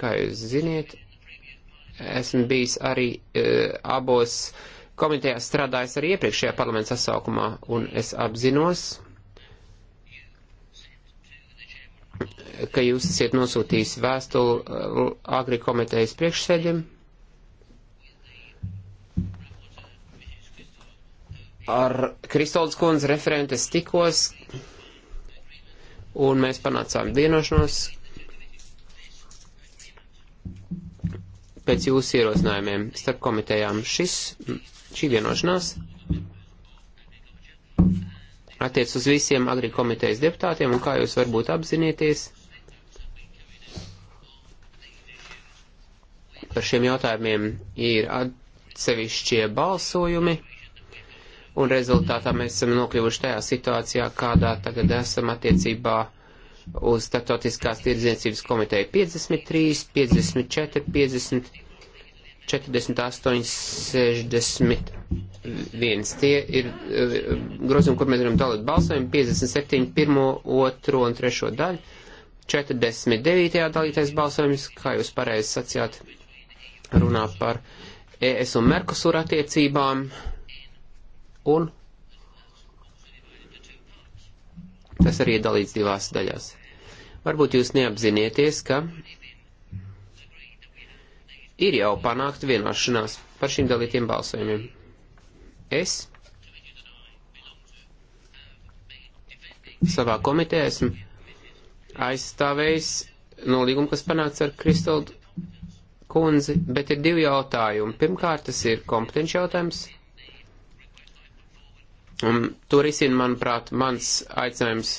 Kā jūs ziniet, esmu bijis arī e, abos komitejās strādājis arī iepriekšējā parlamenta sasaukumā, un es apzinos, ka jūs esat nosūtījis vēstuli e, agri komitejas priekšsēdiem. Ar Kristolds kundz referentes tikos, un mēs panācām vienošanos, pēc jūsu ierosinājumiem starp komitejām. Šis, šī vienošanās attiec uz visiem agri komitejas deputātiem, un kā jūs varbūt apzināties, par šiem jautājumiem ir atsevišķie balsojumi, un rezultātā mēs esam nokļuvuši tajā situācijā, kādā tagad esam attiecībā uz Startautiskās tirdzniecības komiteju 53, 54, 50, 48, 61. Tie ir eh, grozījumi, kur mēs varam dalīt balsojumu 57, 1, 2 un 3 daļu. 49. dalītais balsojums, kā jūs pareizi sacījāt, runā par ES un Merkusur attiecībām un tas arī ir dalīts divās daļās. Varbūt jūs neapzināties, ka ir jau panākt vienošanās par šiem dalītiem balsojumiem. Es savā komitē esmu aizstāvējis nolīgumu, kas panāca ar Kristoldu kundzi, bet ir divi jautājumi. Pirmkārt, tas ir kompetenci jautājums. Un to risina, manuprāt, mans aicinājums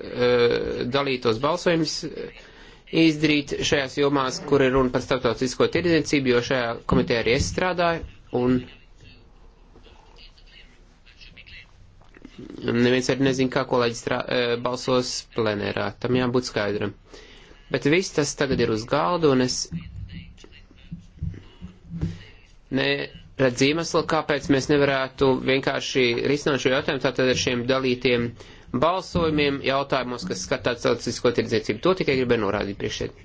E, dalītos balsojumus e, izdarīt šajās jomās, kur ir runa par starptautisko tirdzniecību, jo šajā komitejā arī es strādāju, un neviens arī nezina, kā kolēģis strā, e, balsos plenērā. Tam jābūt skaidram. Bet viss tas tagad ir uz galda, un es neredzu iemeslu, kāpēc mēs nevarētu vienkārši risināt šo jautājumu tātad ar šiem dalītiem uh, balsojumiem jautājumos, kas skatā starptautisko tirdzniecību. To tikai gribēju norādīt priekšēd.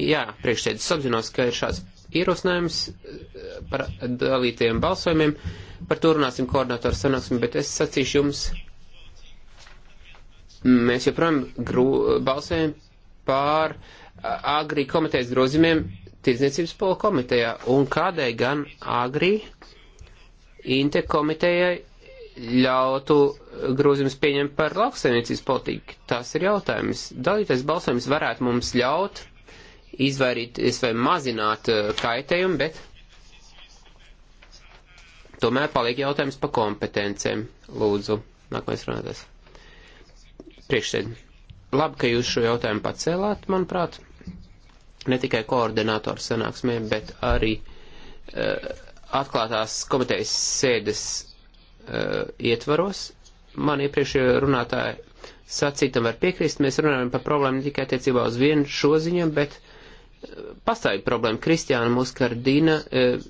Jā, priekšēd, es apzinos, ka ir šāds ierosinājums eh, par dalītajiem balsojumiem. Par to runāsim koordinatoru sanāksmi, bet es sacīšu jums, mēs joprojām balsojam pār eh, Agri komitejas grozījumiem Tirdzniecības pola komitejā. Un kādēļ gan Agri Inte komitejai ļautu grozījums pieņem par lauksaimniecības politiku. Tas ir jautājums. Dalītais balsojums varētu mums ļaut izvairīties vai mazināt eh, kaitējumu, bet tomēr paliek jautājums par kompetencēm. Lūdzu, nākamais runātājs. Priekšsēd. Labi, ka jūs šo jautājumu pacēlāt, manuprāt. Ne tikai koordinātoru sanāksmē, bet arī uh, atklātās komitejas sēdes uh, ietvaros man iepriekšējā runātāja sacītam var piekrist, mēs runājam par problēmu ne tikai attiecībā uz vienu šo ziņu, bet eh, pastāvīga problēma Kristiāna Muskardina eh,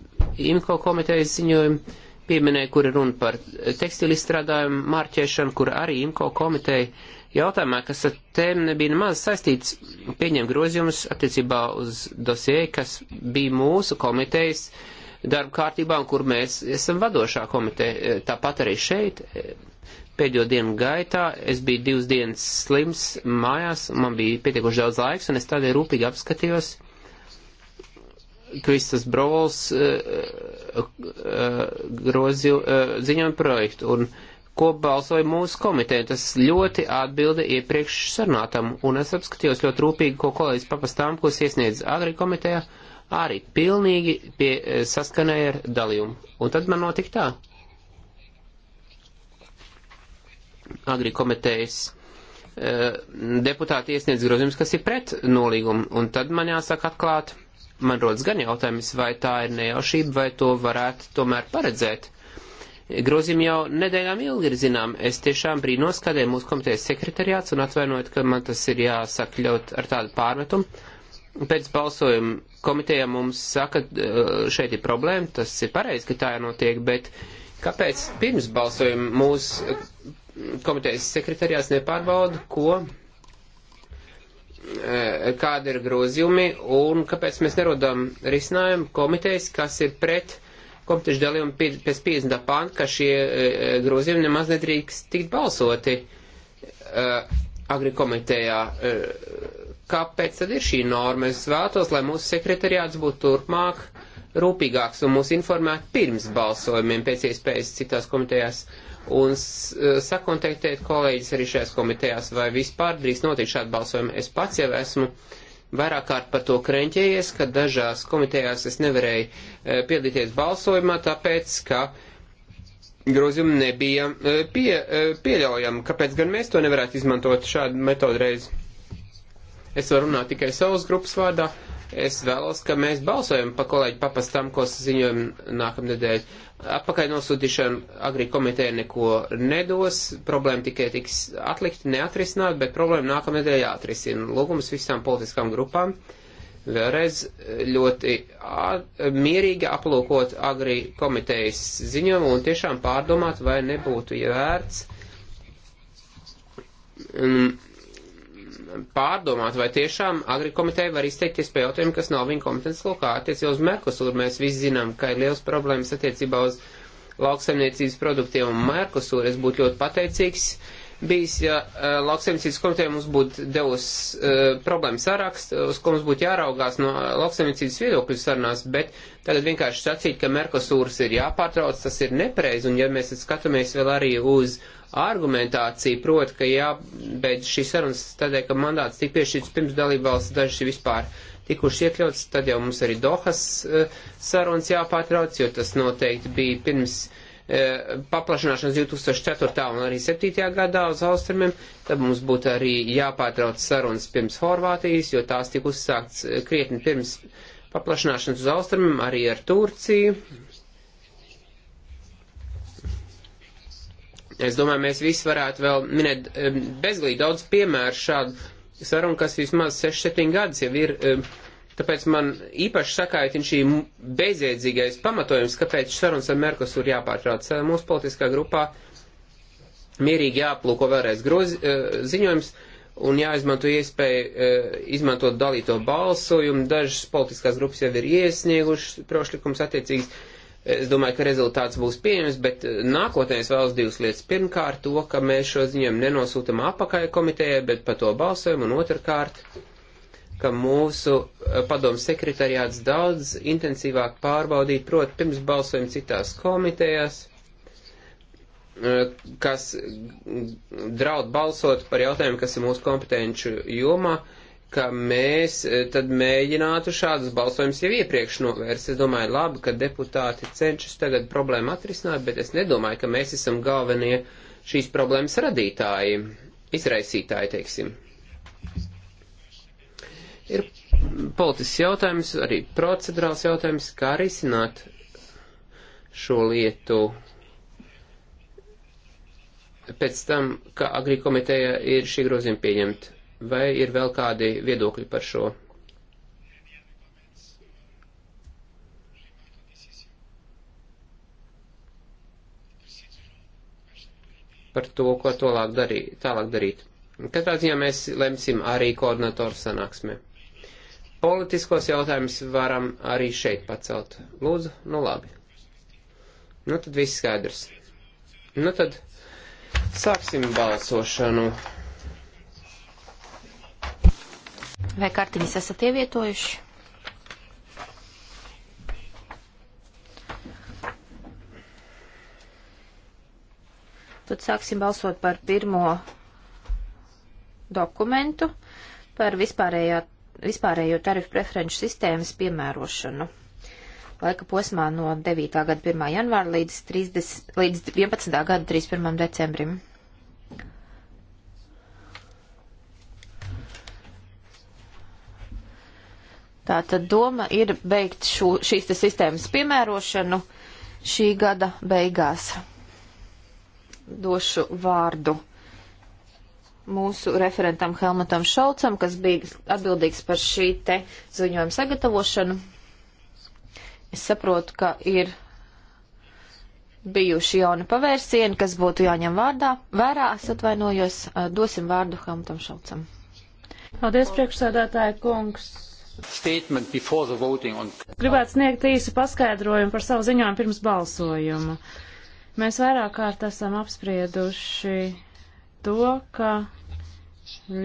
IMCO komitejas ziņojumu pieminēja, kur ir runa par tekstilizstrādājumu mārķēšanu, kur arī IMCO komiteja jautājumā, kas ar tēm nebija nemaz saistīts, pieņem grozījumus attiecībā uz dosie, kas bija mūsu komitejas darba kārtībā un kur mēs esam vadošā komiteja. Eh, tāpat arī šeit pēdējo dienu gaitā es biju divas dienas slims mājās, man bija pietiekoši daudz laiks, un es tādēļ rūpīgi apskatījos Kristas Brols uh, eh, uh, eh, grozīju uh, eh, ziņojumu projektu, un ko balsoja mūsu komiteja. Tas ļoti atbilda iepriekš sarunātam, un es apskatījos ļoti rūpīgi, ko kolēģis papastām, ko es iesniedzu agri komitejā, arī pilnīgi pie, saskanēja ar dalījumu. Un tad man notika tā Agri komitejas e, deputāti iesniedz grozījums, kas ir pret nolīgumu, un tad man jāsaka atklāt, man rodas gan jautājums, vai tā ir nejaušība, vai to varētu tomēr paredzēt. Grozījumi jau nedēļām ilgi ir zinām. Es tiešām brīnos, kādēļ mūsu komitejas sekretariāts, un atvainojiet, ka man tas ir jāsaka ļoti ar tādu pārmetumu. Pēc balsojuma komiteja mums saka, e, šeit ir problēma, tas ir pareizi, ka tā jānotiek, bet kāpēc pirms balsojuma mūsu komitejas sekretariāts nepārbauda, ko, e, kāda ir grozījumi un kāpēc mēs nerodam risinājumu komitejas, kas ir pret komitešu dalījumu pēc 50. pānta, ka šie e, grozījumi nemaz nedrīkst tikt balsoti e, agri komitejā. Kāpēc tad ir šī norma? Es vēlētos, lai mūsu sekretariāts būtu turpmāk rūpīgāks un mūs informētu pirms balsojumiem pēc iespējas citās komitejās. Uh, un e, sakontaktēt kolēģis arī šajās komitejās, vai vispār drīz notiek šādi balsojumi. Es pats jau esmu vairāk kārt par to kreņķējies, ka dažās komitejās es nevarēju e, piedalīties balsojumā, tāpēc, ka grozījumi nebija e, pie, pieļaujami. Kāpēc gan mēs to nevarētu izmantot šādu metodu reizi? Es varu runāt tikai savas grupas vārdā. Es vēlos, ka mēs balsojam pa kolēģi papastam, ko ziņojam nākamnedēļ. Atpakaļ nosūtīšana agrī komiteja neko nedos, problēma tikai tiks atlikt, neatrisināt, bet problēma nākamnedēļ jāatrisina. Lūgums visām politiskām grupām vēlreiz ļoti mierīgi aplūkot agrī komitejas ziņojumu un tiešām pārdomāt, vai nebūtu vērts mm, pārdomāt, vai tiešām agrikomiteja var izteikties par jautājumiem, kas nav viņa kompetences lokā. Attiecībā uz Merkosuru mēs visi zinām, ka ir liels problēmas attiecībā uz lauksaimniecības produktiem un Merkosuru. Es būtu ļoti pateicīgs, uh, bijis, ja uh, lauksaimniecības komitē mums būtu devis uh, problēmu sarakstu, uz ko mums būtu jāraugās no lauksaimniecības viedokļu sarunās, bet tagad vienkārši sacīt, ka Merkosūras ir jāpārtrauc, tas ir nepareizi, un ja mēs skatāmies vēl arī uz argumentāciju, proti, ka jābeidz šīs sarunas tādēļ, ka mandāts tika piešķirts pirms dalībvalsts daži vispār tikuši iekļauts, tad jau mums arī Dohas uh, sarunas jāpārtrauc, jo tas noteikti bija pirms uh, E, paplašanāšanas 2004. un arī 2007. gadā uz austrumiem, tad mums būtu arī jāpārtrauc sarunas pirms Horvātijas, jo tās tika uzsākts e, krietni pirms paplašanāšanas uz austrumiem, arī ar Turciju. Es domāju, mēs visi varētu vēl minēt e, bezglīgi daudz piemēru šādu sarunu, kas vismaz 6-7 gadus jau ir. Um, Tāpēc man īpaši sakaitin šī bezjēdzīgais pamatojums, kāpēc sarunas ar Merkosur jāpārtrauc. Eh, mūsu politiskā grupā mierīgi jāplūko vēlreiz grozi, eh, ziņojums un jāizmanto iespēju eh, izmantot dalīto balsojumu. Dažas politiskās grupas jau ir iesniegušas prošlikums attiecīgas. Es domāju, ka rezultāts būs pieejams, bet nākotnē es vēlos divas lietas. Pirmkārt, to, ka mēs šo ziņojumu nenosūtam apakai komitejai, bet pa to balsojumu, un otrkārt, uh, ka mūsu eh, padomu sekretariāts daudz intensīvāk pārbaudīt, proti, pirms balsojam citās komitejās, eh, kas draud balsot par jautājumu, kas ir mūsu kompetenču jomā, ka mēs eh, tad mēģinātu šādus balsojumus jau iepriekš novērst. Es domāju, labi, ka deputāti cenšas tagad problēmu atrisināt, bet es nedomāju, ka mēs esam galvenie šīs problēmas radītāji, izraisītāji, teiksim. Ir politisks jautājums, arī procedurāls jautājums, kā risināt šo lietu pēc tam, kā agrī komiteja ir šī grozījuma pieņemta. Vai ir vēl kādi viedokļi par šo? Par to, ko tālāk darīt. Tālāk darīt. Katrā ziņā mēs lemsim arī koordinatoru sanāksmē politiskos jautājumus varam arī šeit pacelt. Lūdzu, nu labi. Nu tad viss skaidrs. Nu tad sāksim balsošanu. Vai kartiņas esat ievietojuši? Tad sāksim balsot par pirmo dokumentu, par vispārējā vispārējo tarifu preferenču sistēmas piemērošanu laika posmā no 9. gada 1. janvāra līdz, 30, līdz 11. gada 31. decembrim. Tātad doma ir beigt šo, šīs te sistēmas piemērošanu šī gada beigās. Došu vārdu mūsu referentam Helmutam Šolcam, kas bija atbildīgs par šī te ziņojuma sagatavošanu. Es saprotu, ka ir bijuši jauni pavērsieni, kas būtu jāņem vārdā. Vērā es atvainojos, dosim vārdu Helmutam Šolcam. Paldies, priekšsēdētāja kungs. On... Gribētu sniegt īsu paskaidrojumu par savu ziņojumu pirms balsojumu. Mēs vairāk kārt esam apsprieduši to, ka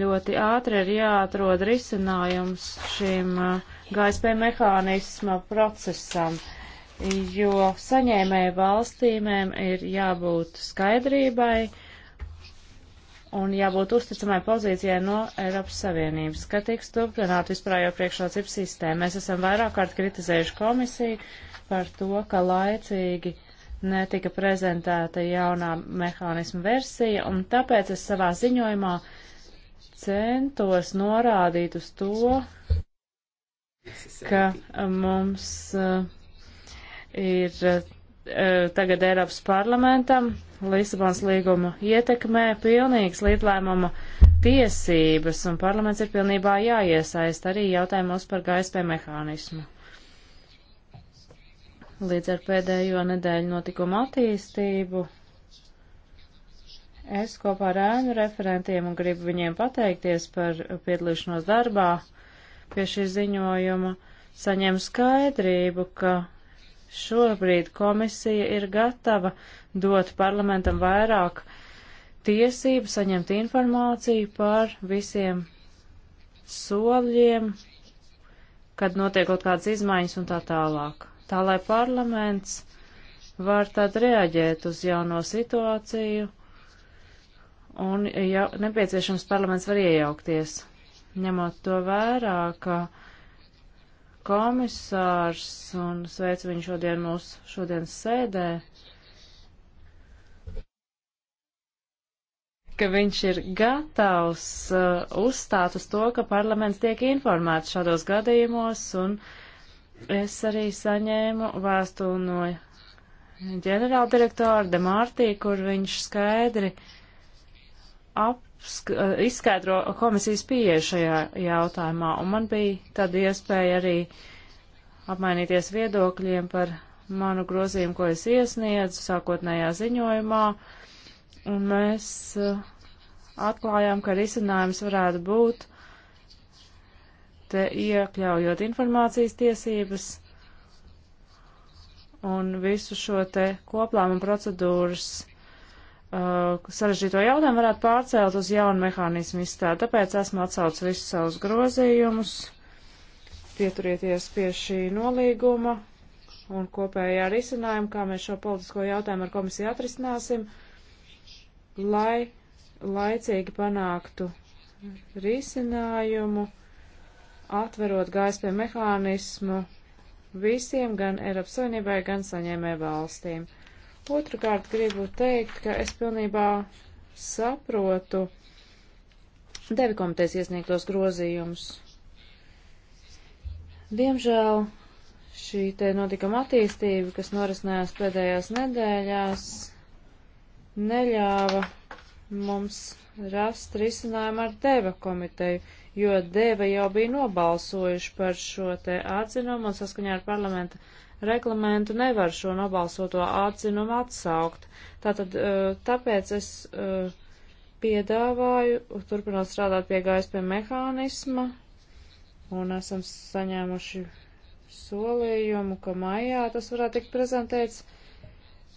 ļoti ātri ir jāatrod risinājums šim uh, GSP mehānisma procesam, jo saņēmēju valstīmēm ir jābūt skaidrībai un jābūt uzticamai pozīcijai no Eiropas Savienības, ka tiks turpināt vispārējo priekšrocību sistēmu. Mēs esam vairāk kārt kritizējuši komisiju par to, ka laicīgi uh, netika prezentēta jaunā mehānisma versija, un tāpēc es savā ziņojumā centos norādīt uz to, ka uh, mums uh, ir uh, tagad Eiropas parlamentam Lisabons līguma ietekmē pilnīgs līdzlēmuma tiesības, un parlaments ir pilnībā jāiesaist arī jautājumos par GSP mehānismu. Līdz ar pēdējo nedēļu notikumu attīstību es kopā ar ēnu referentiem un gribu viņiem pateikties par piedalīšanos darbā pie šī ziņojuma, saņem skaidrību, ka šobrīd komisija ir gatava dot parlamentam vairāk tiesību saņemt informāciju par visiem soļiem, kad notiek kaut kādas izmaiņas un tā tālāk tā lai parlaments var tad reaģēt uz jauno situāciju, un, ja nepieciešams, parlaments var iejaukties, ņemot to vērā, ka komisārs, un sveic viņu šodien mūsu šodienas sēdē, ka viņš ir gatavs uh, uzstāt uz to, ka parlaments tiek informēts šādos gadījumos un uh, Es arī saņēmu vēstuli no ģenerāldirektora Demārtī, kur viņš skaidri apska, eh, izskaidro komisijas pieeja šajā jautājumā, un man bija tāda iespēja arī apmainīties viedokļiem par manu grozījumu, ko es iesniedzu sākotnējā ziņojumā, un mēs eh, atklājām, ka risinājums varētu būt te iekļaujot informācijas tiesības un visu šo te koplāmu procedūras uh, sarežģīto jautājumu varētu pārcelt uz jaunu mehānismu izstādi. Tāpēc esmu atsaucis visus savus grozījumus, pieturieties pie šī nolīguma un kopējā risinājuma, kā mēs šo politisko jautājumu ar komisiju atrisināsim, lai laicīgi panāktu risinājumu atverot GSP mehānismu visiem, gan Eiropas Savienībai, gan saņēmē valstīm. Otrakārt gribu teikt, ka es pilnībā saprotu devi komitejas iesniegtos grozījumus. Diemžēl šī te notikuma attīstība, kas norisinājās pēdējās nedēļās, neļāva mums rast risinājumu ar deva komiteju jo Deva jau bija nobalsojuši par šo te atzinumu un saskaņā ar parlamenta reglamentu nevar šo nobalsoto atzinumu atsaukt. Tātad, tāpēc es piedāvāju turpināt strādāt pie GSP mehānisma un esam saņēmuši solījumu, ka maijā tas varētu tikt prezentēts,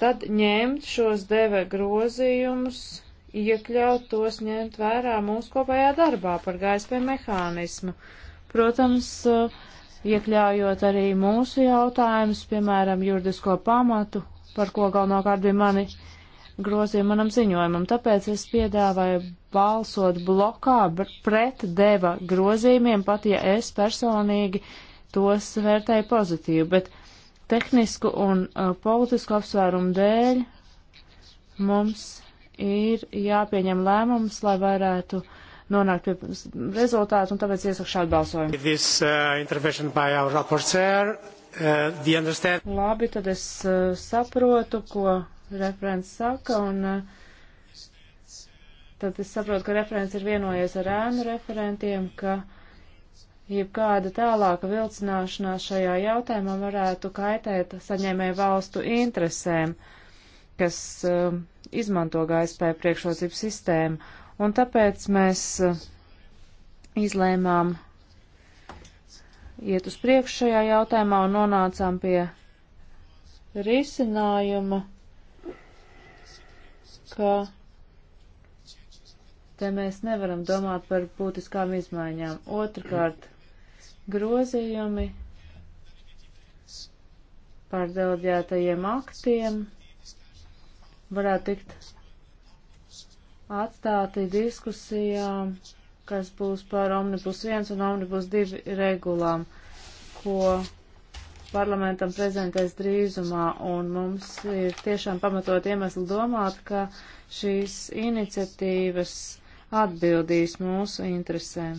tad ņemt šos deve grozījumus iekļaut tos ņemt vērā mūsu kopējā darbā par GSP mehānismu. Protams, eh, iekļaujot arī mūsu jautājumus, piemēram, juridisko pamatu, par ko galvenokārt bija mani grozījumi manam ziņojumam. Tāpēc es piedāvāju balsot blokā pret deva grozījumiem, pat ja es personīgi tos vērtēju pozitīvi, bet tehnisku un uh, politisku apsvērumu dēļ mums ir jāpieņem lēmums, lai varētu nonākt pie rezultātu, un tāpēc iesaku šādu balsojumu. This, uh, Uh, understand... Labi, tad es uh, saprotu, ko referents saka, un uh, tad es saprotu, ka referents ir vienojies ar ēnu referentiem, ka jebkāda tālāka vilcināšanās šajā jautājumā varētu kaitēt saņēmēju valstu interesēm. Uh, kas uh, izmanto GSP priekšrocību sistēmu, un tāpēc mēs uh, izlēmām iet uz priekšu šajā jautājumā un nonācām pie risinājuma, ka te mēs nevaram domāt par būtiskām izmaiņām. Otrkārt, grozījumi par delģētajiem aktiem varētu tikt atstāti diskusijām, kas būs par Omnibus 1 un Omnibus 2 regulām, ko parlamentam prezentēs drīzumā, un mums ir tiešām pamatot iemesli domāt, ka šīs iniciatīvas atbildīs mūsu interesēm.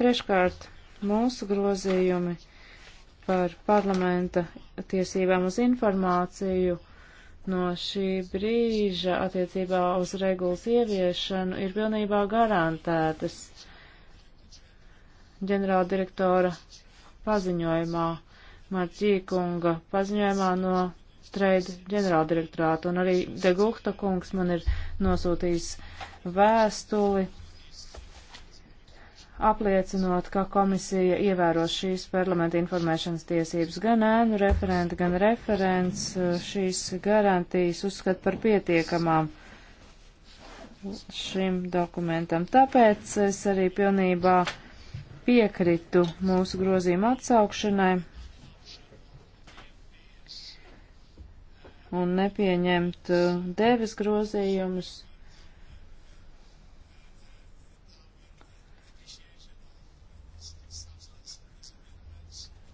Treškārt, mūsu grozījumi par parlamenta tiesībām uz informāciju no šī brīža attiecībā uz regulas ieviešanu ir pilnībā garantētas ģenerāla direktora paziņojumā, Marķīkunga paziņojumā no Trade ģenerāla direktorāta, un arī Degukta kungs man ir nosūtījis vēstuli apliecinot, ka komisija ievēros šīs parlamenta informēšanas tiesības. Gan ēnu referenti, gan referents eh, šīs garantijas uzskat par pietiekamām šim dokumentam. Tāpēc es arī pilnībā piekritu mūsu grozījuma atsaukšanai un nepieņemt eh, devis grozījumus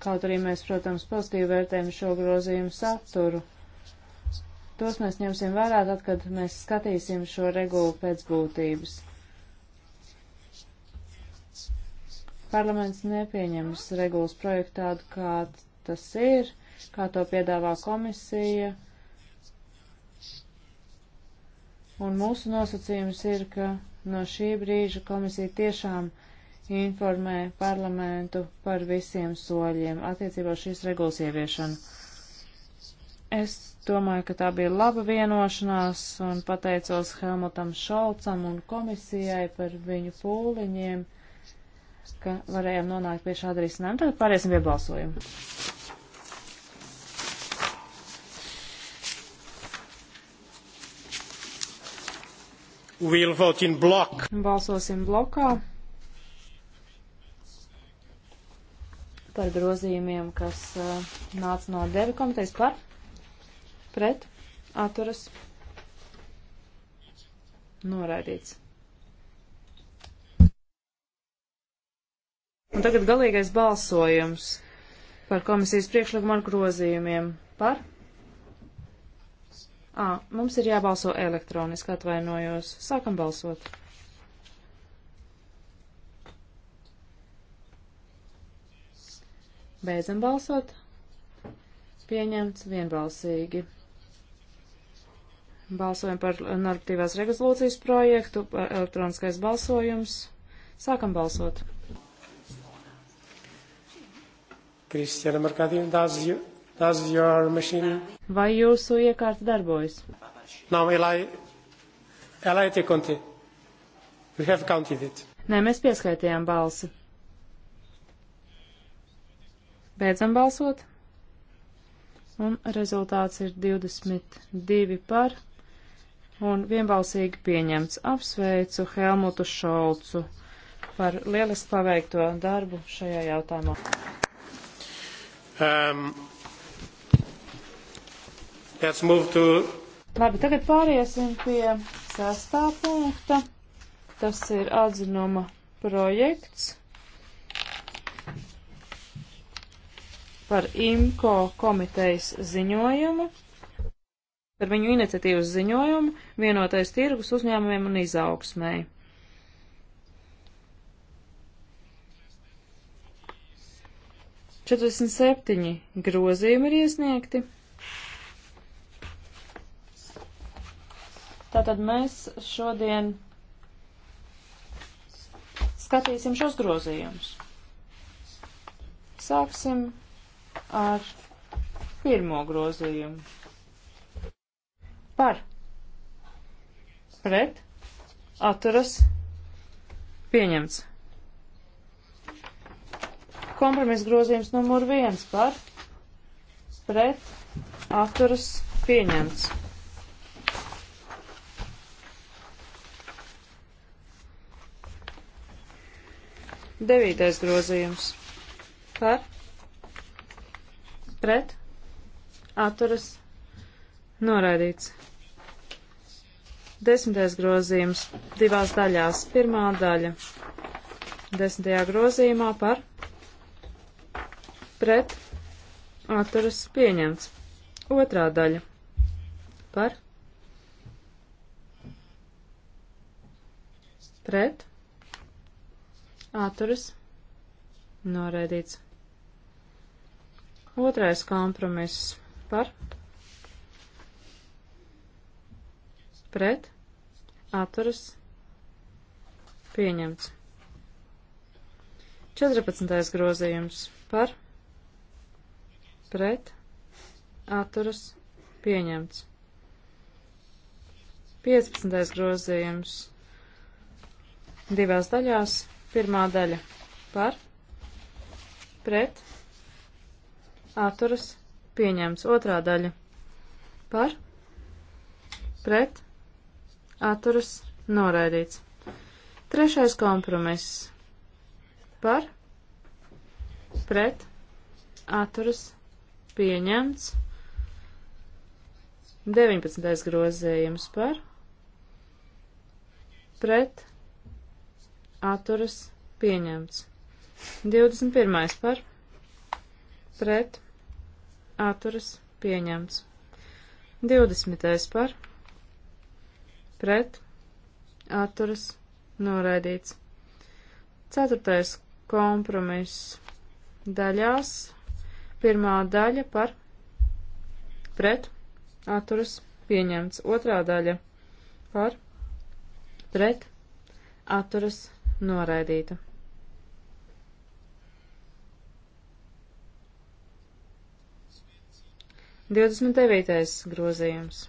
Kaut arī mēs, protams, pozitīvi vērtējam šo grozījumu saturu. Tos mēs ņemsim vērā tad, kad mēs skatīsim šo regulu pēc būtības. Parlaments nepieņems regulas projektu tādu, kā tas ir, kā to piedāvā komisija. Un mūsu nosacījums ir, ka no šī brīža komisija tiešām uh, informē parlamentu par visiem soļiem attiecībā uz šīs regulas ieviešanu. Es domāju, ka tā bija laba vienošanās un pateicos Helmutam Šolcam un komisijai par viņu pūliņiem, ka varējām nonākt pie šāda risinājuma. Tagad pāriesim pie balsojuma. We'll vote in block. Balsosim blokā. par grozījumiem, kas uh, nāca no Deve komitejas par, pret, atturas, noraidīts. Un tagad galīgais balsojums par komisijas priekšlikumu ar grozījumiem par. Ā, mums ir jābalso elektroniski, atvainojos. Sākam balsot. Beidzam balsot. Pieņemts vienbalsīgi. Balsojam par normatīvās rezolūcijas projektu, elektroniskais balsojums. Sākam balsot. Kristiāna Markādīna, does, you, does your machine? Vai jūsu iekārta darbojas? Now, Eli, Eli te conti. We have counted it. Nē, mēs pieskaitījām balsi. Beidzam balsot. Un rezultāts ir 22 par un vienbalsīgi pieņemts. Apsveicu Helmutu Šolcu par lieliski paveikto darbu šajā jautājumā. Um, to... Labi, tagad pāriesim pie sestā punkta. Tas ir atzinuma projekts par IMCO komitejas ziņojumu, par viņu iniciatīvas ziņojumu vienotais tirgus uzņēmumiem un izaugsmēji. Četrdesmit septiņi grozījumi ir iesniegti. Tātad mēs šodien skatīsim šos grozījumus. Sāksim ar pirmo grozījumu. Par. Pret. Atturas. Pieņemts. Kompromis grozījums numur viens par. Pret. Atturas. Pieņemts. Devītais grozījums. Par pret, atturas, noraidīts. Desmitais grozījums divās daļās. Pirmā daļa desmitajā grozījumā par pret atturas pieņemts. Otrā daļa par pret atturas noraidīts. Otrais kompromiss par pret atturas pieņemts. 14. grozījums par pret atturas pieņemts. 15. grozījums divās daļās. Pirmā daļa par pret atturas pieņemts. Otrā daļa par pret atturas noraidīts. Trešais kompromiss par pret atturas pieņemts. 19. grozējums par pret atturas pieņemts. 21. par pret atturas pieņemts. 20. par pret atturas noraidīts. 4. kompromiss daļās pirmā daļa par pret atturas pieņemts. Otrā daļa par pret atturas noraidīta. 29. grozījums.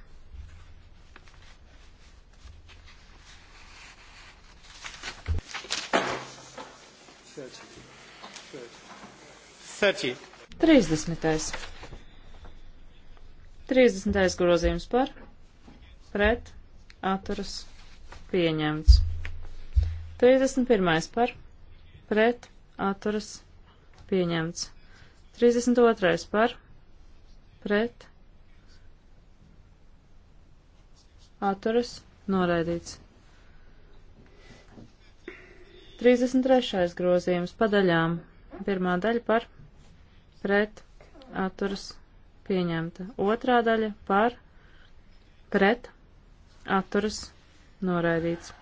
Trīsdesmitais. Trīsdesmitais grozījums par, pret, atturas, pieņemts. Trīsdesmit pirmais par, pret, atturas, pieņemts. Trīsdesmit otrais par, pret pret atturas noraidīts. 33. grozījums padaļām. Pirmā daļa par pret atturas pieņemta. Otrā daļa par pret atturas noraidīts.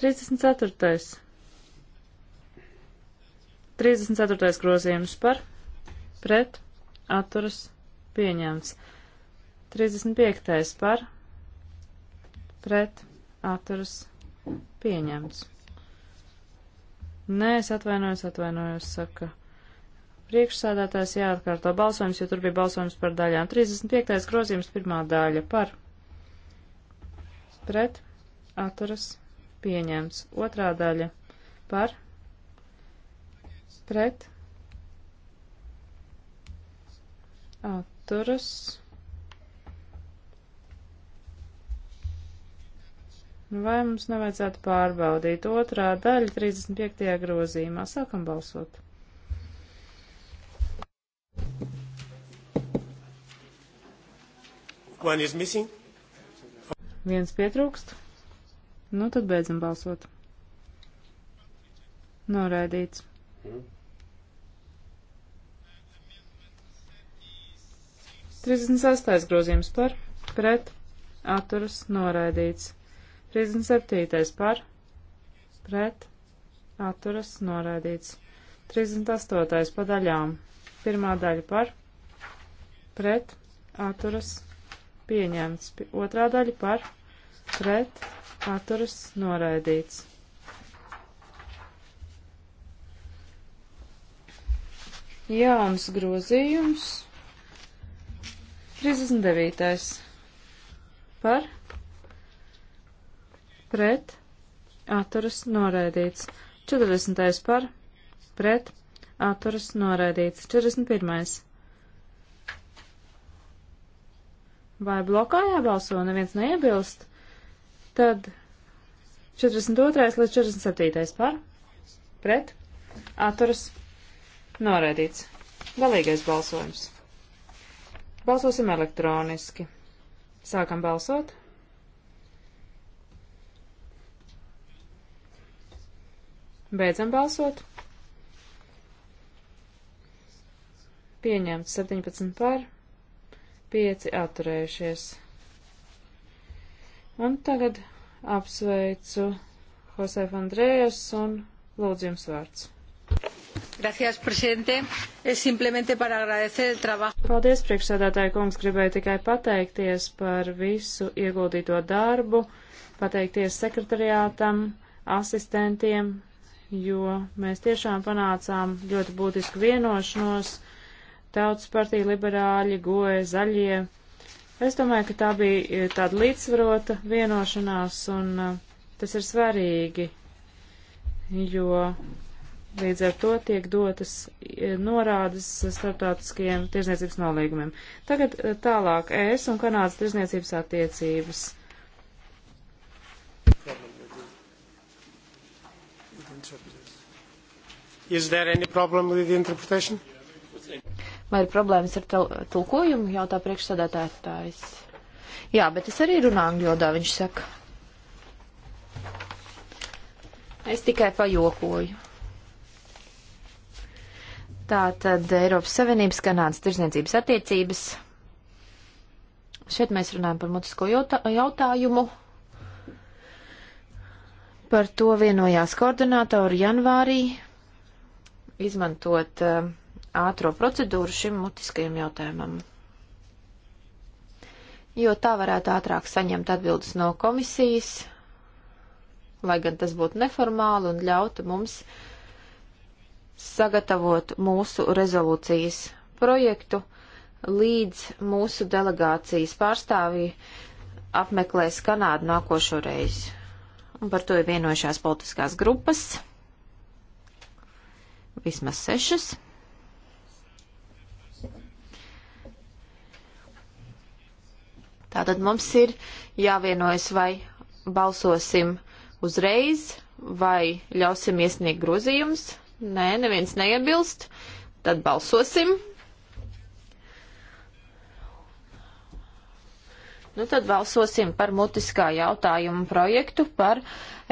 34. 34. grozījums par pret atturas pieņemts. 35. par pret atturas pieņemts. Nē, es atvainojos, atvainojos, saka priekšsādātājs jāatkārto balsojums, jo tur bija balsojums par daļām. 35. grozījums pirmā daļa par pret atturas pieņemts. Otrā daļa par pret atturas atturas. Vai mums nevajadzētu pārbaudīt otrā daļa 35. grozījumā? Sākam balsot. Viens pietrūkst. Nu, tad beidzam balsot. Noraidīts. Mm. 36. grozījums par, pret, atturas noraidīts. 37. par, pret, atturas noraidīts. 38. pa daļām. Pirmā daļa par, pret, atturas pieņemts. Otrā daļa par, pret, atturas noraidīts. Jauns grozījums. 39. par pret atturas noraidīts. 40. par pret atturas noraidīts. 41. Vai blokā jābalso, neviens neiebilst? Tad 42. līdz 47. par pret atturas noraidīts. Galīgais balsojums. Balsosim elektroniski. Sākam balsot. Beidzam balsot. Pieņemts 17 par, 5 atturējušies. Un tagad apsveicu Josef Andrējas un lūdzu jums vārds. Gracias, presidente. Es simplemente para agradecer el trabajo. Paldies, priekšsēdētāji kungs, gribēju tikai pateikties par visu ieguldīto darbu, pateikties sekretariātam, asistentiem, jo mēs tiešām panācām ļoti būtisku vienošanos. Tautas partija liberāļi, goja, zaļie. Es domāju, ka tā bija tāda līdzsvarota vienošanās, un uh, tas ir svarīgi, jo Līdz ar to tiek dotas e, norādes starptautiskajiem tirzniecības nolīgumiem. Tagad e, tālāk ES un Kanādas tirzniecības attiecības. Vai ir problēmas ar tulkojumu, jautā priekšsādātājs. Jā, bet es arī runāju angļu valodā, viņš saka. Es tikai pajokoju. Tā tad Eiropas Savienības Kanādas tirzniecības attiecības. Šeit mēs runājam par mutisko jautājumu. Par to vienojās koordinātori janvārī, izmantot uh, ātro procedūru šim mutiskajam jautājumam. Jo tā varētu ātrāk saņemt atbildes no komisijas, lai gan tas būtu neformāli un ļautu mums uh, sagatavot mūsu rezolūcijas projektu, līdz mūsu delegācijas pārstāvji apmeklēs Kanādu nākošo reizi. Un par to ir vienojušās politiskās grupas, vismaz sešas. Tātad mums ir jāvienojas, vai balsosim uzreiz, vai ļausim iesniegt grozījumus, Nē, neviens neiebilst. Tad balsosim. Nu, tad balsosim par mutiskā jautājuma projektu par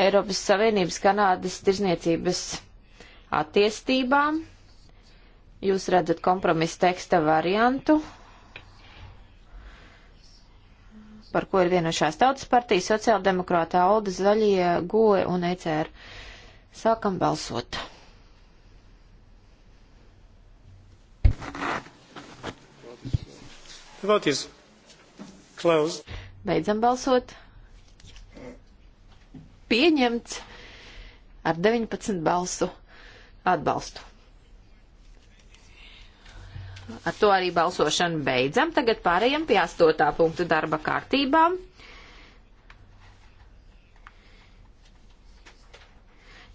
Eiropas Savienības Kanādas tirzniecības attiestībām. Jūs redzat kompromisa teksta variantu, par ko ir vienošās tautas partija, sociāldemokrāta Alda Zaļie, Goe un ECR. Sākam balsot! The vote is closed. Beidzam balsot. Pieņemts ar 19 balsu atbalstu. Ar to arī balsošanu beidzam. Tagad pārējiem pie 8. punktu darba kārtībām.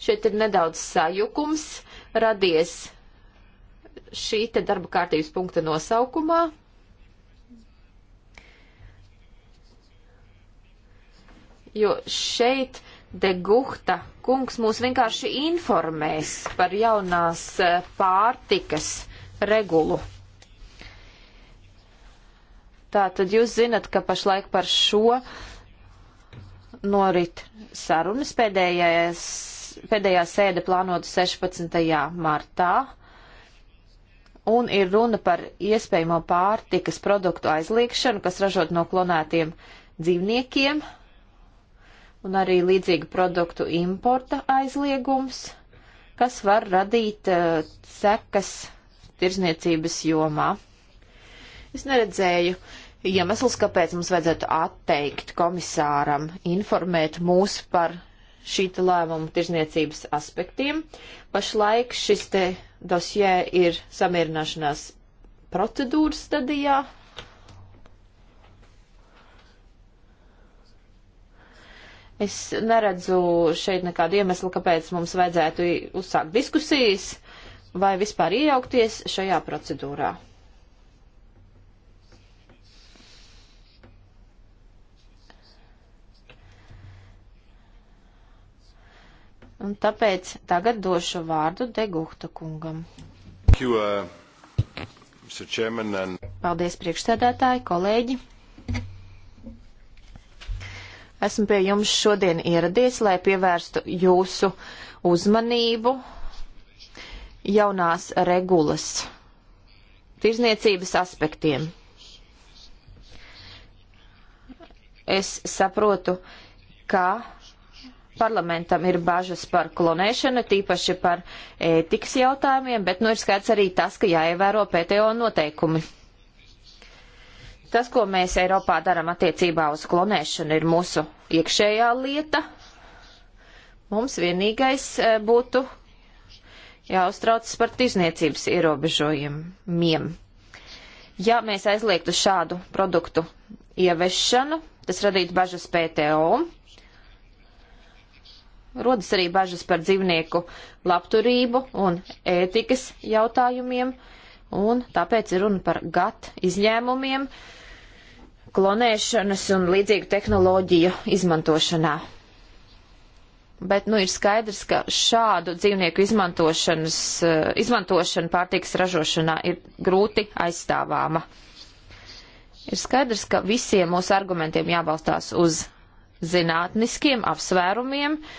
Šeit ir nedaudz sajukums radies šī te darba kārtības punkta nosaukumā. Jo šeit de Guhta kungs mūs vienkārši informēs par jaunās e, pārtikas regulu. Tā tad jūs zinat, ka pašlaik par šo norit sarunas pēdējais, pēdējā sēde plānota 16. martā un ir runa par iespējamo pārtikas produktu aizliekšanu, kas ražot no klonētiem dzīvniekiem, un arī līdzīga produktu importa aizliegums, kas var radīt uh, sekas tirzniecības jomā. Es neredzēju iemesls, kāpēc mums vajadzētu atteikt komisāram informēt mūs par šīta lēmuma tirzniecības aspektiem. Pašlaik šis te dosjē ir samierināšanās procedūras stadijā. Es neredzu šeit nekādu iemeslu, kāpēc mums vajadzētu uzsākt diskusijas vai vispār iejaukties šajā procedūrā. Un tāpēc tagad došu vārdu Degūta kungam. You, uh, and... Paldies, priekšsēdētāji, kolēģi! Esmu pie jums šodien ieradies, lai pievērstu jūsu uzmanību jaunās regulas tirzniecības aspektiem. Es saprotu, ka Parlamentam ir bažas par klonēšanu, tīpaši par ētikas jautājumiem, bet nu ir skaidrs arī tas, ka jāievēro PTO noteikumi. Tas, ko mēs Eiropā darām attiecībā uz klonēšanu, ir mūsu iekšējā lieta. Mums vienīgais e, būtu jāuztraucas par tirzniecības ierobežojumiem. Ja mēs aizliegtu šādu produktu ieviešanu, tas radītu bažas PTO, rodas arī bažas par dzīvnieku labturību un ētikas jautājumiem, un tāpēc ir runa par GATT izņēmumiem, klonēšanas un līdzīgu tehnoloģiju izmantošanā. Bet, nu, ir skaidrs, ka šādu dzīvnieku izmantošanas, eh, izmantošana pārtikas ražošanā ir grūti aizstāvāma. Ir skaidrs, ka visiem mūsu argumentiem jābalstās uz zinātniskiem apsvērumiem, uh,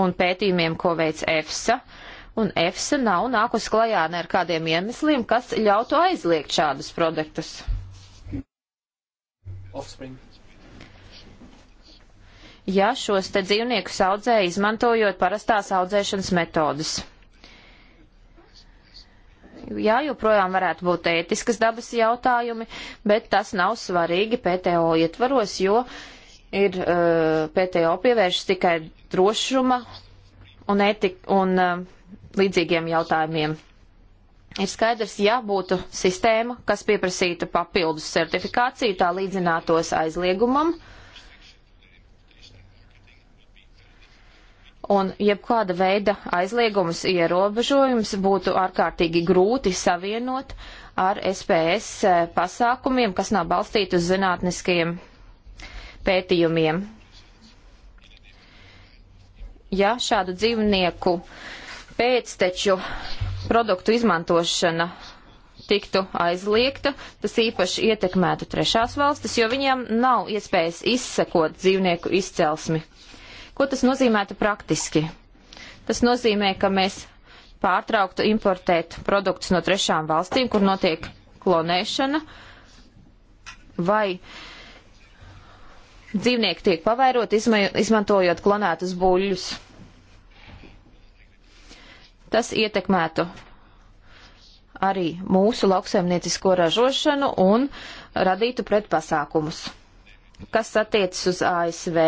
un pētījumiem, ko veic EFSA, un EFSA nav nākus klajā ne ar kādiem iemesliem, kas ļautu aizliegt šādus produktus. Offspring. Ja šos te dzīvniekus audzē izmantojot parastās audzēšanas metodas. Jā, joprojām varētu būt ētiskas dabas jautājumi, bet tas nav svarīgi PTO ietvaros, jo uh, ir uh, PTO pievēršas tikai drošuma un, etika, un uh, līdzīgiem jautājumiem. Ir skaidrs, ja būtu sistēma, kas pieprasītu papildus certifikāciju, tā līdzinātos aizliegumam, un jebkāda veida aizliegums ierobežojums būtu ārkārtīgi grūti savienot ar SPS eh, pasākumiem, kas nav balstīti uz zinātniskajiem pētījumiem. Ja šādu dzīvnieku pēcteču produktu izmantošana tiktu aizliegta, tas īpaši ietekmētu trešās valstis, jo viņiem nav iespējas izsekot dzīvnieku izcelsmi. Ko tas nozīmētu praktiski? Tas nozīmē, ka mēs pārtrauktu importēt produktus no trešām valstīm, kur notiek klonēšana, vai uh, dzīvnieki tiek pavairot, izma izmantojot klonētus buļļus. Tas ietekmētu arī mūsu lauksaimniecisko ražošanu un radītu pretpasākumus. Kas attiecas uz ASV,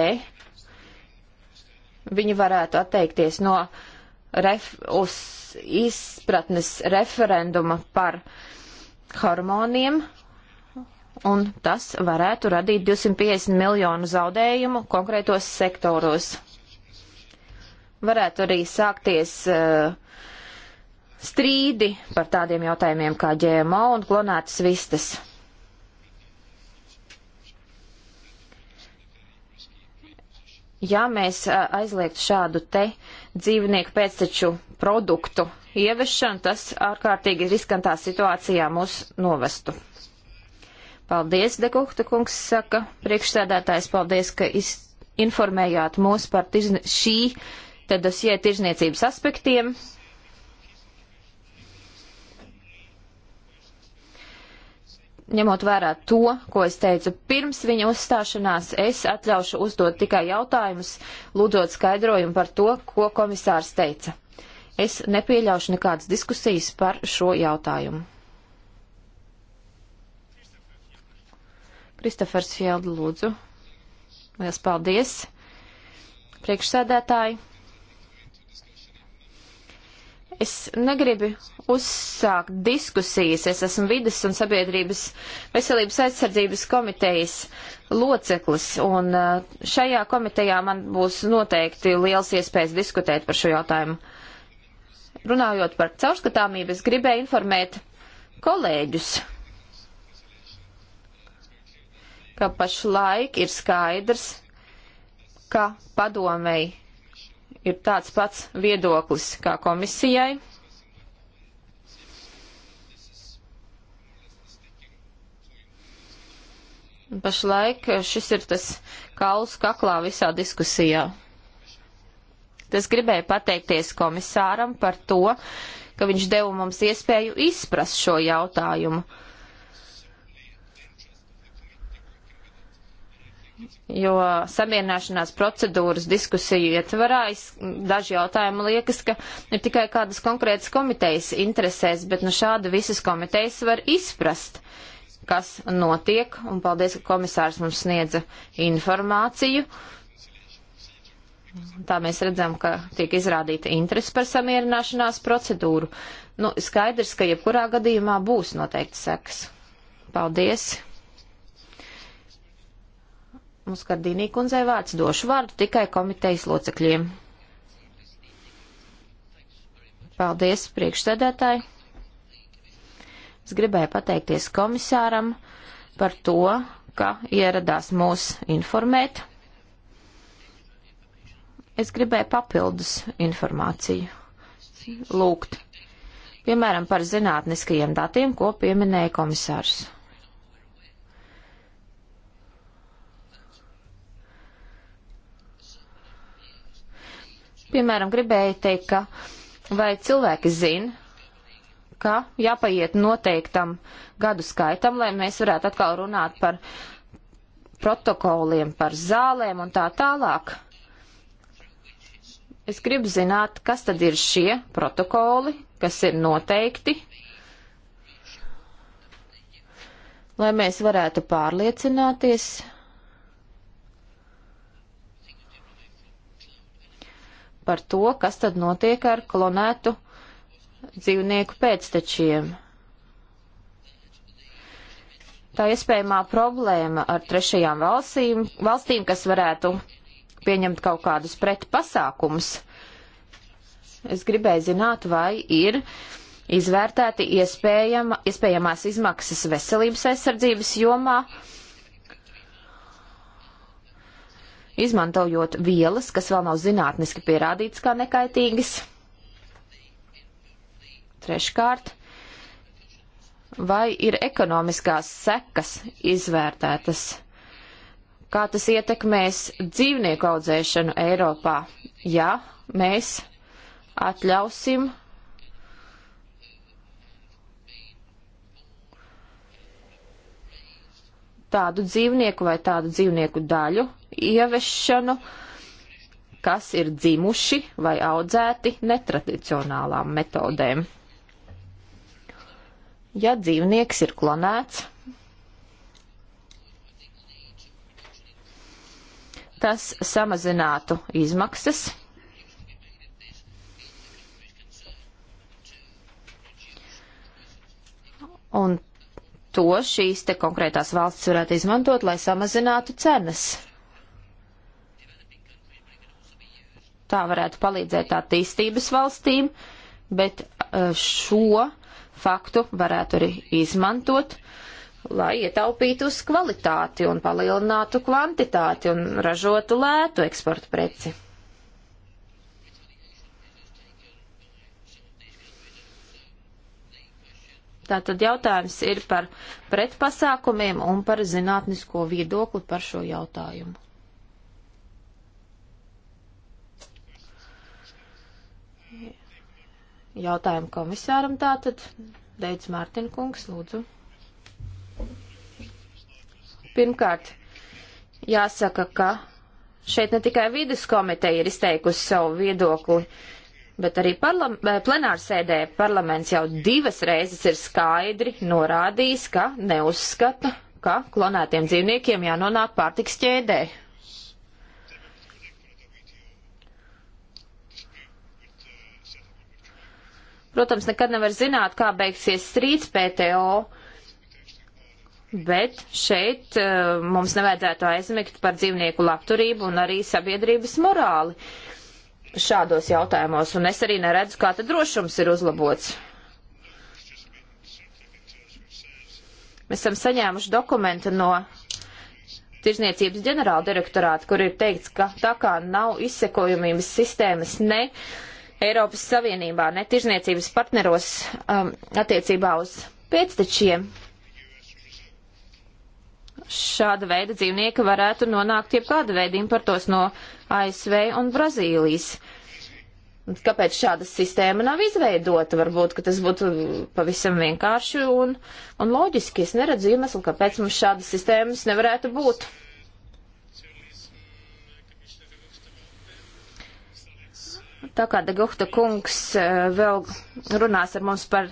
viņi varētu atteikties no ref, uz izpratnes referenduma par hormoniem un tas varētu radīt 250 miljonu zaudējumu konkrētos sektoros. Varētu arī sākties uh, strīdi par tādiem jautājumiem kā ģēmo un klonētas vistas. ja mēs eh, aizliegtu šādu te dzīvnieku pēcteču produktu ieviešanu, tas ārkārtīgi riskantā situācijā mūs novestu. Paldies, Degukta kungs, saka priekšsēdētājs, paldies, ka informējāt mūs par tirzn šī te dosie tirzniecības aspektiem. Ņemot vērā to, ko es teicu pirms viņa uzstāšanās, es atļaušu uzdot tikai jautājumus, lūdzot skaidrojumu par to, ko komisārs teica. Es nepieļaušu nekādas diskusijas par šo jautājumu. Kristofers Fjelda, lūdzu. Lielas paldies. Priekšsēdētāji. Es negribu uzsākt diskusijas. Es esmu vidas un sabiedrības veselības aizsardzības komitejas loceklis, un uh, šajā komitejā man būs noteikti liels iespējas diskutēt par šo jautājumu. Runājot par caurskatāmību, es gribēju informēt kolēģus ka pašlaik ir skaidrs, ka padomēji ir tāds pats viedoklis kā komisijai. Pašlaik šis ir tas kauls kaklā visā diskusijā. Es gribēju pateikties komisāram par to, ka viņš deva mums iespēju izprast šo jautājumu. Uh, jo samierināšanās procedūras diskusiju ietvarā daži jautājumi liekas, ka ir tikai kādas konkrētas komitejas interesēs, bet nu šādi visas komitejas var izprast, kas notiek, un paldies, ka komisārs mums sniedza informāciju. Tā mēs redzam, ka tiek izrādīta interesi par samierināšanās procedūru. Nu, skaidrs, ka jebkurā gadījumā būs noteikti sekas. Paldies! Muskardīnī kundzei vārds došu vārdu tikai komitejas locekļiem. Paldies, priekšsēdētāji! Es gribēju pateikties komisāram par to, ka ieradās mūs informēt. Es gribēju papildus informāciju lūgt, piemēram, par zinātniskajiem datiem, ko pieminēja komisārs. Piemēram, gribēju teikt, ka vai cilvēki zina, ka jāpaiet noteiktam gadu skaitam, lai mēs varētu atkal runāt par protokoliem, par zālēm un tā tālāk. Es gribu zināt, kas tad ir šie protokoli, kas ir noteikti, lai mēs varētu pārliecināties, par to, kas tad notiek ar klonētu dzīvnieku pēctečiem. Tā iespējamā problēma ar trešajām valstīm, valstīm kas varētu pieņemt kaut kādus pretpasākumus. Es gribēju zināt, vai ir izvērtēti iespējama, iespējamās izmaksas veselības aizsardzības jomā, uh, izmantojot vielas, kas vēl nav zinātniski pierādītas kā nekaitīgas. Treškārt, vai ir ekonomiskās sekas izvērtētas? Kā tas ietekmēs dzīvnieku audzēšanu Eiropā, ja mēs atļausim tādu dzīvnieku vai tādu dzīvnieku daļu ievešanu, kas ir dzimuši vai audzēti netradicionālām metodēm. Ja dzīvnieks ir klonēts, tas samazinātu izmaksas. Un to šīs te konkrētās valsts varētu izmantot, lai samazinātu cenas. Tā varētu palīdzēt attīstības valstīm, bet eh, šo faktu varētu arī izmantot, lai ietaupītu uz kvalitāti un palielinātu kvantitāti un ražotu lētu eksporta preci. Tātad jautājums ir par pretpasākumiem un par zinātnisko viedokli par šo jautājumu. Jautājumu komisāram tātad. Deidz Mārtiņa kungs, lūdzu. Pirmkārt, jāsaka, ka šeit ne tikai vidas komiteja ir izteikusi savu viedokli. Uh, bet arī parlam eh, plenārsēdē parlaments jau divas reizes ir skaidri norādījis, ka neuzskata, ka klonētiem dzīvniekiem jānonāk pārtiks ķēdē. Protams, nekad nevar zināt, kā beigsies strīds PTO, bet šeit eh, mums nevajadzētu aizmigt par dzīvnieku labturību un arī sabiedrības morāli. Uh, šādos jautājumos, un es arī neredzu, kā tad drošums ir uzlabots. Mēs esam saņēmuši dokumentu no Tirzniecības ģenerāla direktorāta, kur ir teikts, ka tā kā nav izsekojumības sistēmas ne Eiropas Savienībā, ne tirzniecības partneros um, attiecībā uz pēctečiem, šāda veida dzīvnieki varētu nonākt jebkāda veida importos no ASV un Brazīlijas. Kāpēc šāda sistēma nav izveidota? Varbūt, ka tas būtu pavisam vienkārši un, un loģiski. Es neredzu iemeslu, kāpēc mums šādas sistēmas nevarētu būt. Tā kā Degukta kungs eh, vēl runās ar mums par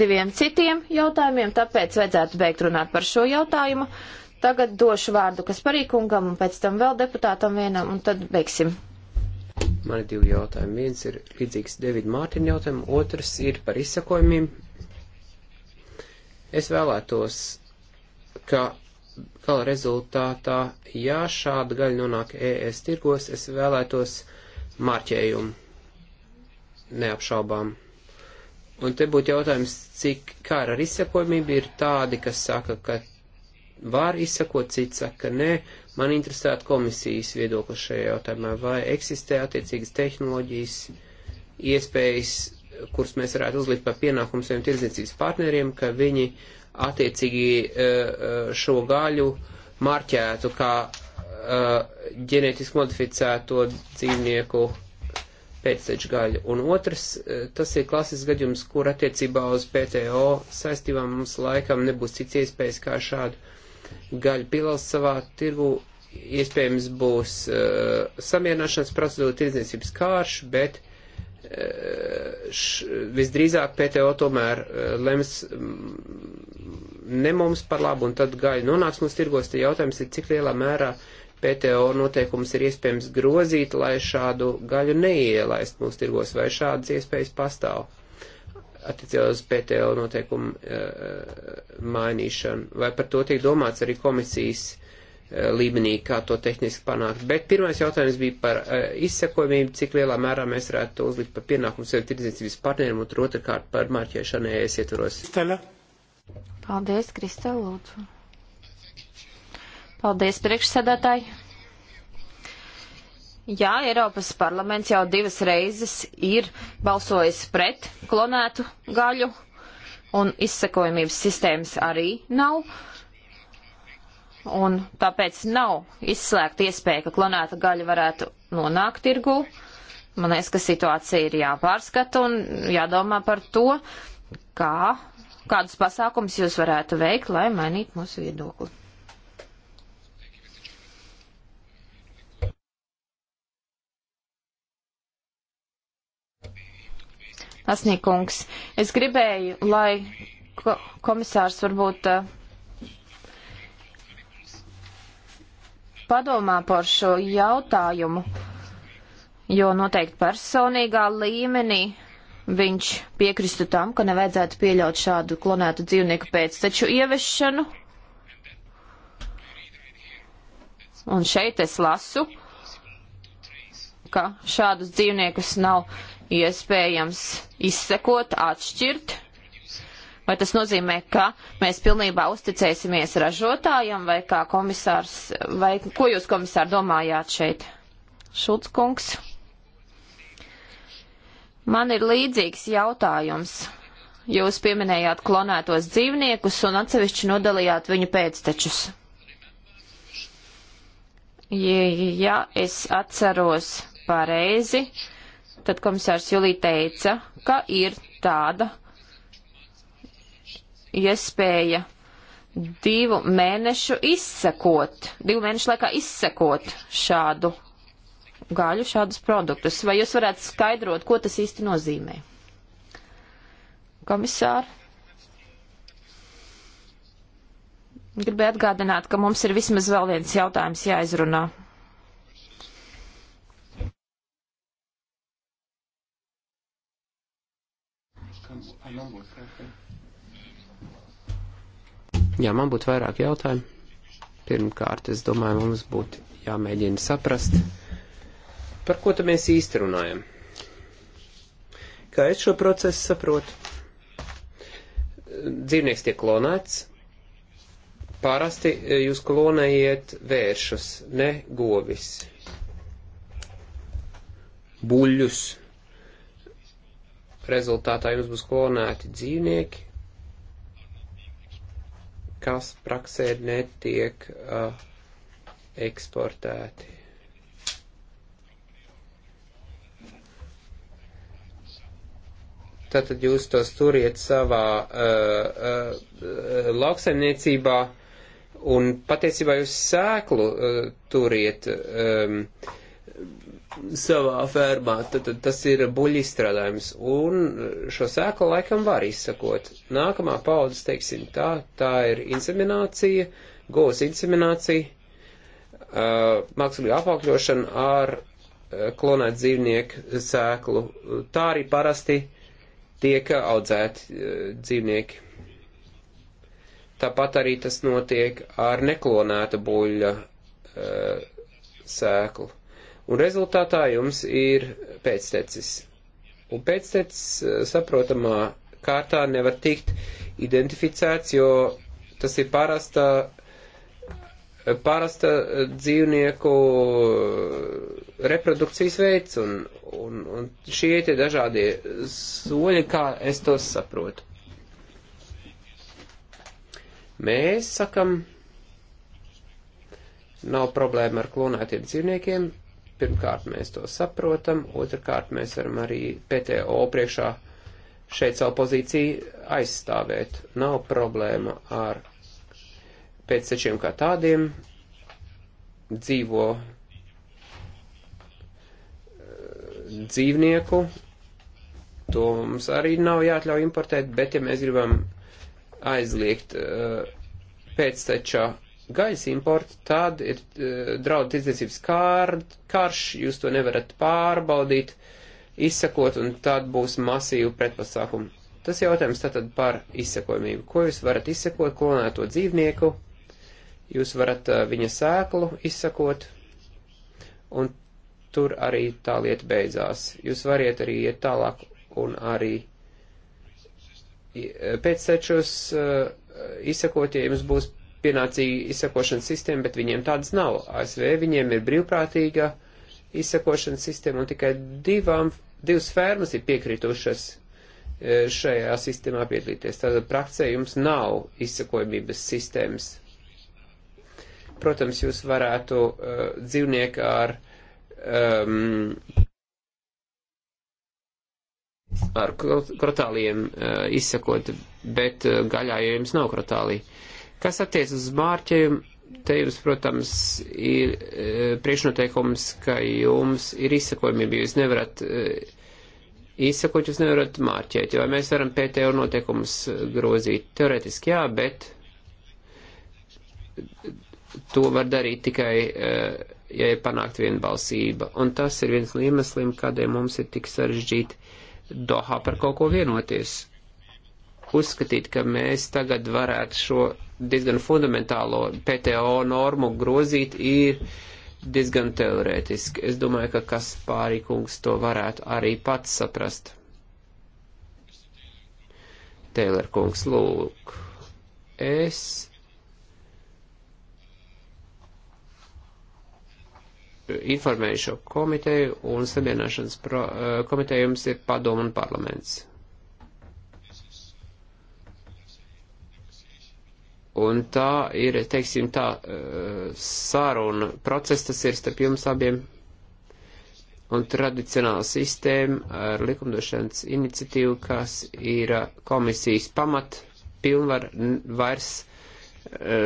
diviem citiem jautājumiem, tāpēc vajadzētu beigt runāt par šo jautājumu. Uh, Tagad došu vārdu Kasparīkungam un pēc tam vēl deputātam vienam un tad beigsim. Man ir divi jautājumi. Viens ir līdzīgs Davida Mārtiņa jautājumam, otrs ir par izsakojumiem. Es vēlētos, ka gala rezultātā, ja šāda gaļa nonāk ES tirgos, es vēlētos marķējumu neapšaubām. Un te būtu jautājums, cik kā ar izsakojumību ir tādi, kas saka, ka var izsakot, cits saka, nē, man interesētu komisijas viedokli šajā jautājumā, vai eksistē attiecīgas tehnoloģijas, iespējas, kuras mēs varētu uzlikt par pienākumu saviem tirdzniecības partneriem, ka viņi attiecīgi eh, eh, šo gaļu marķētu kā eh, ģenētiski modificēto dzīvnieku pēcteču gaļu. Un otrs, tas ir klasisks gadījums, kur attiecībā uz PTO saistībām mums laikam nebūs cits iespējas kā šādu gaļu pilas savā tirgu. Iespējams būs uh, eh, samierināšanas procedūra, tirdzniecības kārš, bet uh, š, visdrīzāk PTO tomēr uh, lems mm, ne mums par labu, un tad gaļa nonāks mums tirgos. Te jautājums ir, cik lielā mērā PTO noteikums ir iespējams grozīt, lai šādu gaļu neielaist mūsu tirgos, vai šādas iespējas pastāv attiecībā uz PTO noteikumu eh, eh, mainīšanu. Vai par to tiek domāts arī komisijas eh, līmenī, kā to tehniski panākt. Bet pirmais jautājums bija par izsekojumību, cik lielā mērā mēs varētu to uzlikt par pienākumu sevi tirdzniecības partneriem un otrkārt par marķēšanu ES ietvaros. Stela. Paldies, Kristēl, lūdzu. Paldies, priekšsēdētāji. Jā, Eiropas parlaments jau divas reizes ir balsojis pret klonētu gaļu, un izsekojamības sistēmas arī nav. Un tāpēc nav izslēgta iespēja, ka klonēta gaļa varētu nonākt tirgū. Man liekas, ka situācija ir jāpārskata un jādomā par to, kā, kādus pasākums jūs varētu veikt, lai mainītu mūsu viedokli. Asniekungs. Es gribēju, lai ko komisārs varbūt padomā par šo jautājumu, jo noteikti personīgā līmenī viņš piekristu tam, ka nevajadzētu pieļaut šādu klonētu dzīvnieku pēcteču ieviešanu. Un šeit es lasu, ka šādus dzīvniekus nav iespējams izsekot, atšķirt? Vai tas nozīmē, ka mēs pilnībā uzticēsimies ražotājam, vai kā komisārs, vai ko jūs komisāri domājāt šeit? Šulc kungs. Man ir līdzīgs jautājums. Jūs pieminējāt klonētos dzīvniekus un atsevišķi nodalījāt viņu pēctečus. Ja, ja es atceros pareizi, tad komisārs Julī teica, ka ir tāda iespēja divu mēnešu izsekot, divu mēnešu laikā izsekot šādu gaļu, šādus produktus. Vai jūs varētu skaidrot, ko tas īsti nozīmē? Komisāri? Gribēju atgādināt, ka mums ir vismaz vēl viens jautājums jāizrunā. man būtu vairāk. Jā, man būtu vairāk jautājumu. Pirmkārt, es domāju, mums būtu jāmēģina saprast, par ko tad mēs īsti runājam. Kā es šo procesu saprotu? Dzīvnieks tiek klonēts. Parasti eh, jūs klonējiet vēršus, ne govis, buļļus, rezultātā jums būs klonēti dzīvnieki, kas praksē netiek uh, eksportēti. Tātad jūs tos turiet savā uh, uh, lauksaimniecībā un patiesībā jūs sēklu uh, turiet. Um, savā fermā, tad, tad tas ir buļizstrādājums, un eh, šo sēklu laikam var izsakot. Nākamā paudas, teiksim, tā, tā ir inseminācija, govs inseminācija, uh, eh, mākslīga apaugļošana ar uh, klonēt dzīvnieku sēklu. Tā arī parasti tiek audzēti uh, dzīvnieki. Tāpat arī tas notiek ar neklonēta buļa uh, sēklu un rezultātā jums ir pēctecis. Un pēctecis eh, saprotamā kārtā nevar tikt identificēts, jo tas ir parasta, eh, parasta eh, dzīvnieku reprodukcijas veids, un, un, un šie tie dažādie soļi, kā es tos saprotu. Mēs sakam, nav problēma ar klonētiem dzīvniekiem, Pirmkārt, mēs to saprotam, otrkārt, mēs varam arī PTO priekšā šeit savu pozīciju aizstāvēt. Nav problēma ar pēctečiem kā tādiem, dzīvo eh, dzīvnieku, to mums arī nav jāatļauj importēt, bet ja mēs gribam aizliegt eh, pēcteča gaisa importu, tad ir uh, draud tirdzniecības kār, karš, jūs to nevarat pārbaudīt, izsakot, un tad būs masīvu pretpasākumu. Tas jautājums tātad par izsakojumību. Ko jūs varat izsakot klonēto dzīvnieku? Jūs varat uh, viņa sēklu izsakot, un tur arī tā lieta beidzās. Jūs variet arī iet tālāk un arī e, pēc sečus uh, izsakot, ja jums būs pienācīga izsakošanas sistēma, bet viņiem tādas nav. ASV viņiem ir brīvprātīga izsakošanas sistēma, un tikai divām, divas fermas ir piekritušas e, šajā sistēmā piedalīties. Tātad praksē jums nav izsakojumības sistēmas. Protams, jūs varētu uh, e, dzīvnieku ar, um, ar krotāliem uh, izsakot, bet uh, gaļā jau jums nav krotālija. Kas attiec uz mārķējumu, te jums, protams, ir e, priekšnoteikums, ka jums ir izsakojumība, jūs nevarat e, izsakot, jūs nevarat mārķēt, jo mēs varam PTO noteikumus grozīt teoretiski, jā, bet to var darīt tikai, e, ja ir panākt vienbalsība. Un tas ir viens no iemesliem, kādēļ mums ir tik sarežģīti Dohā par kaut ko vienoties uzskatīt, ka mēs tagad varētu šo diezgan fundamentālo PTO normu grozīt, ir diezgan teorētiski. Es domāju, ka kas pārīkungs to varētu arī pats saprast. Tēler kungs, lūk, es informēju šo komiteju un sabiedrināšanas eh, komiteju jums ir padomu un parlaments. Un tā ir, teiksim, tā e, sāruna process, tas ir starp jums abiem un tradicionāla sistēma ar likumdošanas iniciatīvu, kas ir komisijas pamat, pilnvar vairs, e,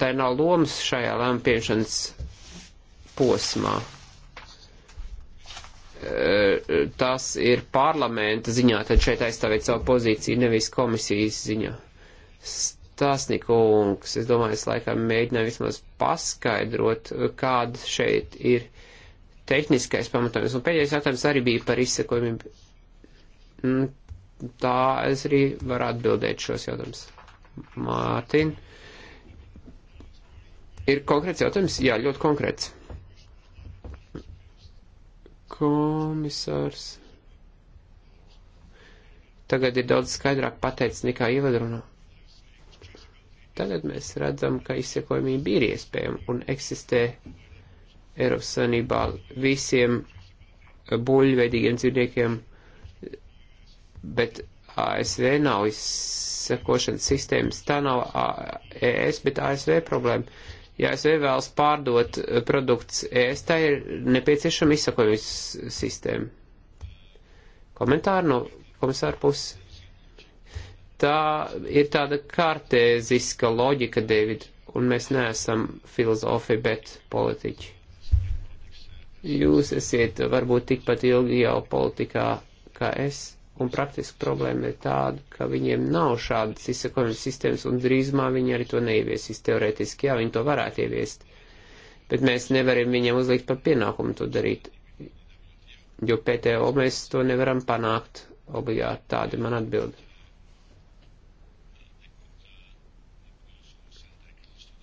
tai nav lomas šajā lēmpiešanas posmā. E, tas ir parlamenta ziņā, tad šeit aizstāvēt savu pozīciju, nevis komisijas ziņā. Tasnikungs, es domāju, es laikam mēģināju vismaz paskaidrot, kāda šeit ir tehniskais pamatojums. Un pēdējais jautājums arī bija par izsekojumiem. Mm, tā es arī varu atbildēt šos jautājumus. Mārtiņ. Ir konkrēts jautājums? Jā, ļoti konkrēts. Komisārs. Tagad ir daudz skaidrāk pateicis nekā ievadrunā. Tagad mēs redzam, ka izsekojamība ir iespējama un eksistē Eiropas Sanībā visiem buļveidīgiem dzīvniekiem, bet ASV nav izsekošanas sistēmas. Tā nav ES, bet ASV problēma. Ja ASV vēlas pārdot produkts ES, tā ir nepieciešama izsakojuma sistēma. Komentāri no komisāra puses tā ir tāda kartēziska loģika, David, un mēs neesam filozofi, bet politiķi. Jūs esiet varbūt tikpat ilgi jau politikā kā es, un praktiski problēma ir tāda, ka viņiem nav šādas izsakojuma sistēmas, un drīzumā viņi arī to neieviesīs teorētiski, jā, viņi to varētu ieviest, bet mēs nevaram viņiem uzlikt par pienākumu to darīt, jo PTO mēs to nevaram panākt obligāti, tāda man atbildi.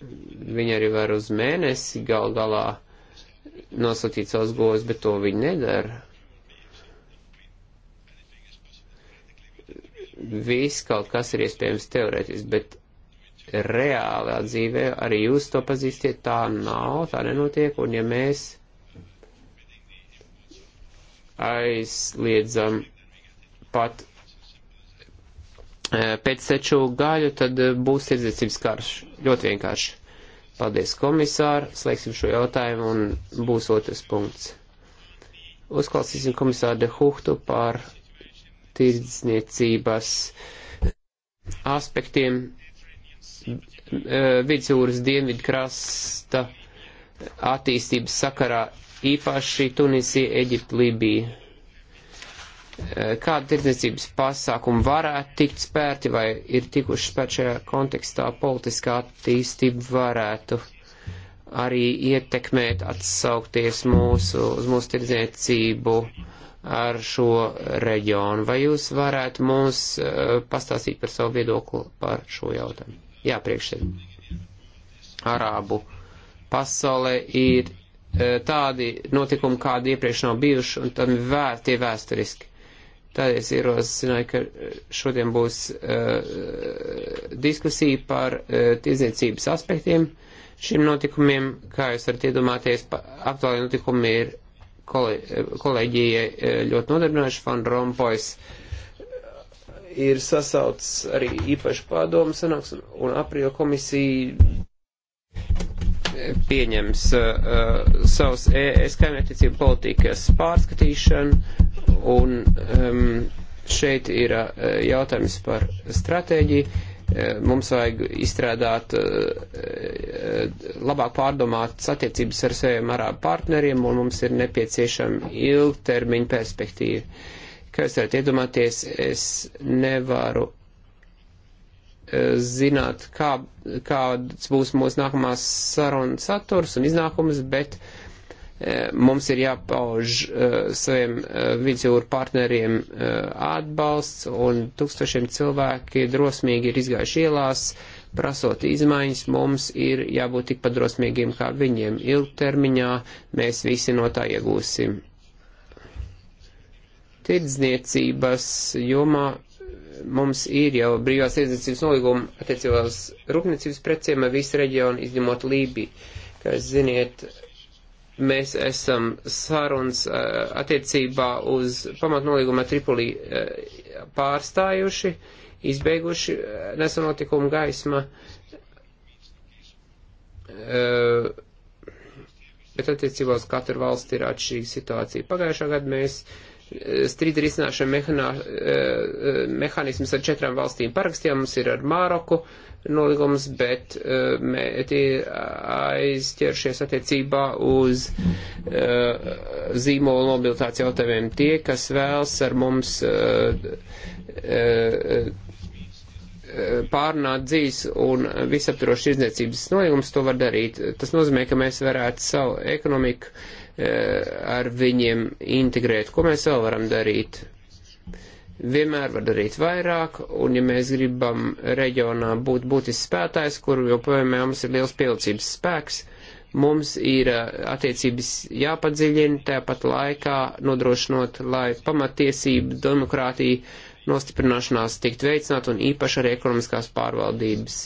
viņi arī var uz mēnesi gal galā nosūtīt savus govs, bet to viņi nedara. Viss kaut kas ir iespējams teorētiski, bet reālā dzīvē arī jūs to pazīstiet, tā nav, tā nenotiek, un ja mēs aizliedzam pat eh, pēc seču gaļu, tad eh, būs tirdzniecības karš. Ļoti vienkārši. Paldies komisāru, slēgsim šo jautājumu un būs otrs punkts. Uzklausīsim komisāru de Huhtu par tirdzniecības aspektiem vidusjūras dienvidu krasta attīstības sakarā, īpaši Tunisija, Eģipta, Libija. Eh, kāda tirdzniecības pasākuma varētu tikt spērti vai ir tikuši spērt šajā kontekstā, politiskā attīstība varētu arī ietekmēt, atsaukties mūsu, uz mūsu tirdzniecību ar šo reģionu. Vai jūs varētu mums eh, pastāstīt par savu viedokli par šo jautājumu? Jā, priekšsēd. Arābu pasaulē ir eh, tādi notikumi, kādi iepriekš nav bijuši, un tad vēr, tie vēsturiski Tādēļ es ierosināju, ka eh, šodien būs uh, diskusija par uh, eh, tiesniecības aspektiem šiem notikumiem. Kā jūs varat iedomāties, aktuālajie notikumi ir kolēģijai ļoti nodarbinoši. Fan Rompois ir sasaucis arī īpaši pārdomu sanāks un, un aprīļa komisija pieņems uh, savus ES kaimietiecību politikas pārskatīšanu Un um, šeit ir uh, jautājums par stratēģiju. Uh, mums vajag izstrādāt, uh, uh, labāk pārdomāt satiecības ar saviem arābu partneriem, un mums ir nepieciešama ilgtermiņa perspektīva. Kā jūs varat iedomāties, es nevaru zināt, kā, kāds būs mūsu nākamās sarunas saturs un iznākums, bet uh, Eh, mums ir jāpauž eh, saviem eh, vidusjūru partneriem atbalsts, un tūkstošiem cilvēki drosmīgi ir izgājuši ielās, prasot izmaiņas, mums ir jābūt tikpat drosmīgiem kā viņiem. Ilgtermiņā mēs visi no tā iegūsim. Tirdzniecības jomā mums ir jau brīvās tirdzniecības nolīguma attiecībā uz rūpniecības precēm ar visu reģionu, izņemot Lībiju. Kā ziniet, Mēs esam sarunas eh, attiecībā uz pamatnolīguma Tripolī eh, pārstājuši, izbeiguši eh, nesanotikumu gaisma. Bet attiecībā uz katru valsti ir atšķirīga situācija. Pagājušā gada mēs strīda risināšana mehanā, mehānismus ar četrām valstīm parakstījām. Mums ir ar Māroku, uh, nolīgums, bet uh, eh, mēti aizķeršies attiecībā uz uh, eh, zīmolu mobilitāciju jautājumiem. Tie, kas vēlas ar mums uh, uh, pārnāt dzīves un visaptrošas izniecības nolīgums, to var darīt. Tas nozīmē, ka mēs varētu savu ekonomiku uh, ar viņiem integrēt. Ko mēs vēl varam darīt? vienmēr var darīt vairāk, un ja mēs gribam reģionā būt būtisks spētājs, kur joprojām mums ir liels pielicības spēks, mums ir attiecības jāpadziļina, tāpat laikā nodrošinot, lai pamatiesība, demokrātija, nostiprināšanās tikt veicināt un īpaši arī ekonomiskās pārvaldības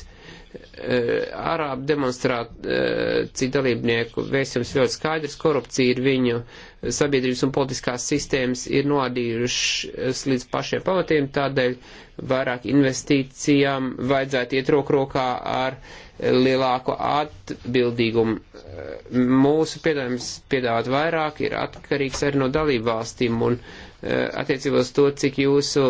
Eh, Arābu demonstrāciju eh, dalībnieku vēstījums ļoti skaidrs, korupcija ir viņu sabiedrības un politiskās sistēmas ir nodījušas līdz pašiem pamatiem, tādēļ vairāk investīcijām vajadzētu iet roku rokā ar lielāku atbildīgumu. Eh, mūsu piedāvājums piedāvāt vairāk ir atkarīgs arī no dalību valstīm un attiecībos to, cik jūsu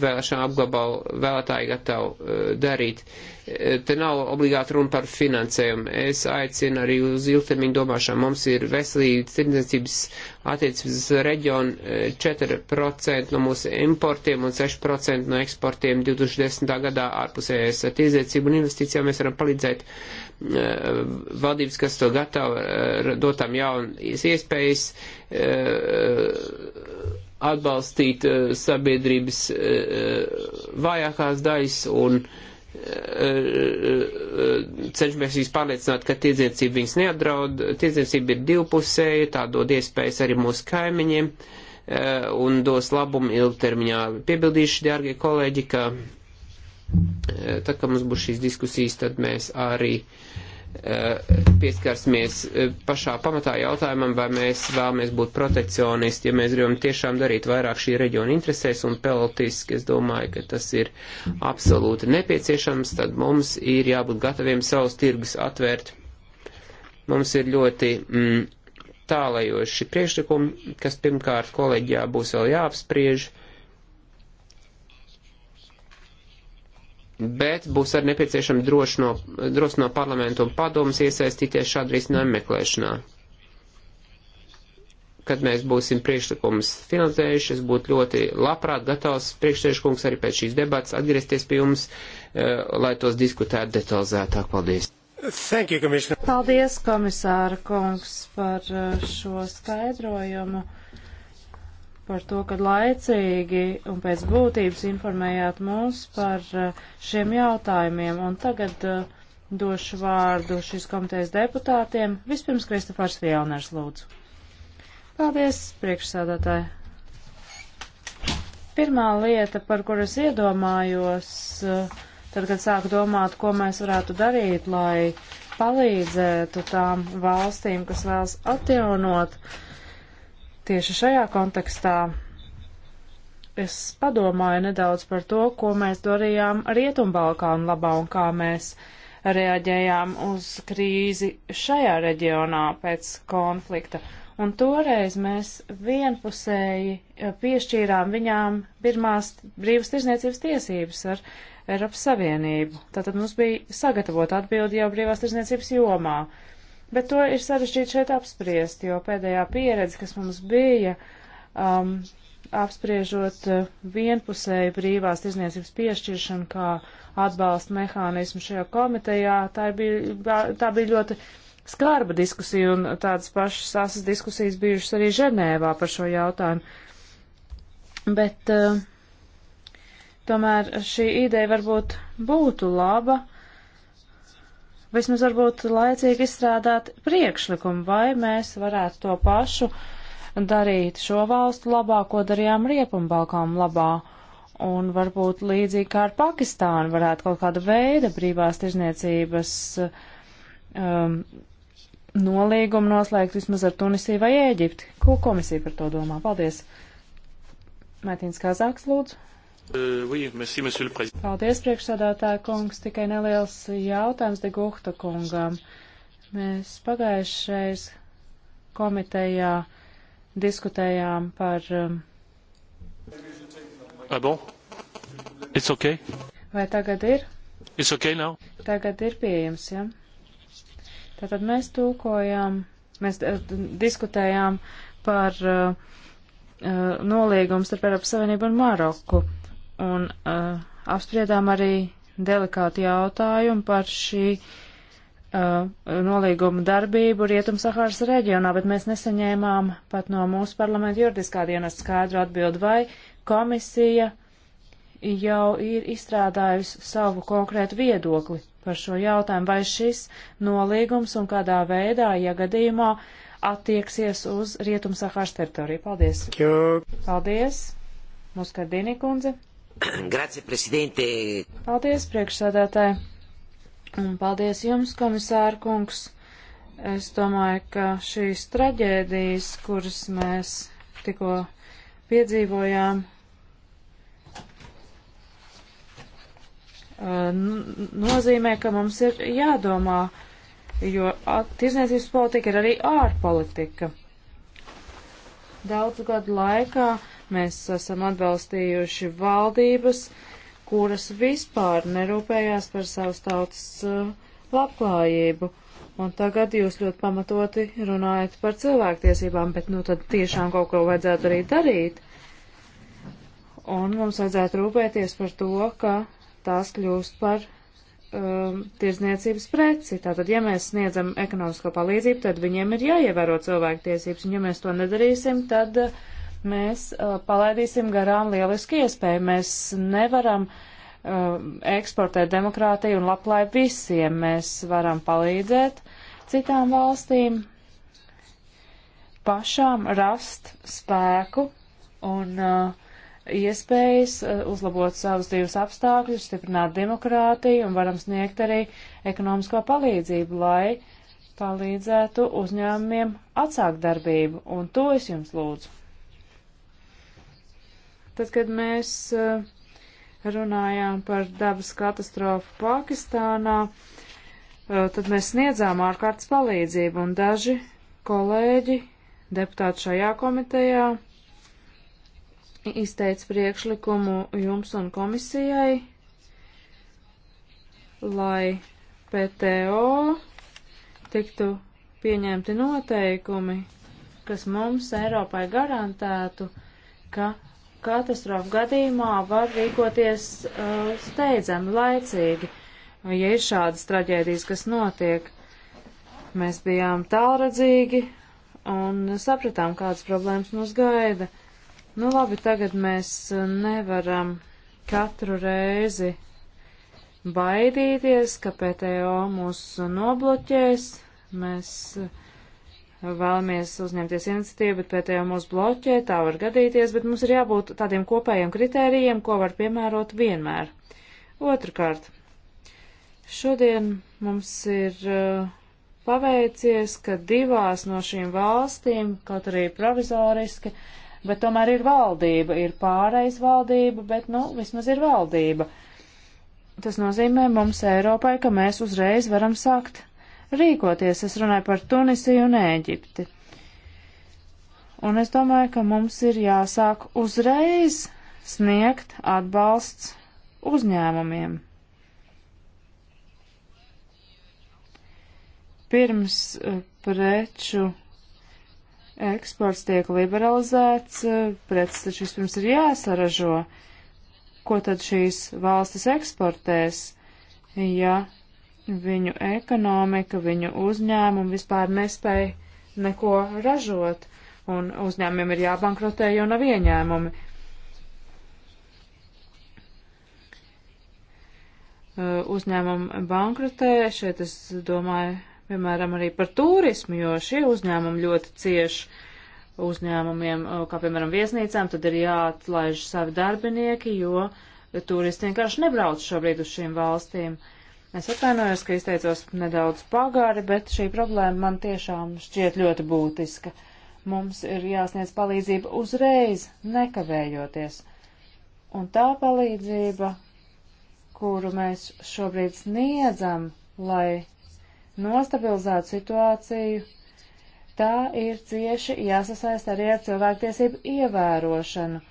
vēlēšana apgabalu vēlētāji gatavu darīt. Uh, te nav obligāti runa par finansējumu. Es aicinu arī uz ilgtermiņu domāšanu. Mums ir veselības tirdzniecības attiecības reģiona 4% e, no mūsu importiem un 6% no eksportiem 2010. gadā ārpusējais e tirdzniecību un investīcijām. Mēs varam palīdzēt e, valdības, kas to gatavo, dotām jaunas iespējas atbalstīt sabiedrības vājākās daļas un uh, cenšamies viņus pārliecināt, ka tirdzniecība viņus neapdraud, tirdzniecība ir divpusēja, tā dod iespējas arī mūsu kaimiņiem eh, un dos labumu ilgtermiņā. Piebildīšu, dārgie kolēģi, ka eh, tad, kad mums būs šīs diskusijas, tad mēs arī uh, Eh, pieskarsimies eh, pašā pamatā jautājumam, vai mēs vēlamies būt protekcionisti, ja mēs gribam tiešām darīt vairāk šī reģiona interesēs un politiski, es domāju, ka tas ir absolūti nepieciešams, tad mums ir jābūt gataviem savus tirgus atvērt. Mums ir ļoti mm, tālajoši priekšlikumi, kas pirmkārt kolēģijā būs vēl jāapspriež bet būs arī nepieciešama drošino, drosno parlamentu un padomus iesaistīties šādu risinājumu meklēšanā. Kad mēs būsim priekšlikumus finansējuši, es būtu ļoti labprāt gatavs priekšsēžkungs arī pēc šīs debats atgriezties pie jums, eh, lai tos diskutētu detalizētāk. Paldies! Thank you, Paldies, komisāra kungs, par eh, šo skaidrojumu par to, ka laicīgi un pēc būtības informējāt mūs par eh, šiem jautājumiem. Un tagad eh, došu vārdu šīs komitejas deputātiem. Vispirms Kristofārs Vielners lūdzu. Paldies, priekšsādātāji. Pirmā lieta, par kuru es iedomājos, eh, tad, kad sāku domāt, ko mēs varētu darīt, lai palīdzētu tām valstīm, kas vēlas atjaunot uh, Tieši šajā kontekstā es padomāju nedaudz par to, ko mēs darījām Rietumbalkānu labā un kā mēs reaģējām uz krīzi šajā reģionā pēc konflikta. Un toreiz mēs vienpusēji piešķīrām viņām pirmās brīvas tirzniecības tiesības ar Eiropas Savienību. Tātad mums bija sagatavot atbildi jau brīvās tirzniecības jomā. Uh, Bet to ir sarežģīti šeit apspriest, jo pēdējā pieredze, kas mums bija, um, apspriežot uh, vienpusēju brīvās tirzniecības piešķiršanu kā atbalsta mehānismu šajā komitejā, tā bija, tā bija ļoti skarba diskusija un tādas pašas asas diskusijas bijušas arī Ženēvā par šo jautājumu. Bet uh, tomēr šī ideja varbūt būtu laba. Uh, vismaz varbūt laicīgi izstrādāt priekšlikumu, vai mēs varētu to pašu darīt šo valstu labā, ko darījām Rietumbalkām labā. Un varbūt līdzīgi kā ar Pakistānu varētu kaut kāda veida brīvās tirzniecības um, nolīgumu noslēgt vismaz ar Tunisiju vai Ēģipti. Ko komisija par to domā? Paldies! Mētīns Kazāks lūdzu. Euh, Paldies, priekšsādātāja kungs. Tikai neliels jautājums de Guhta kungam. Mēs pagājušreiz komitejā diskutējām par. Um, ah, bon? It's okay. Vai tagad ir? It's okay now. Tagad ir pieejams, jā. Ja? Tātad mēs tūkojām, mēs eh, diskutējām par uh, eh, eh, noliegumu starp Eiropas Savienību un Maroku. Uh, un uh, apspriedām arī delikātu jautājumu par šī uh, nolīguma darbību Rietumsahāras reģionā, bet mēs nesaņēmām pat no mūsu parlamenta juridiskā dienesta skaidru atbildi, vai komisija jau ir izstrādājusi savu konkrētu viedokli par šo jautājumu, vai šis nolīgums un kādā veidā, ja gadījumā, attieksies uz Rietumsahāras teritoriju. Paldies! Paldies! Muskardīni kundze! Grazie, prezidente. Paldies, priekšsādātāji. Un paldies jums, komisāra kungs. Es domāju, ka šīs traģēdijas, kuras mēs tikko piedzīvojām, nozīmē, ka mums ir jādomā, jo tirzniecības politika ir arī ārpolitika. Daudz gadu laikā Mēs esam atbalstījuši valdības, kuras vispār nerūpējās par savas tautas uh, labklājību. Un tagad jūs ļoti pamatoti runājat par cilvēktiesībām, bet nu tad tiešām kaut ko vajadzētu arī darīt. Un mums vajadzētu rūpēties par to, ka tās kļūst par um, tirzniecības preci. Tātad, ja mēs sniedzam ekonomisko palīdzību, tad viņiem ir jāievēro cilvēktiesības, un ja mēs to nedarīsim, tad uh, mēs uh, palaidīsim garām lielisku iespēju. Mēs nevaram uh, eksportēt demokrātiju un labklājību visiem. Mēs varam palīdzēt citām valstīm pašām rast spēku un uh, iespējas uzlabot savus dzīves apstākļus, stiprināt demokrātiju un varam sniegt arī ekonomisko palīdzību, lai palīdzētu uzņēmumiem atsākt darbību. Un to es jums lūdzu. Tad, kad mēs eh, runājām par dabas katastrofu Pakistānā, eh, tad mēs sniedzām ārkārtas palīdzību un daži kolēģi, deputāti šajā komitejā, izteica priekšlikumu jums un komisijai, lai PTO tiktu pieņemti noteikumi, kas mums Eiropai garantētu, ka katastrofu gadījumā var rīkoties uh, steidzami, laicīgi, ja ir šādas traģēdijas, kas notiek. Mēs bijām tālredzīgi un sapratām, kādas problēmas mūs gaida. Nu labi, tagad mēs uh, nevaram katru reizi baidīties, ka PTO mūs nobloķēs. Mēs uh, vēlamies uzņemties iniciatīvu, bet pētējā mūs bloķē, tā var gadīties, bet mums ir jābūt tādiem kopējiem kritērijiem, ko var piemērot vienmēr. Otrakārt, šodien mums ir uh, paveicies, ka divās no šīm valstīm, kaut arī provizoriski, bet tomēr ir valdība, ir pāreiz valdība, bet, nu, vismaz ir valdība. Tas nozīmē mums Eiropai, ka mēs uzreiz varam sākt rīkoties. Es runāju par Tunisiju un Ēģipti. Un es domāju, ka mums ir jāsāk uzreiz sniegt atbalsts uzņēmumiem. Pirms eh, preču eksports tiek liberalizēts, eh, preces taču vispirms ir jāsaražo. Ko tad šīs valstis eksportēs, ja Viņu ekonomika, viņu uzņēmumi vispār nespēja neko ražot, un uzņēmumiem ir jābankrotē, jo nav ieņēmumi. Uh, uzņēmumi bankrotē, šeit es domāju, piemēram, arī par turismu, jo šie uzņēmumi ļoti cieši uzņēmumiem, uh, kā piemēram viesnīcām, tad ir jāatlaiž savi darbinieki, jo turisti vienkārši nebrauc šobrīd uz šīm valstīm. Uh, Es atvainojos, ka izteicos nedaudz pagāri, bet šī problēma man tiešām šķiet ļoti būtiska. Mums ir jāsniedz palīdzība uzreiz, nekavējoties. Un tā palīdzība, kuru mēs šobrīd sniedzam, lai nostabilizētu situāciju, tā ir cieši jāsasaist arī ar cilvēktiesību ievērošanu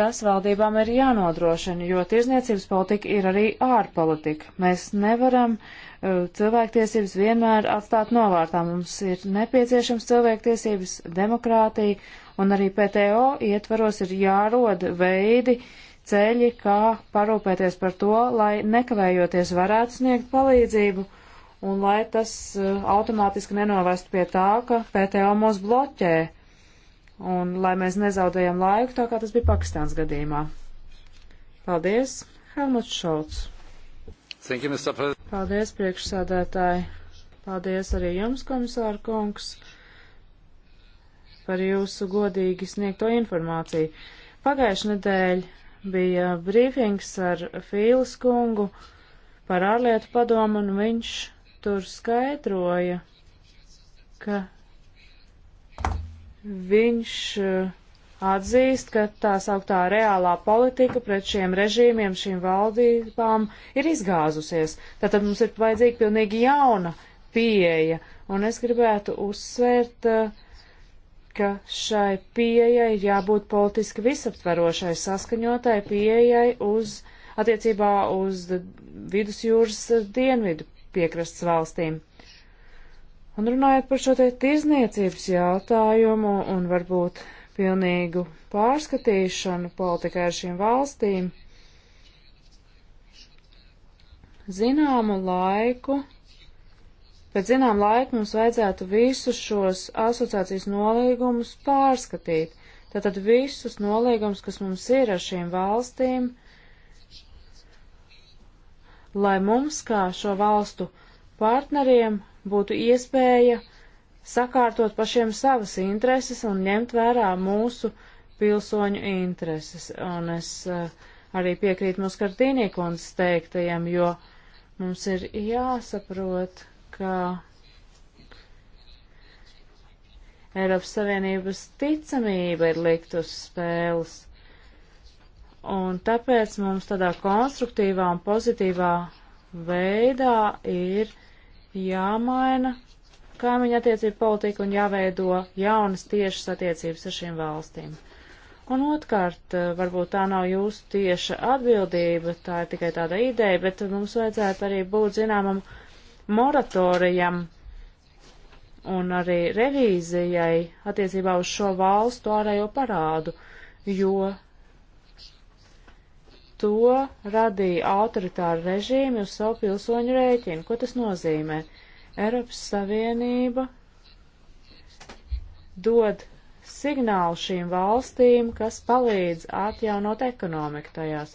Tas valdībām ir jānodrošina, jo tirzniecības politika ir arī ārpolitika. Mēs nevaram uh, cilvēktiesības vienmēr atstāt novārtā. Mums ir nepieciešams cilvēktiesības, demokrātija un arī PTO ietvaros ir jāroda veidi, ceļi, kā parūpēties par to, lai nekavējoties varētu sniegt palīdzību un lai tas uh, automātiski nenovest pie tā, ka PTO mūs bloķē un lai mēs nezaudējam laiku, tā kā tas bija Pakistāns gadījumā. Paldies, Helmuts Šolts. You, Paldies, priekšsādētāji. Paldies arī jums, komisāra kungs, par jūsu godīgi sniegto informāciju. Pagājuši nedēļ bija brīfings ar Fīles kungu par ārlietu padomu, un viņš tur skaidroja, ka Viņš eh, atzīst, ka tā sauktā reālā politika pret šiem režīmiem, šīm valdībām ir izgāzusies. Tātad mums ir vajadzīga pilnīgi jauna pieeja, un es gribētu uzsvērt, eh, ka šai pieejai jābūt politiski visaptverošai, saskaņotai pieejai uz attiecībā uz vidusjūras dienvidu piekrastes valstīm. Un runājot par šo te tirzniecības jautājumu un varbūt pilnīgu pārskatīšanu politikā ar šīm valstīm, zināmu laiku, pēc zinām laiku mums vajadzētu visus šos asociācijas nolīgumus pārskatīt. Tātad visus nolīgumus, kas mums ir ar šīm valstīm, lai mums kā šo valstu partneriem būtu iespēja sakārtot pašiem savas intereses un ņemt vērā mūsu pilsoņu intereses. Un es eh, arī piekrītu mūsu kardīnīkundas teiktajam, jo mums ir jāsaprot, ka Eiropas Savienības ticamība ir likt uz spēles. Un tāpēc mums tādā konstruktīvā un pozitīvā veidā ir uh, jāmaina kaimiņu attiecību politika un jāveido jaunas tiešas attiecības ar šīm valstīm. Un otrkārt, eh, varbūt tā nav jūsu tieša atbildība, tā ir tikai tāda ideja, bet mums vajadzētu arī būt zināmam moratorijam un arī revīzijai attiecībā uz šo valstu ārējo parādu, jo to radīja autoritāri režīmi uz savu pilsoņu rēķinu. Ko tas nozīmē? Eiropas Savienība dod signālu šīm valstīm, kas palīdz atjaunot ekonomiku tajās.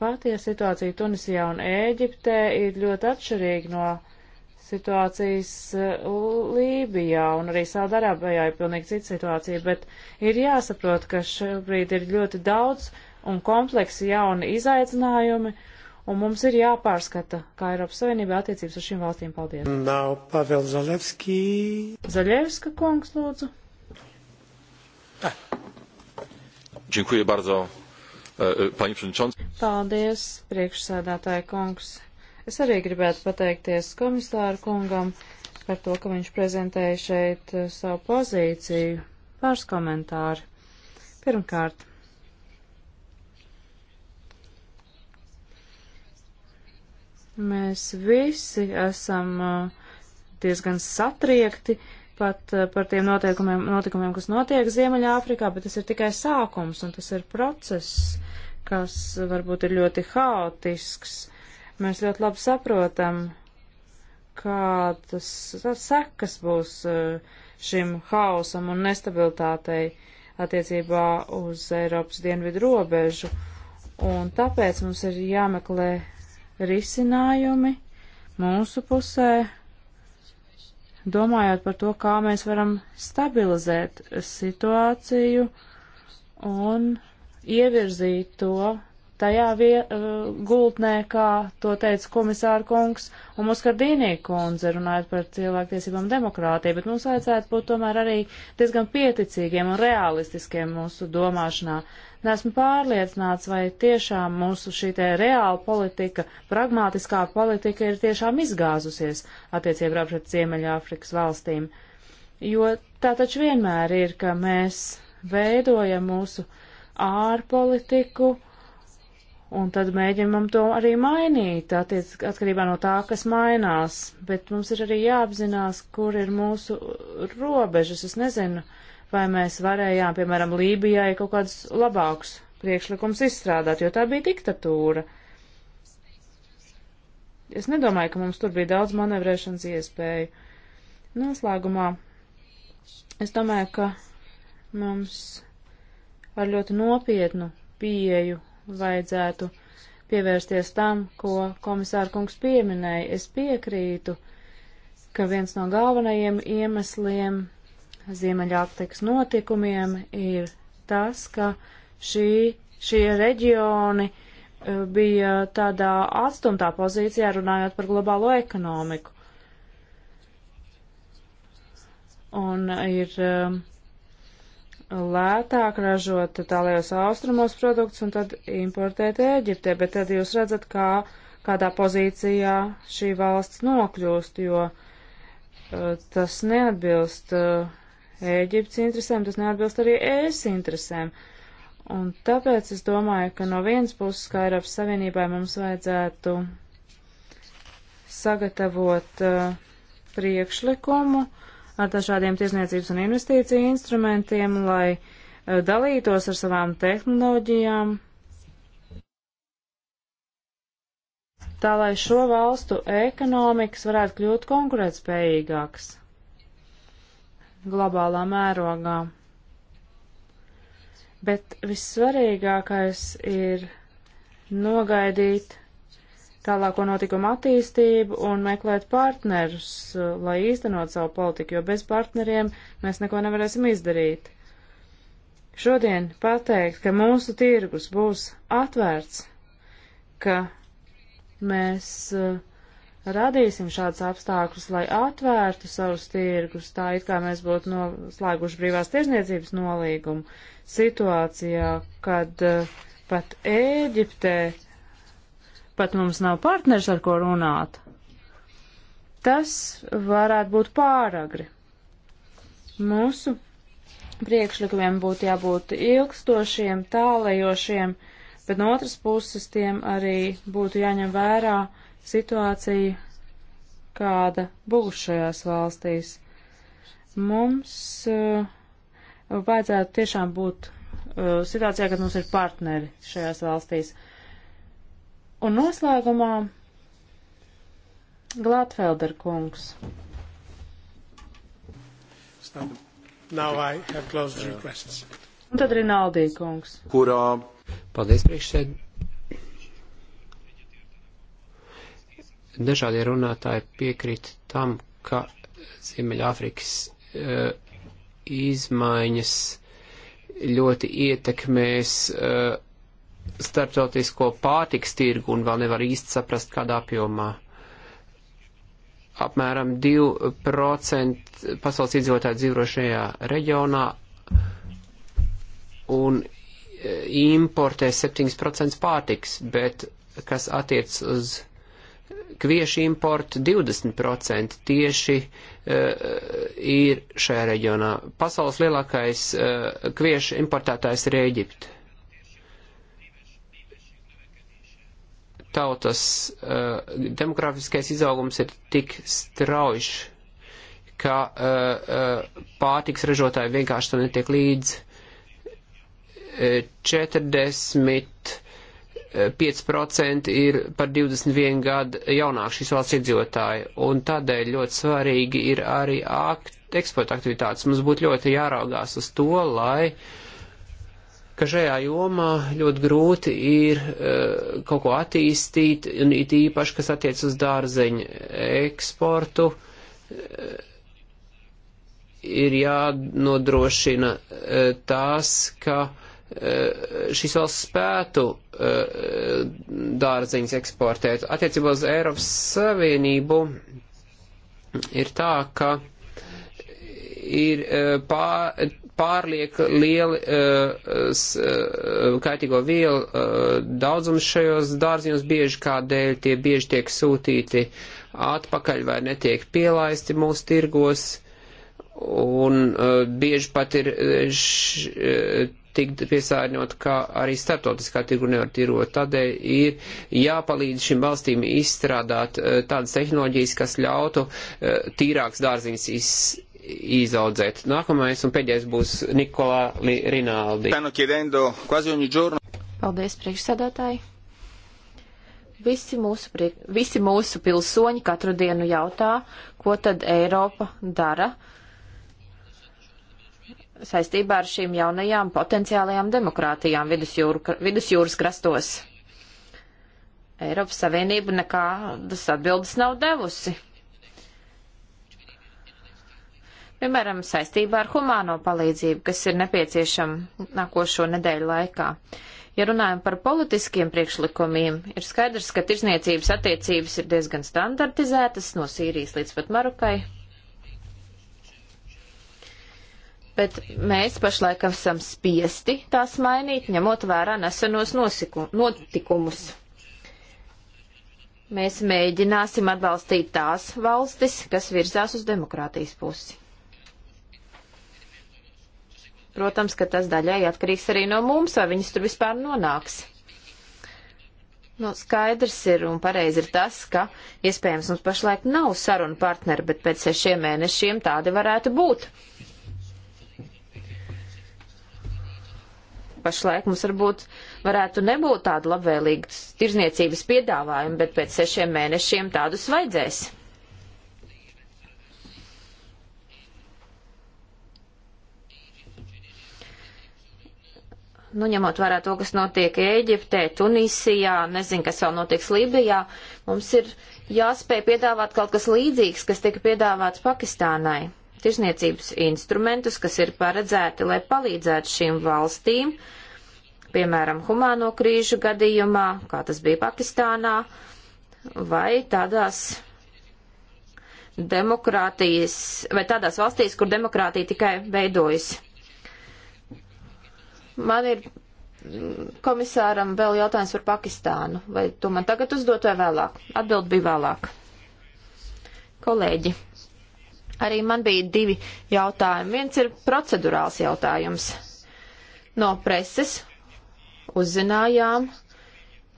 Patie situācija Tunisijā un Ēģiptē ir ļoti atšķirīga no situācijas uh, Lībijā un arī Saudarābijā ir pilnīgi cita situācija, bet ir jāsaprot, ka šobrīd ir ļoti daudz uh, un kompleksi jauni izaicinājumi, un mums ir jāpārskata, kā Eiropas Savienība attiecības ar šīm valstīm. Paldies! Nav Pavel Zalevski. Zaļevska kungs, lūdzu. Dziękuję bardzo, e, e, pani przewodnicząca. Paldies, priekšsēdētāja kungs. Es arī gribētu pateikties komisāru kungam par to, ka viņš prezentēja šeit e, savu pozīciju. Pāris komentāri. Pirmkārt, Mēs visi esam uh, diezgan satriekti pat uh, par tiem notiekumiem, notikumiem, kas notiek Ziemeļāfrikā, bet tas ir tikai sākums un tas ir process, kas varbūt ir ļoti haotisks. Mēs ļoti labi saprotam, kādas sekas būs uh, šim hausam un nestabilitātei attiecībā uz Eiropas dienvidu robežu. Un tāpēc mums ir jāmeklē risinājumi mūsu pusē, domājot par to, kā mēs varam stabilizēt situāciju un ievirzīt to tajā vie, uh, gultnē, kā to teica komisāra kungs un Muskardīnī kundze, runājot par cilvēktiesībām demokrātiju, bet mums vajadzētu būt tomēr arī diezgan pieticīgiem un realistiskiem mūsu domāšanā. Uh, Nesmu pārliecināts, vai tiešām mūsu šī te reāla politika, pragmātiskā politika ir tiešām izgāzusies attiecībā pret Ziemeļāfrikas valstīm. Jo tā taču vienmēr ir, ka mēs veidojam mūsu ārpolitiku un tad mēģinam to arī mainīt, attiec, atkarībā no tā, kas mainās. Bet mums ir arī jāapzinās, kur ir mūsu robežas. Es nezinu, uh, vai mēs varējām, piemēram, Lībijai kaut kādus labākus priekšlikums izstrādāt, jo tā bija diktatūra. Es nedomāju, ka mums tur bija daudz manevrēšanas iespēju. Noslēgumā es domāju, ka mums ar ļoti nopietnu pieeju vajadzētu pievērsties tam, ko komisāra kungs pieminēja. Es piekrītu, ka viens no galvenajiem iemesliem Ziemeļāfrikas notikumiem ir tas, ka šī, šie reģioni e, bija tādā atstumtā pozīcijā runājot par globālo ekonomiku. Un ir e, lētāk ražot tālajos austrumos produktus un tad importēt Ēģiptē, bet tad jūs redzat, kā, kādā pozīcijā šī valsts nokļūst, jo e, tas neatbilst uh, Ēģiptes interesēm, tas neatbilst arī ES interesēm. Un tāpēc es domāju, ka no vienas puses, kā Eiropas Savienībai, mums vajadzētu sagatavot uh, priekšlikumu ar dažādiem tirzniecības un investīciju instrumentiem, lai uh, dalītos ar savām tehnoloģijām, tā lai šo valstu ekonomikas varētu kļūt konkurētspējīgākas globālā mērogā. Bet vissvarīgākais ir nogaidīt tālāko notikumu attīstību un meklēt partnerus, lai īstenot savu politiku, jo bez partneriem mēs neko nevarēsim izdarīt. Šodien pateikt, ka mūsu tirgus būs atvērts, ka mēs uh, radīsim šādus apstākļus, lai atvērtu savus tirgus, tā it kā mēs būtu noslēguši brīvās tirzniecības nolīgumu situācijā, kad uh, pat Ēģiptē pat mums nav partners, ar ko runāt. Tas varētu būt pāragri. Mūsu priekšlikumiem būtu jābūt ilgstošiem, tālējošiem, bet no otras puses tiem arī būtu jāņem vērā uh, situācija, kāda būs šajās valstīs. Mums uh, vajadzētu tiešām būt uh, situācijā, kad mums ir partneri šajās valstīs. Un noslēgumā Glātfelder kungs. Un tad Rinaldī kungs. Kurā? Paldies priekšsēdētājiem dažādie runātāji piekrīt tam, ka Ziemeļāfrikas uh, izmaiņas ļoti ietekmēs uh, starptautisko pārtiks tirgu un vēl nevar īsti saprast, kādā apjomā. Apmēram 2% pasaules iedzīvotāji dzīvo šajā reģionā un eh, importē 7% pārtiks, bet kas attiec uz Kviešu importa 20% tieši uh, ir šajā reģionā. Pasaules lielākais uh, eh, kviešu importētājs ir Ēģipte. Tautas uh, demografiskais izaugums ir tik strauj, ka uh, uh, pārtiks ražotāji vienkārši tam netiek līdzi. Uh, 40 5% ir par 21 gadu jaunāk šīs valsts iedzīvotāji, un tādēļ ļoti svarīgi ir arī akt, eksporta aktivitātes. Mums būtu ļoti jāraugās uz to, lai ka šajā jomā ļoti grūti ir uh, kaut ko attīstīt, un it īpaši, kas attiec uz dārzeņu eksportu, uh, ir jānodrošina uh, eh, tās, ka uh, Eh, šīs valsts spētu eh, dārziņus eksportēt. Attiecībā uz Eiropas Savienību ir tā, ka ir eh, pār, pārliek lieli kaitīgo vielu daudzums šajos dārziņos bieži, kādēļ tie bieži tiek sūtīti atpakaļ vai netiek pielaisti mūsu tirgos. Un uh, bieži pat ir š, tikt piesārņot, kā arī startotiskā tirgu nevar tirot. Tādēļ ir jāpalīdz šim valstīm izstrādāt eh, tādas tehnoloģijas, kas ļautu eh, tīrāks dārziņas iz, izaudzēt. Nākamais un pēdējais būs Nikolā Rinaldi. Paldies, priekšsēdētāji! Visi mūsu, priek, visi mūsu pilsoņi katru dienu jautā, ko tad Eiropa dara, uh, saistībā ar šīm jaunajām potenciālajām demokrātijām vidusjūra, vidusjūras krastos. Eiropas Savienība nekādas atbildes nav devusi. Piemēram, saistībā ar humāno palīdzību, kas ir nepieciešama nākošo nedēļu laikā. Ja runājam par politiskiem priekšlikumiem, ir skaidrs, ka tirzniecības attiecības ir diezgan standartizētas no Sīrijas līdz pat Marukai. bet mēs pašlaik esam spiesti tās mainīt, ņemot vērā nesenos notikumus. Mēs mēģināsim atbalstīt tās valstis, kas virzās uz demokrātijas pusi. Protams, ka tas daļai atkarīgs arī no mums, vai viņas tur vispār nonāks. Nu, skaidrs ir un pareizi ir tas, ka iespējams mums pašlaik nav sarunu partneri, bet pēc sešiem mēnešiem tādi varētu būt. Pašlaik mums varbūt varētu nebūt tāda labvēlīga tirzniecības piedāvājuma, bet pēc sešiem mēnešiem tādus vajadzēs. nu, ņemot vērā to, kas notiek Ēģiptē, Tunisijā, nezinu, kas vēl notiks Lībijā, mums ir jāspēj piedāvāt kaut kas līdzīgs, kas tika piedāvāts Pakistānai tirsniecības instrumentus, kas ir paredzēti, lai palīdzētu šīm valstīm, piemēram, humāno krīžu gadījumā, kā tas bija Pakistānā, vai tādās demokrātijas, vai tādās valstīs, kur demokrātija tikai veidojas. Man ir mm, komisāram vēl jautājums par Pakistānu. Vai tu man tagad uzdot vai vēlāk? Atbild bija vēlāk. Kolēģi. Arī man bija divi jautājumi. Viens ir procedurāls jautājums. No preses uzzinājām,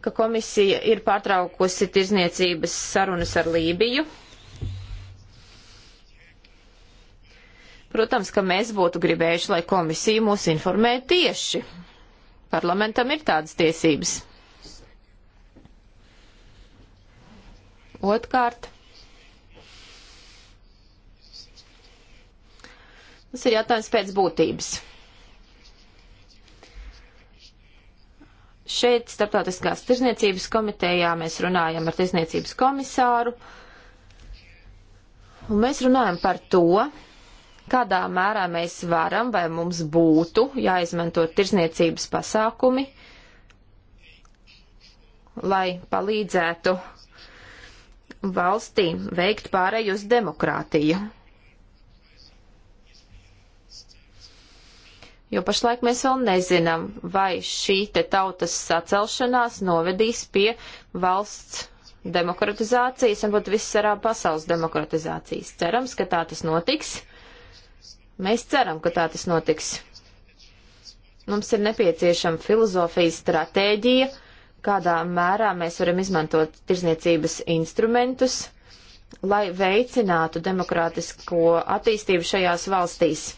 ka komisija ir pārtraukusi tirzniecības sarunas ar Lībiju. Protams, ka mēs būtu gribējuši, lai komisija mūs informē tieši. Parlamentam ir tādas tiesības. Otkārt, Tas ir jautājums pēc būtības. Šeit Startautiskās tirzniecības komitejā mēs runājam ar tirzniecības komisāru, un mēs runājam par to, kādā mērā mēs varam vai mums būtu jāizmanto tirzniecības pasākumi, lai palīdzētu valstīm veikt pārēju uz demokrātiju. jo pašlaik mēs vēl nezinām, vai šī te tautas sacelšanās novedīs pie valsts demokratizācijas un pat viss arā pasaules demokratizācijas. Cerams, ka tā tas notiks. Mēs ceram, ka tā tas notiks. Mums ir nepieciešama filozofijas stratēģija, kādā mērā mēs varam izmantot tirzniecības instrumentus, lai veicinātu demokrātisko attīstību šajās valstīs.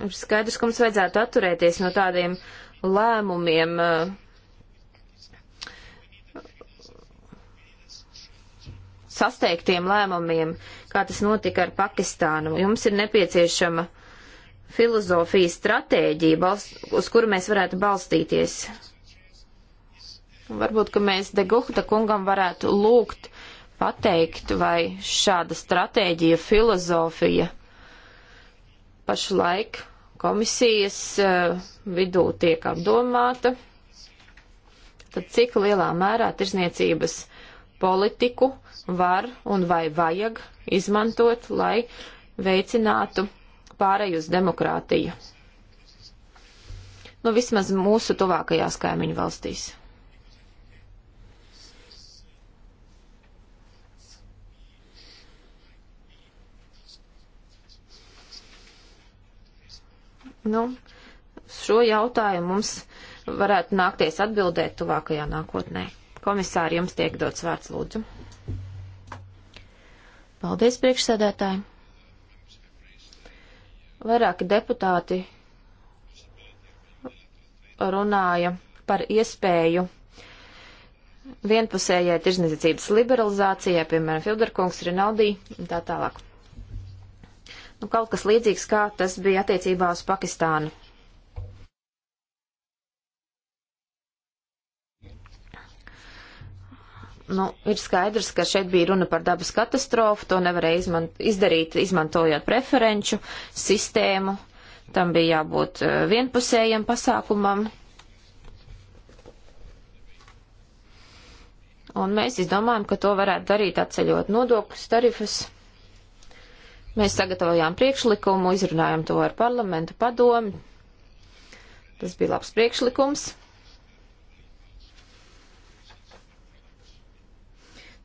Ir skaidrs, ka mums vajadzētu atturēties no tādiem lēmumiem. Eh, sasteigtiem lēmumiem, kā tas notika ar Pakistānu. Jums ir nepieciešama filozofija, stratēģija, uz kuru mēs varētu balstīties. Varbūt, ka mēs Deguhta kungam varētu lūgt pateikt, vai šāda stratēģija, filozofija pašlaik komisijas eh, vidū tiek apdomāta, tad cik lielā mērā tirzniecības politiku var un vai vajag izmantot, lai veicinātu pārēju uz demokrātiju. Nu, vismaz mūsu tuvākajās kaimiņu valstīs. Nu, šo jautājumu mums varētu nākties atbildēt tuvākajā nākotnē. Komisāri, jums tiek dots vārds lūdzu. Paldies, priekšsēdētāji. Vairāki deputāti runāja par iespēju vienpusējai tirzniecības liberalizācijai, piemēram, Filderkungs, Rinaldī un tā tālāk. Nu, kaut kas līdzīgs, kā tas bija attiecībā uz Pakistānu. Nu, ir skaidrs, ka šeit bija runa par dabas katastrofu, to nevarēja izmant, izdarīt, izmantojot preferenču sistēmu, tam bija jābūt eh, vienpusējam pasākumam. Un mēs izdomājam, ka to varētu darīt atceļot nodokļus, tarifus. Mēs sagatavojām priekšlikumu, izrunājām to ar parlamentu padomi. Tas bija labs priekšlikums.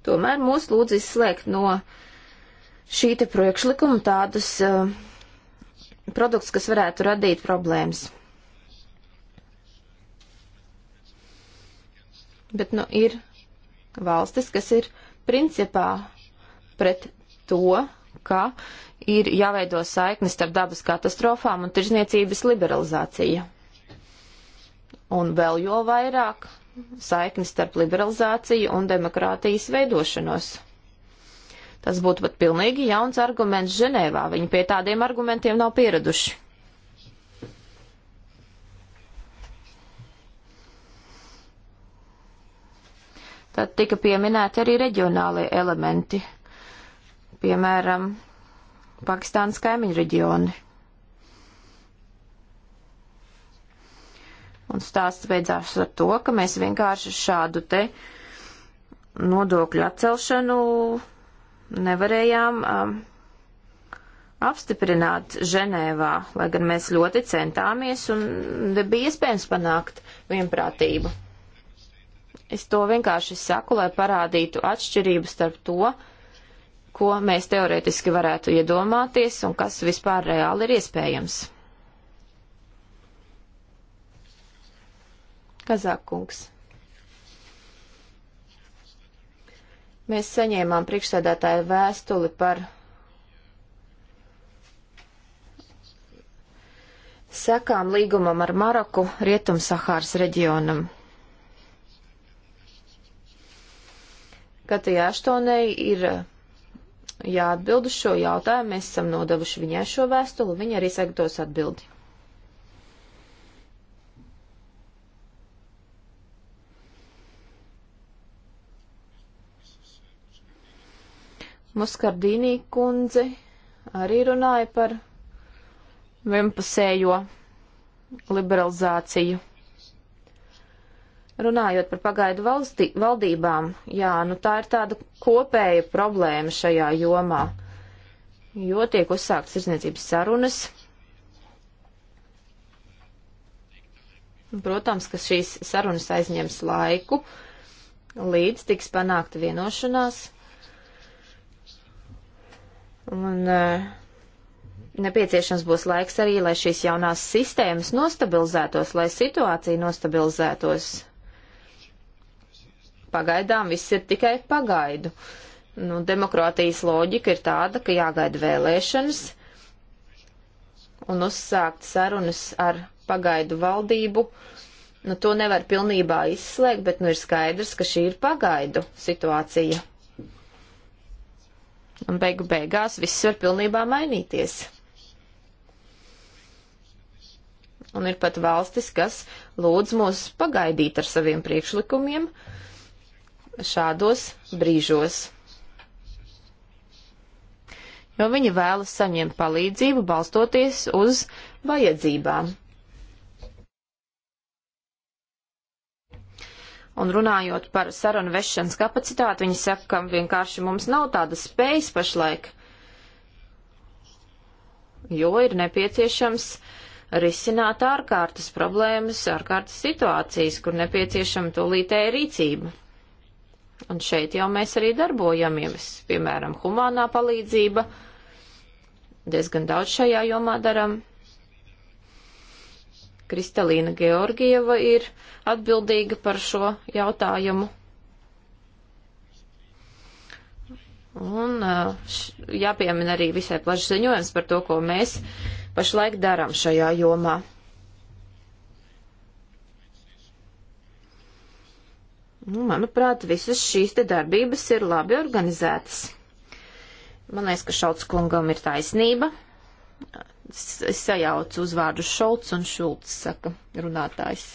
Tomēr mūs lūdz izslēgt no šī te priekšlikuma tādus uh, produktus, kas varētu radīt problēmas. Bet nu ir valstis, kas ir principā pret to, ka ir jāveido saiknis starp dabas katastrofām un tirzniecības liberalizāciju. Un vēl jo vairāk saiknis starp liberalizāciju un demokrātijas veidošanos. Tas būtu pat pilnīgi jauns arguments Ženēvā. Viņi pie tādiem argumentiem nav pieraduši. Tad tika pieminēti arī reģionālie elementi piemēram, Pakistānas kaimiņu reģioni. Un stāsts beidzās ar to, ka mēs vienkārši šādu te nodokļu atcelšanu nevarējām um, apstiprināt Ženēvā, lai gan mēs ļoti centāmies un nebija iespējams panākt vienprātību. Es to vienkārši saku, lai parādītu atšķirību starp to, uh, ko mēs teoretiski varētu iedomāties un kas vispār reāli ir iespējams. Kazākungs. Mēs saņēmām priekšsēdētāju vēstuli par sekām līgumam ar Maroku Rietum-Sahāras reģionam. Katijā Aštonei ir jāatbild uz šo jautājumu. Mēs esam nodevuši viņai šo vēstuli, viņa arī sekdos atbildi. Muskardīnī kundze arī runāja par vienpusējo liberalizāciju. Runājot par pagaidu valsti, valdībām, jā, nu tā ir tāda kopēja problēma šajā jomā, jo tiek uzsākts izniecības sarunas. Protams, ka šīs sarunas aizņems laiku, līdz tiks panākta vienošanās. Un uh, nepieciešams būs laiks arī, lai šīs jaunās sistēmas nostabilizētos, lai situācija nostabilizētos pagaidām viss ir tikai pagaidu. Nu, demokrātijas loģika ir tāda, ka jāgaida vēlēšanas un uzsākt sarunas ar pagaidu valdību. Nu, to nevar pilnībā izslēgt, bet nu, ir skaidrs, ka šī ir pagaidu situācija. Un beigu beigās viss var pilnībā mainīties. Un ir pat valstis, kas lūdz mūs pagaidīt ar saviem priekšlikumiem. Uh, šādos brīžos. Jo viņi vēlas saņemt palīdzību balstoties uz vajadzībām. Un runājot par sarunu vešanas kapacitāti, viņi saka, ka vienkārši mums nav tādas spējas pašlaik, jo ir nepieciešams risināt ārkārtas problēmas, ārkārtas situācijas, kur nepieciešama tūlītēja rīcība. Un šeit jau mēs arī darbojamies, piemēram, humānā palīdzība. Diezgan daudz šajā jomā daram. Kristalīna Georgieva ir atbildīga par šo jautājumu. Un uh, jāpiemina arī visai plašs ziņojums par to, ko mēs pašlaik darām šajā jomā. Nu, manuprāt, visas šīs te darbības ir labi organizētas. Man liekas, ka Šalts kungam ir taisnība. Es, es sajaucu uzvārdu Šalts un Šults, saka runātājs.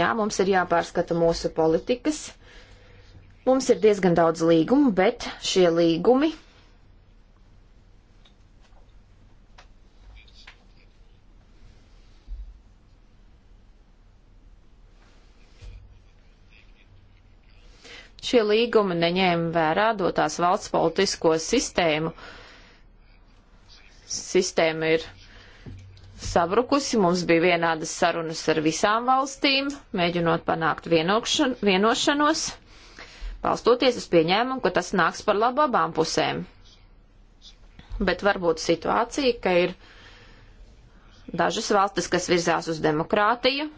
Jā, mums ir jāpārskata mūsu politikas. Mums ir diezgan daudz līgumu, bet šie līgumi Šie līgumi neņēma vērā dotās valsts politisko sistēmu. Sistēma ir sabrukusi, mums bija vienādas sarunas ar visām valstīm, mēģinot panākt vienošanos, balstoties uz pieņēmumu, ka tas nāks par labu abām pusēm. Bet var būt situācija, ka ir dažas valstis, kas virzās uz demokrātiju,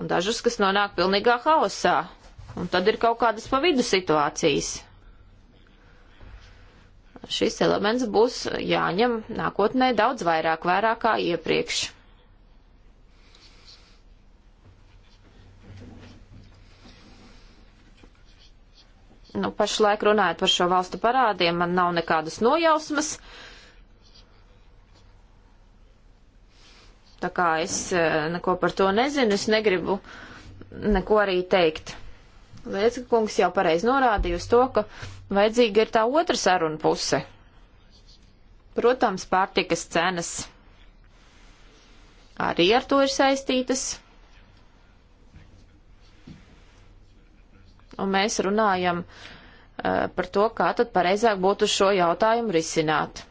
un dažus, kas nonāk pilnīgā haosā. Un tad ir kaut kādas pa vidu situācijas. Šis elements būs jāņem nākotnē daudz vairāk vērā kā iepriekš. Nu, pašlaik runājot par šo valstu parādiem, man nav nekādas nojausmas. Uh, Tā kā es eh, neko par to nezinu, es negribu neko arī teikt. Liecka kungs jau pareizi norādīja uz to, ka vajadzīga ir tā otra saruna puse. Protams, pārtikas cenas arī ar to ir saistītas. Un mēs runājam uh, par to, kā tad pareizāk būtu šo jautājumu risināt.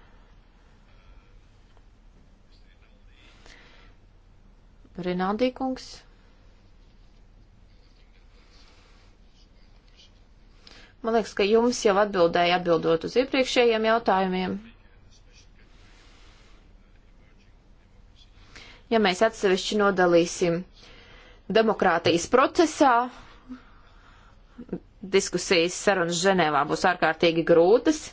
Rinaldī kungs. Man liekas, ka jums jau atbildēja atbildot uz iepriekšējiem jautājumiem. Ja mēs atsevišķi nodalīsim demokrātijas procesā, diskusijas sarunas Ženēvā būs ārkārtīgi grūtas,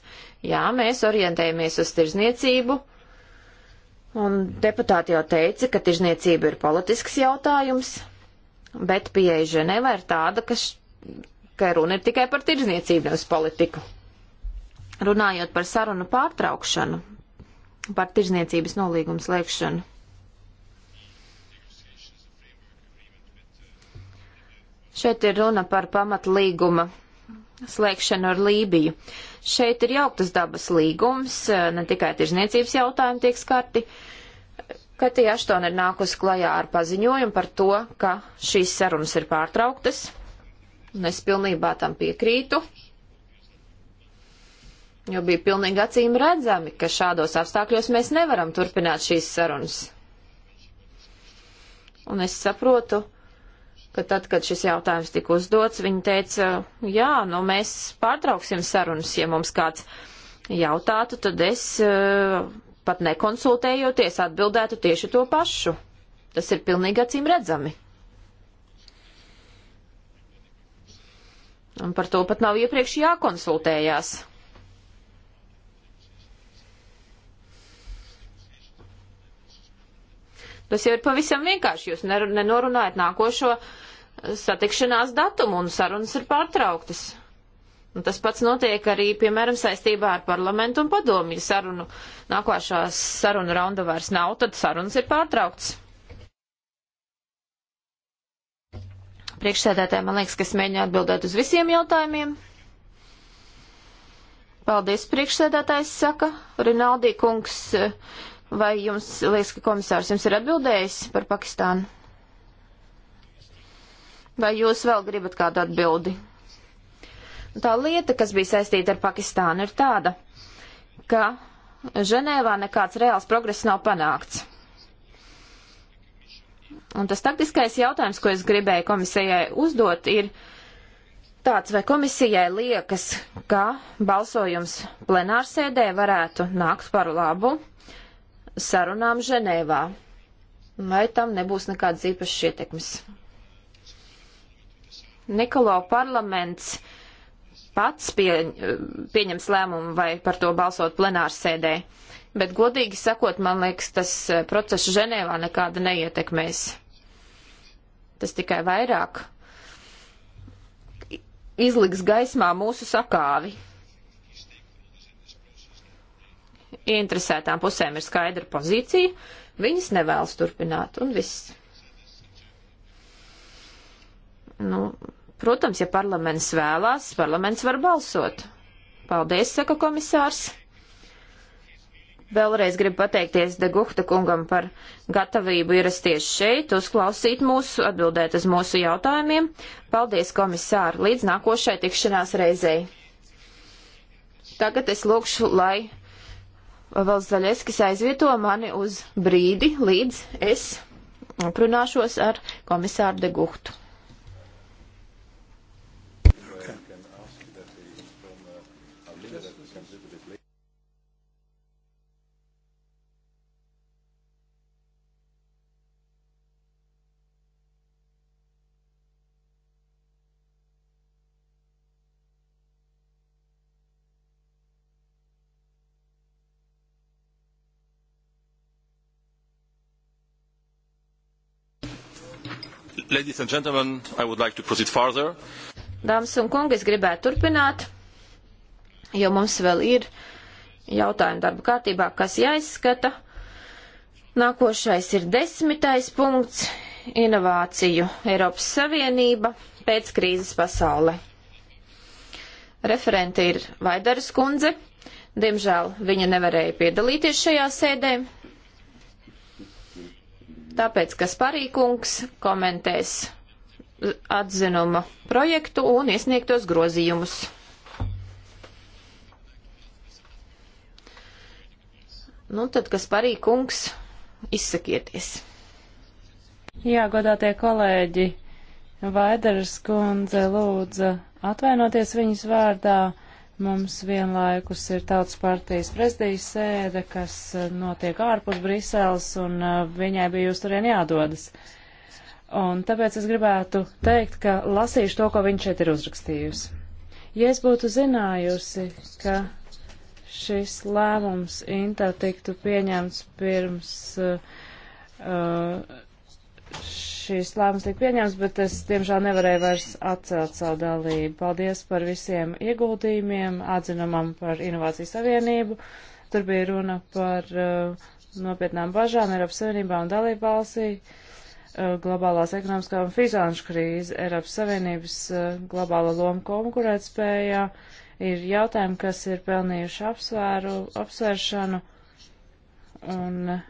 jā, mēs orientējamies uz tirzniecību Un deputāti jau teica, ka tirzniecība ir politisks jautājums, bet pieeja Ženevā ir tāda, ka, š, ka runa ir tikai par tirzniecību, nevis politiku. Runājot par sarunu pārtraukšanu, par tirzniecības nolīgumu slēgšanu. Šeit ir runa par pamatlīguma slēgšanu ar Lībiju. Uh, Šeit ir jauktas dabas līgums, eh, ne tikai tirzniecības jautājumi tiek skarti. Katija Aštona ir nākusi klajā ar paziņojumu par to, ka šīs sarunas ir pārtrauktas, un es pilnībā tam piekrītu, jo bija pilnīgi acīm redzami, ka šādos apstākļos mēs nevaram turpināt šīs sarunas. Un es saprotu, ka tad, kad šis jautājums tika uzdots, viņi teica, jā, nu mēs pārtrauksim sarunas, ja mums kāds jautātu, tad es eh, pat nekonsultējoties atbildētu tieši to pašu. Tas ir pilnīgi acīm redzami. Un par to pat nav iepriekš jākonsultējās. Tas jau ir pavisam vienkārši. Jūs nenorunājat nākošo eh, satikšanās datumu un sarunas ir pārtrauktas. Un tas pats notiek arī, piemēram, saistībā ar parlamentu un padomju sarunu. Nākošās sarunu raunda vairs nav, tad sarunas ir pārtrauktas. Priekšsēdētāji, man liekas, ka es mēģinu atbildēt uz visiem jautājumiem. Paldies, priekšsēdētājs saka. Rinaldī kungs Vai jums liekas, ka komisārs jums ir atbildējis par Pakistānu? Vai jūs vēl gribat kādu atbildi? Tā lieta, kas bija saistīta ar Pakistānu, ir tāda, ka Ženēvā nekāds reāls progress nav panākts. Un tas taktiskais jautājums, ko es gribēju komisijai uzdot, ir tāds, vai komisijai liekas, ka balsojums plenārsēdē varētu nākt par labu sarunām Ženēvā. Vai tam nebūs nekādas īpašas ietekmes? Nikolo parlaments pats pie, pieņems lēmumu vai par to balsot plenārsēdē, bet godīgi sakot, man liekas, tas eh, process Ženēvā nekāda neietekmēs. Tas tikai vairāk izliks gaismā mūsu sakāvi. interesētām pusēm ir skaidra pozīcija, viņas nevēlas turpināt, un viss. Nu, protams, ja parlaments vēlās, parlaments var balsot. Paldies, saka komisārs. Vēlreiz gribu pateikties Degukta kungam par gatavību ierasties šeit, uzklausīt mūsu, atbildēt uz mūsu jautājumiem. Paldies, komisāri, līdz nākošai tikšanās reizei. Tagad es lūkšu, lai vēl zaļais, kas aizvieto mani uz brīdi, līdz es aprunāšos ar komisāru Deguhtu. Ladies and gentlemen, I would like to proceed further. Dāmas un kungi, es gribētu turpināt, jo mums vēl ir jautājumi darba kārtībā, kas jāizskata. Nākošais ir desmitais punkts - inovāciju Eiropas Savienība pēc krīzes pasaulē. Referente ir Vaidaras kundze. Diemžēl viņa nevarēja piedalīties šajā sēdē, Tāpēc, kas parīkungs komentēs atzinuma projektu un iesniegtos grozījumus. Nu, tad, kas parī kungs, izsakieties. Jā, godātie kolēģi, Vaidars kundze lūdza atvainoties viņas vārdā. Mums vienlaikus ir Tautas partijas prezidijas sēde, kas eh, notiek ārpus Briseles, un eh, viņai bija jūs turien jādodas. Un tāpēc es gribētu teikt, ka lasīšu to, ko viņš šeit ir uzrakstījusi. Ja es būtu zinājusi, ka šis lēmums Intā tiktu pieņemts pirms uh, uh, šīs lēmums tika pieņemts, bet es, diemžēl, nevarēju vairs atcelt savu dalību. Paldies par visiem ieguldījumiem, atzinumam par Inovāciju Savienību. Tur bija runa par uh, nopietnām bažām Eiropas Savienībā un dalību valstī, uh, globālās ekonomiskā un finanšu krīze, Eiropas Savienības uh, globāla loma konkurētspējā. Ir jautājumi, kas ir pelnījuši apsvēru, apsvēršanu. Un, uh,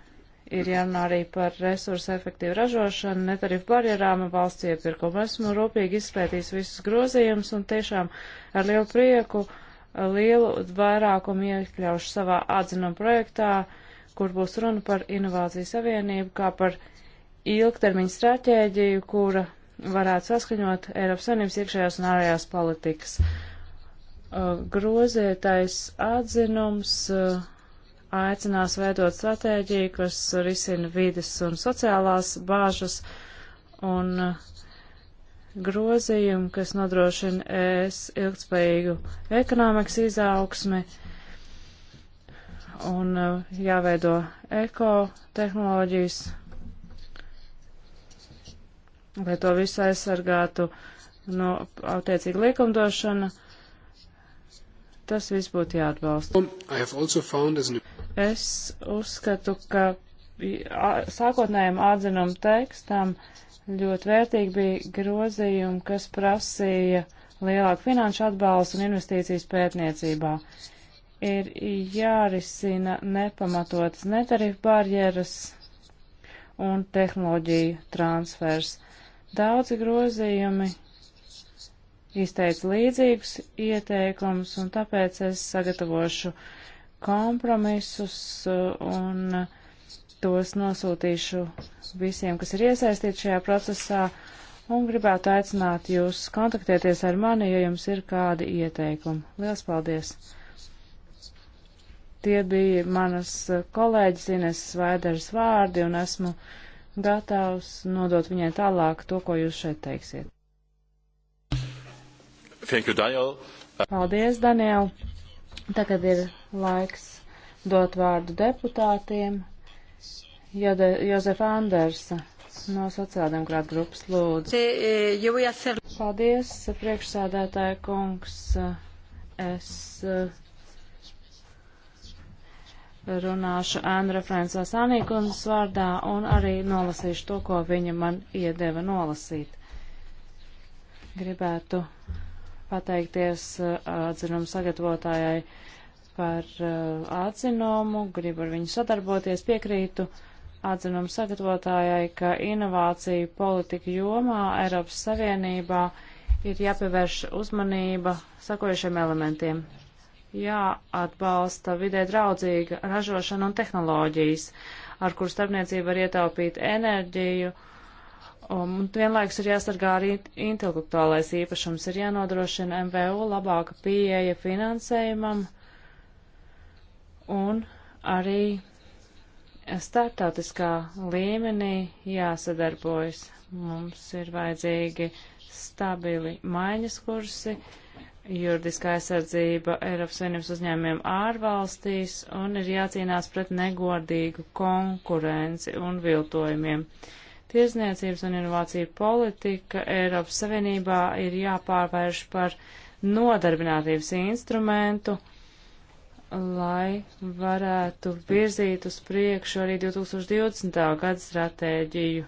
Ir jārunā arī par resursu efektīvu ražošanu, netarifu barjerām un valsts iepirkumu. Esmu rūpīgi izpētījis visus grozījumus un tiešām ar lielu prieku eh, lielu vairākumu iekļaušu savā atzinuma projektā, kur būs runa par inovāciju savienību, kā par ilgtermiņu stratēģiju, kura varētu saskaņot Eiropas Savienības iekšējās un ārējās politikas. Eh, grozētais atzinums. Uh, aicinās veidot stratēģiju, kas risina vides un sociālās bāžas un grozījumu, kas nodrošina ES ilgspējīgu ekonomikas izaugsmi un uh, jāveido ekotehnoloģijas, lai to visu aizsargātu no attiecīga likumdošana. Tas viss būtu jāatbalsta. An... Es uzskatu, ka sākotnējiem atzinumu tekstam ļoti vērtīgi bija grozījumi, kas prasīja lielāku finanšu atbalstu un investīcijas pētniecībā. Ir jārisina nepamatotas netarifu barjeras un tehnoloģiju transfers. Daudzi grozījumi izteica līdzīgus ieteikumus, un tāpēc es sagatavošu uh, kompromisus uh, un tos nosūtīšu visiem, kas ir iesaistīti šajā procesā. Un gribētu aicināt jūs kontaktēties ar mani, ja jums ir kādi ieteikumi. Lielas paldies! Tie bija manas kolēģis Ines Svaidaras vārdi, un esmu gatavs nodot viņai tālāk to, ko jūs šeit teiksiet. Thank you, Daniel. Paldies, Daniel. Tagad ir laiks dot vārdu deputātiem. Jode, Jozef Andersa no sociāldemokrāta grupas lūdzu. Eh, Paldies, priekšsādātāja kungs. Es eh, runāšu Ēnu referencā Sanīkundas vārdā un arī nolasīšu to, ko viņa man iedeva nolasīt. Gribētu pateikties eh, atzinumu sagatavotājai par uh, atzinumu, gribu ar viņu sadarboties, piekrītu atzinumu sagatavotājai, ka inovāciju politika jomā Eiropas Savienībā ir jāpievērš uzmanība sakojušiem elementiem. Jāatbalsta vidē draudzīga ražošana un tehnoloģijas, ar kur starpniecība var ietaupīt enerģiju. Um, un vienlaikus ir jāsargā arī intelektuālais īpašums, ir jānodrošina MVU labāka pieeja finansējumam, Un arī startautiskā līmenī jāsadarbojas. Mums ir vajadzīgi stabili maiņas kursi, juridiskā aizsardzība Eiropas Savienības uzņēmiem ārvalstīs un ir jācīnās pret negodīgu konkurenci un viltojumiem. Tirzniecības un inovāciju politika Eiropas Savienībā ir jāpārvērš par nodarbinātības instrumentu, lai varētu virzīt uz priekšu arī 2020. gada stratēģiju.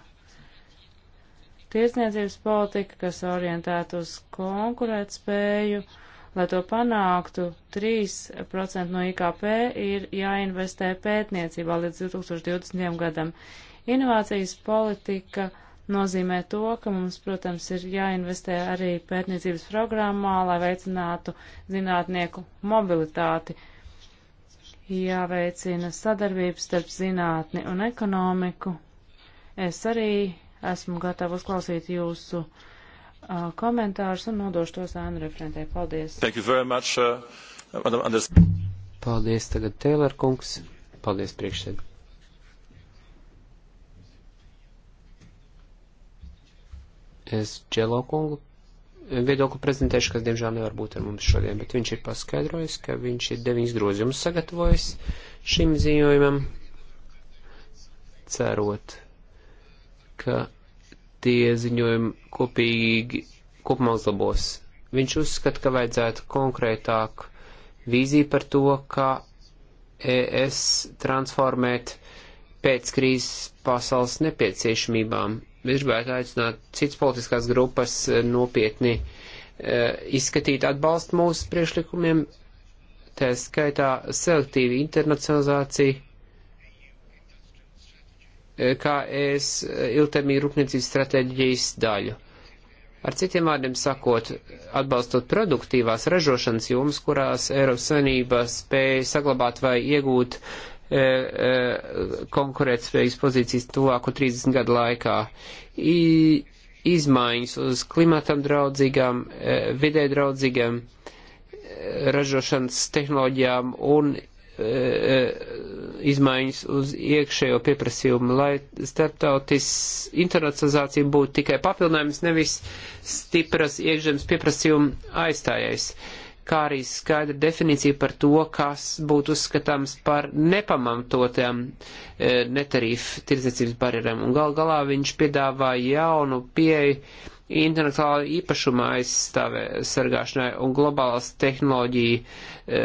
Tiesniecības politika, kas orientēta uz konkurētspēju, lai to panāktu, 3% no IKP ir jāinvestē pētniecībā līdz 2020. gadam. Inovācijas politika nozīmē to, ka mums, protams, ir jāinvestē arī pētniecības programmā, lai veicinātu zinātnieku mobilitāti jāveicina sadarbības starp zinātni un ekonomiku. Es arī esmu gatava uzklausīt jūsu uh, komentārus un nodošu tos ēnu referentē. Paldies! Much, uh, Paldies tagad, Tēlēr kungs! Paldies priekšsēd! Es Čelo kungu viedokli prezentēšu, kas diemžēl nevar būt ar mums šodien, bet viņš ir paskaidrojis, ka viņš ir deviņas grozījumus sagatavojis šim ziņojumam, cerot, ka tie ziņojumi kopīgi kopumā uzlabos. Viņš uzskata, ka vajadzētu konkrētāk vīziju par to, kā ES transformēt pēc krīzes pasaules nepieciešamībām, gribētu aicināt citas politiskās grupas eh, nopietni eh, izskatīt atbalstu mūsu priekšlikumiem, tā skaitā selektīva internacionalizācija, eh, kā es ilgtermiņa rūpniecības stratēģijas daļu. Ar citiem vārdiem sakot, atbalstot produktīvās ražošanas jomas, kurās Eiropas Savienība spēja saglabāt vai iegūt uh, E, e, konkurētspējīgas pozīcijas tuvāko 30 gadu laikā. I, izmaiņas uz klimatam draudzīgām, e, vidē draudzīgām ražošanas tehnoloģijām un izmaiņas uz iekšējo pieprasījumu, lai starptautis internacionalizācija būtu tikai papildinājums, nevis stipras iekšzemes pieprasījuma aizstājais. Uh, kā arī skaidra definīcija par to, kas būtu uzskatāms par nepamantotajām e, netarīfu tirdzniecības barjeram. Un gal galā viņš piedāvā jaunu pieeju intelektuāla īpašuma aizstāvē sargāšanai un globālas tehnoloģiju e, e,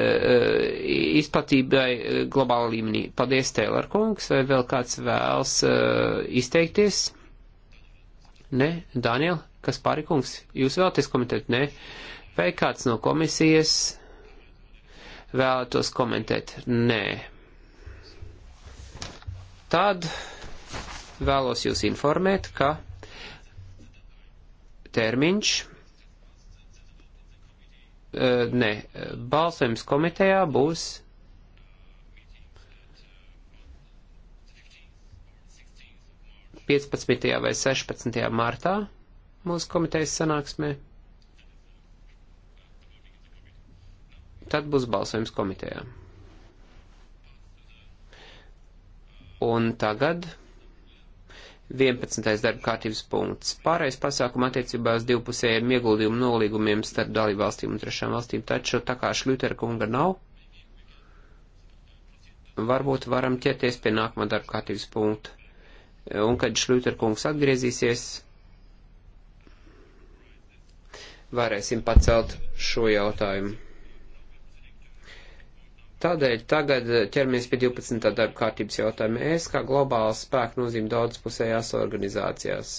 izplatībai e, globāla līmenī. Paldies, Tēlor kungs, vai vēl kāds vēls e, izteikties? Nē, Daniel, kas pāri kungs, jūs vēlaties komentēt? Nē. Ne? Vai kāds no komisijas vēlētos komentēt? Nē. Tad vēlos jūs informēt, ka termiņš, e, ne, balsojums komitejā būs 15. vai 16. martā mūsu komitejas sanāksmē. Tad būs balsojums komitejā. Un tagad 11. darba kārtības punkts. Pārējais pasākuma attiecībā uz divpusējiem ieguldījumu nolīgumiem starp dalībvalstīm un trešām valstīm, taču tā kā Šļutera kunga nav, varbūt varam ķerties pie nākamā darba kārtības punkta. Un kad Šļutera kungs atgriezīsies, varēsim pacelt šo jautājumu. Tādēļ tagad eh, ķeramies pie 12. darba kārtības jautājuma. Es kā globāls spēks nozīme daudzpusējās organizācijās.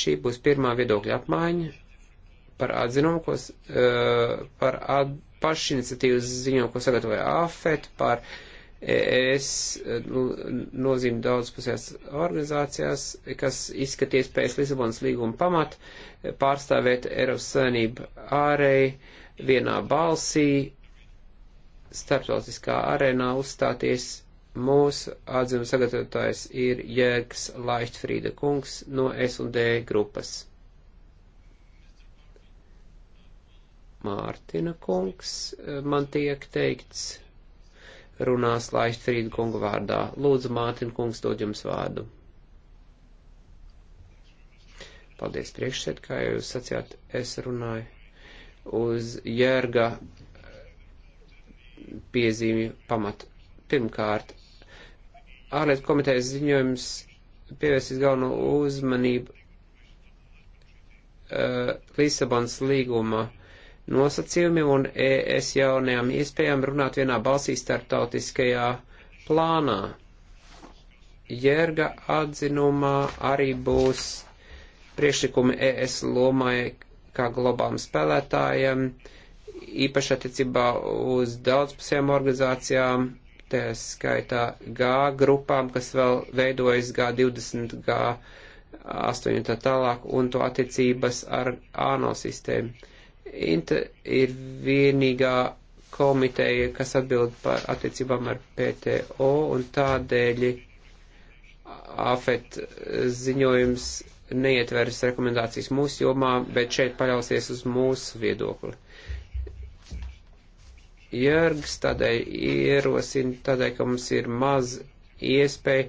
Šī būs pirmā viedokļa apmaiņa par atzinumu, ko, eh, par at, pašiniciatīvas ziņo, ko sagatavoja AFET, par uh, ES nu, nozīme daudzpusējās organizācijās, kas izskaties pēc Lisabonas līguma pamat pārstāvēt Eiropas Savienību ārēji vienā balsī, starptautiskā arēnā uzstāties. Mūsu atzīmes sagatavotājs ir Jēgs Laichtfrīda kungs no S&D grupas. Mārtina kungs, man tiek teikts runās Laistrīda kunga vārdā. Lūdzu, Mātin kungs, dod jums vārdu. Paldies priekšsēd, kā jūs sacījāt, es runāju uz jērga piezīmi pamatu. Pirmkārt, ārlietu komitejas ziņojums pievērsīs galveno uzmanību uh, Lisabonas līguma uh, nosacījumiem un ES jaunajām iespējām runāt vienā balsī starptautiskajā plānā. Jērga atzinumā arī būs priekšlikumi ES lomai kā globālam spēlētājam, īpaši attiecībā uz daudzpusējām organizācijām, tā skaitā G grupām, kas vēl veidojas G20, G8 un tā tālāk, un to attiecības ar ANO sistēmu. Inta ir vienīgā komiteja, kas atbild par attiecībām ar PTO, un tādēļ AFET ziņojums neietveras rekomendācijas mūsu jomā, bet šeit paļausies uz mūsu viedokli. Jērgs tādēļ ierosina, tādēļ, ka mums ir maz iespēja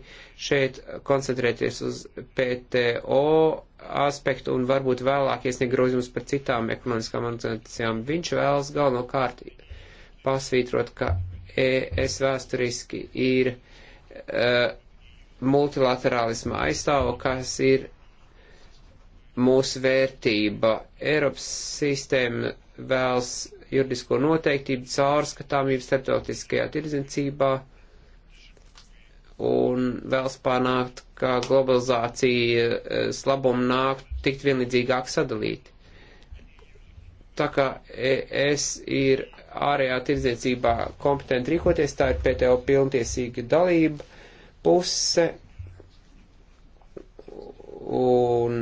šeit koncentrēties uz PTO aspektu un varbūt vēlāk iesniegt grozījumus par citām ekonomiskām organizācijām. Viņš vēlas galvenokārt pasvītrot, ka ES vēsturiski ir uh, multilaterālisma aizstāvo, kas ir mūsu vērtība. Eiropas sistēma vēlas juridisko noteiktību, caurskatāmību starptautiskajā tirdzniecībā un vēlas panākt, kā globalizācijas labumu nāk tikt vienlīdzīgāk sadalīti. Tā kā es ir ārējā tirdzniecībā kompetenti rīkoties, tā ir PTO pilntiesīga dalība puse un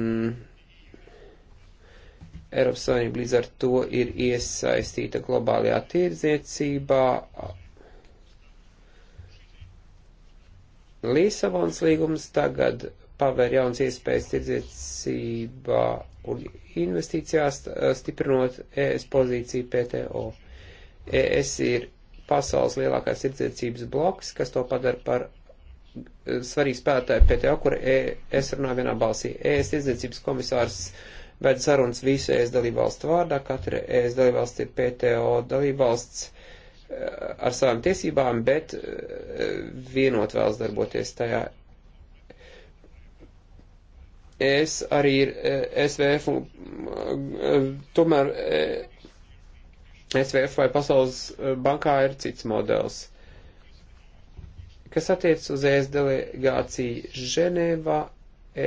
Eiropas Savienība līdz ar to ir iesaistīta globālajā tirdzniecībā Līsabons līgums tagad paver jauns iespējas tirdzniecībā un investīcijās, stiprinot ES pozīciju PTO. ES ir pasaules lielākais tirdzniecības bloks, kas to padara par svarīgu spēlētāju PTO, kur ES runā vienā balsī. ES tirdzniecības komisārs ved sarunas visu ES dalībvalstu vārdā, katra ES dalībvalsts ir PTO dalībvalsts Eh, ar savām tiesībām, bet eh, vienot vēlas darboties tajā. Es arī ir eh, SVF, un, tomēr SVF vai Pasaules bankā ir cits modelis. Kas attiec uz ES delegāciju Ženēvā,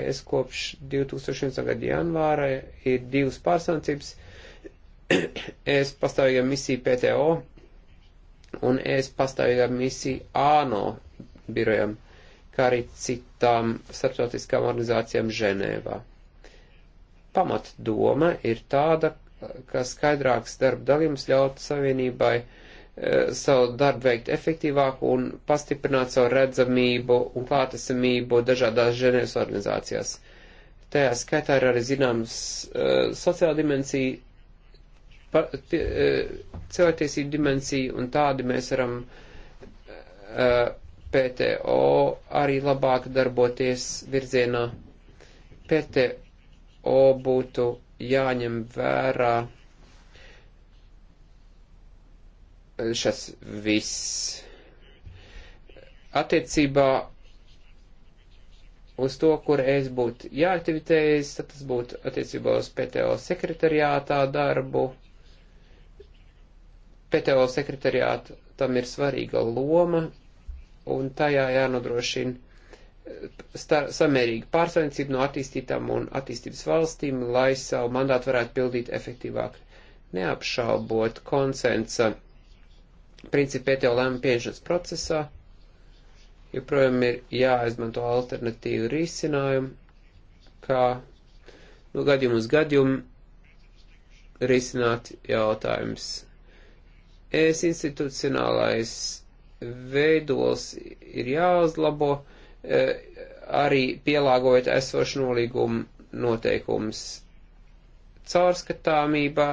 ES kopš 2011. gada janvāra ir divas pārsaucības. ES pastāvīga misija PTO un es pastāvīgā misija ANO birojam, kā arī citām starptautiskām organizācijām Ženēvā. Pamat doma ir tāda, ka skaidrāks darba dalījums ļaut savienībai e, savu darbu veikt efektīvāk un pastiprināt savu redzamību un klātesamību dažādās Ženēvas organizācijās. Tajā skaitā ir arī zināms e, sociāla dimensija, par tie, e, cilvēktiesību dimensiju, un tādi mēs varam e, PTO arī labāk darboties virzienā. PTO būtu jāņem vērā šas viss. Attiecībā uz to, kur es būtu jāaktivitējis, tad tas būtu attiecībā uz PTO sekretariātā darbu PTO sekretariātu tam ir svarīga loma, un tajā jānodrošina eh, samērīga pārsainicība no attīstītām un attīstības valstīm, lai savu mandātu varētu pildīt efektīvāk. Neapšaubot konsensa principu PTO lēmumu pieņemšanas procesā, joprojām ir jāizmanto alternatīvu risinājumu, kā nu, gadījumu uz gadījumu risināt jautājumus Es institucionālais veidols ir jāuzlabo, e, arī pielāgojot esošu nolīgumu noteikums. Caurskatāmība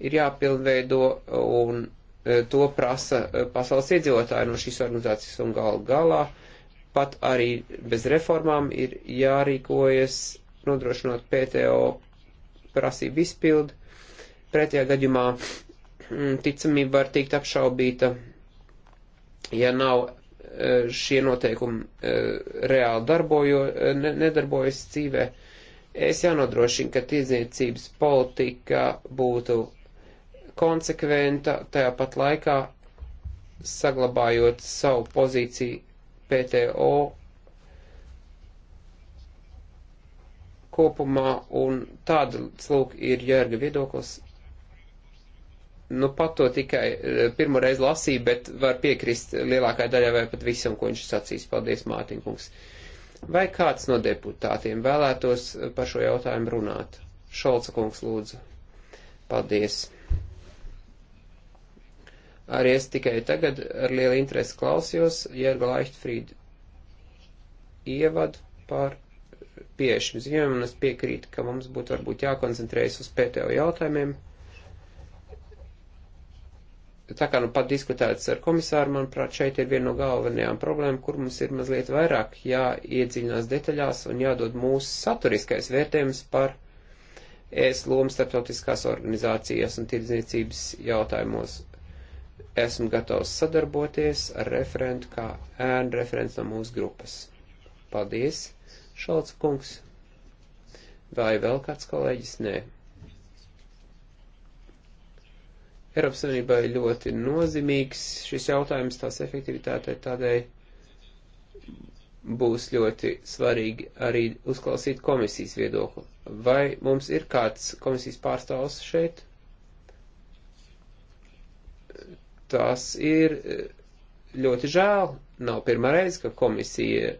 ir jāpilnveido un e, to prasa e, pasaules iedzīvotāji no šīs organizācijas un galu galā. Pat arī bez reformām ir jārīkojas, nodrošinot PTO prasību izpildu. Pretējā gadījumā Mm, ticamība var tikt apšaubīta, ja nav e, šie noteikumi e, reāli darbojo, e, ne, nedarbojas dzīvē. Es jānodrošina, ka tirdzniecības politika būtu konsekventa, tajā pat laikā saglabājot savu pozīciju PTO kopumā, un tāds lūk ir Jērga viedoklis nu pat to tikai eh, pirmo reizi lasīju, bet var piekrist lielākai daļai vai pat visam, ko viņš sacīs. Paldies, Mātiņkungs. Vai kāds no deputātiem vēlētos eh, par šo jautājumu runāt? Šolca kungs lūdzu. Paldies. Arī es tikai tagad ar lielu interesi klausījos Jērga Laichtfrīd ievadu par piešķiņu ziņojumu, un es piekrītu, ka mums būtu varbūt jākoncentrējas uz PTO jautājumiem tā kā nu pat diskutēts ar komisāru, manuprāt, šeit ir viena no galvenajām problēmām, kur mums ir mazliet vairāk jāiedziļinās detaļās un jādod mūsu saturiskais vērtējums par es lomu starptautiskās organizācijas un tirdzniecības jautājumos. Esmu gatavs sadarboties ar referentu kā ēnu referents no mūsu grupas. Paldies, Šalca kungs. Vai vēl kāds kolēģis? Nē. Eiropas Savienībai ļoti nozīmīgs šis jautājums, tās efektivitātei tādēļ būs ļoti svarīgi arī uzklausīt komisijas viedokli. Vai mums ir kāds komisijas pārstāvs šeit? Tas ir eh, ļoti žēl. Nav pirmā reize, ka komisija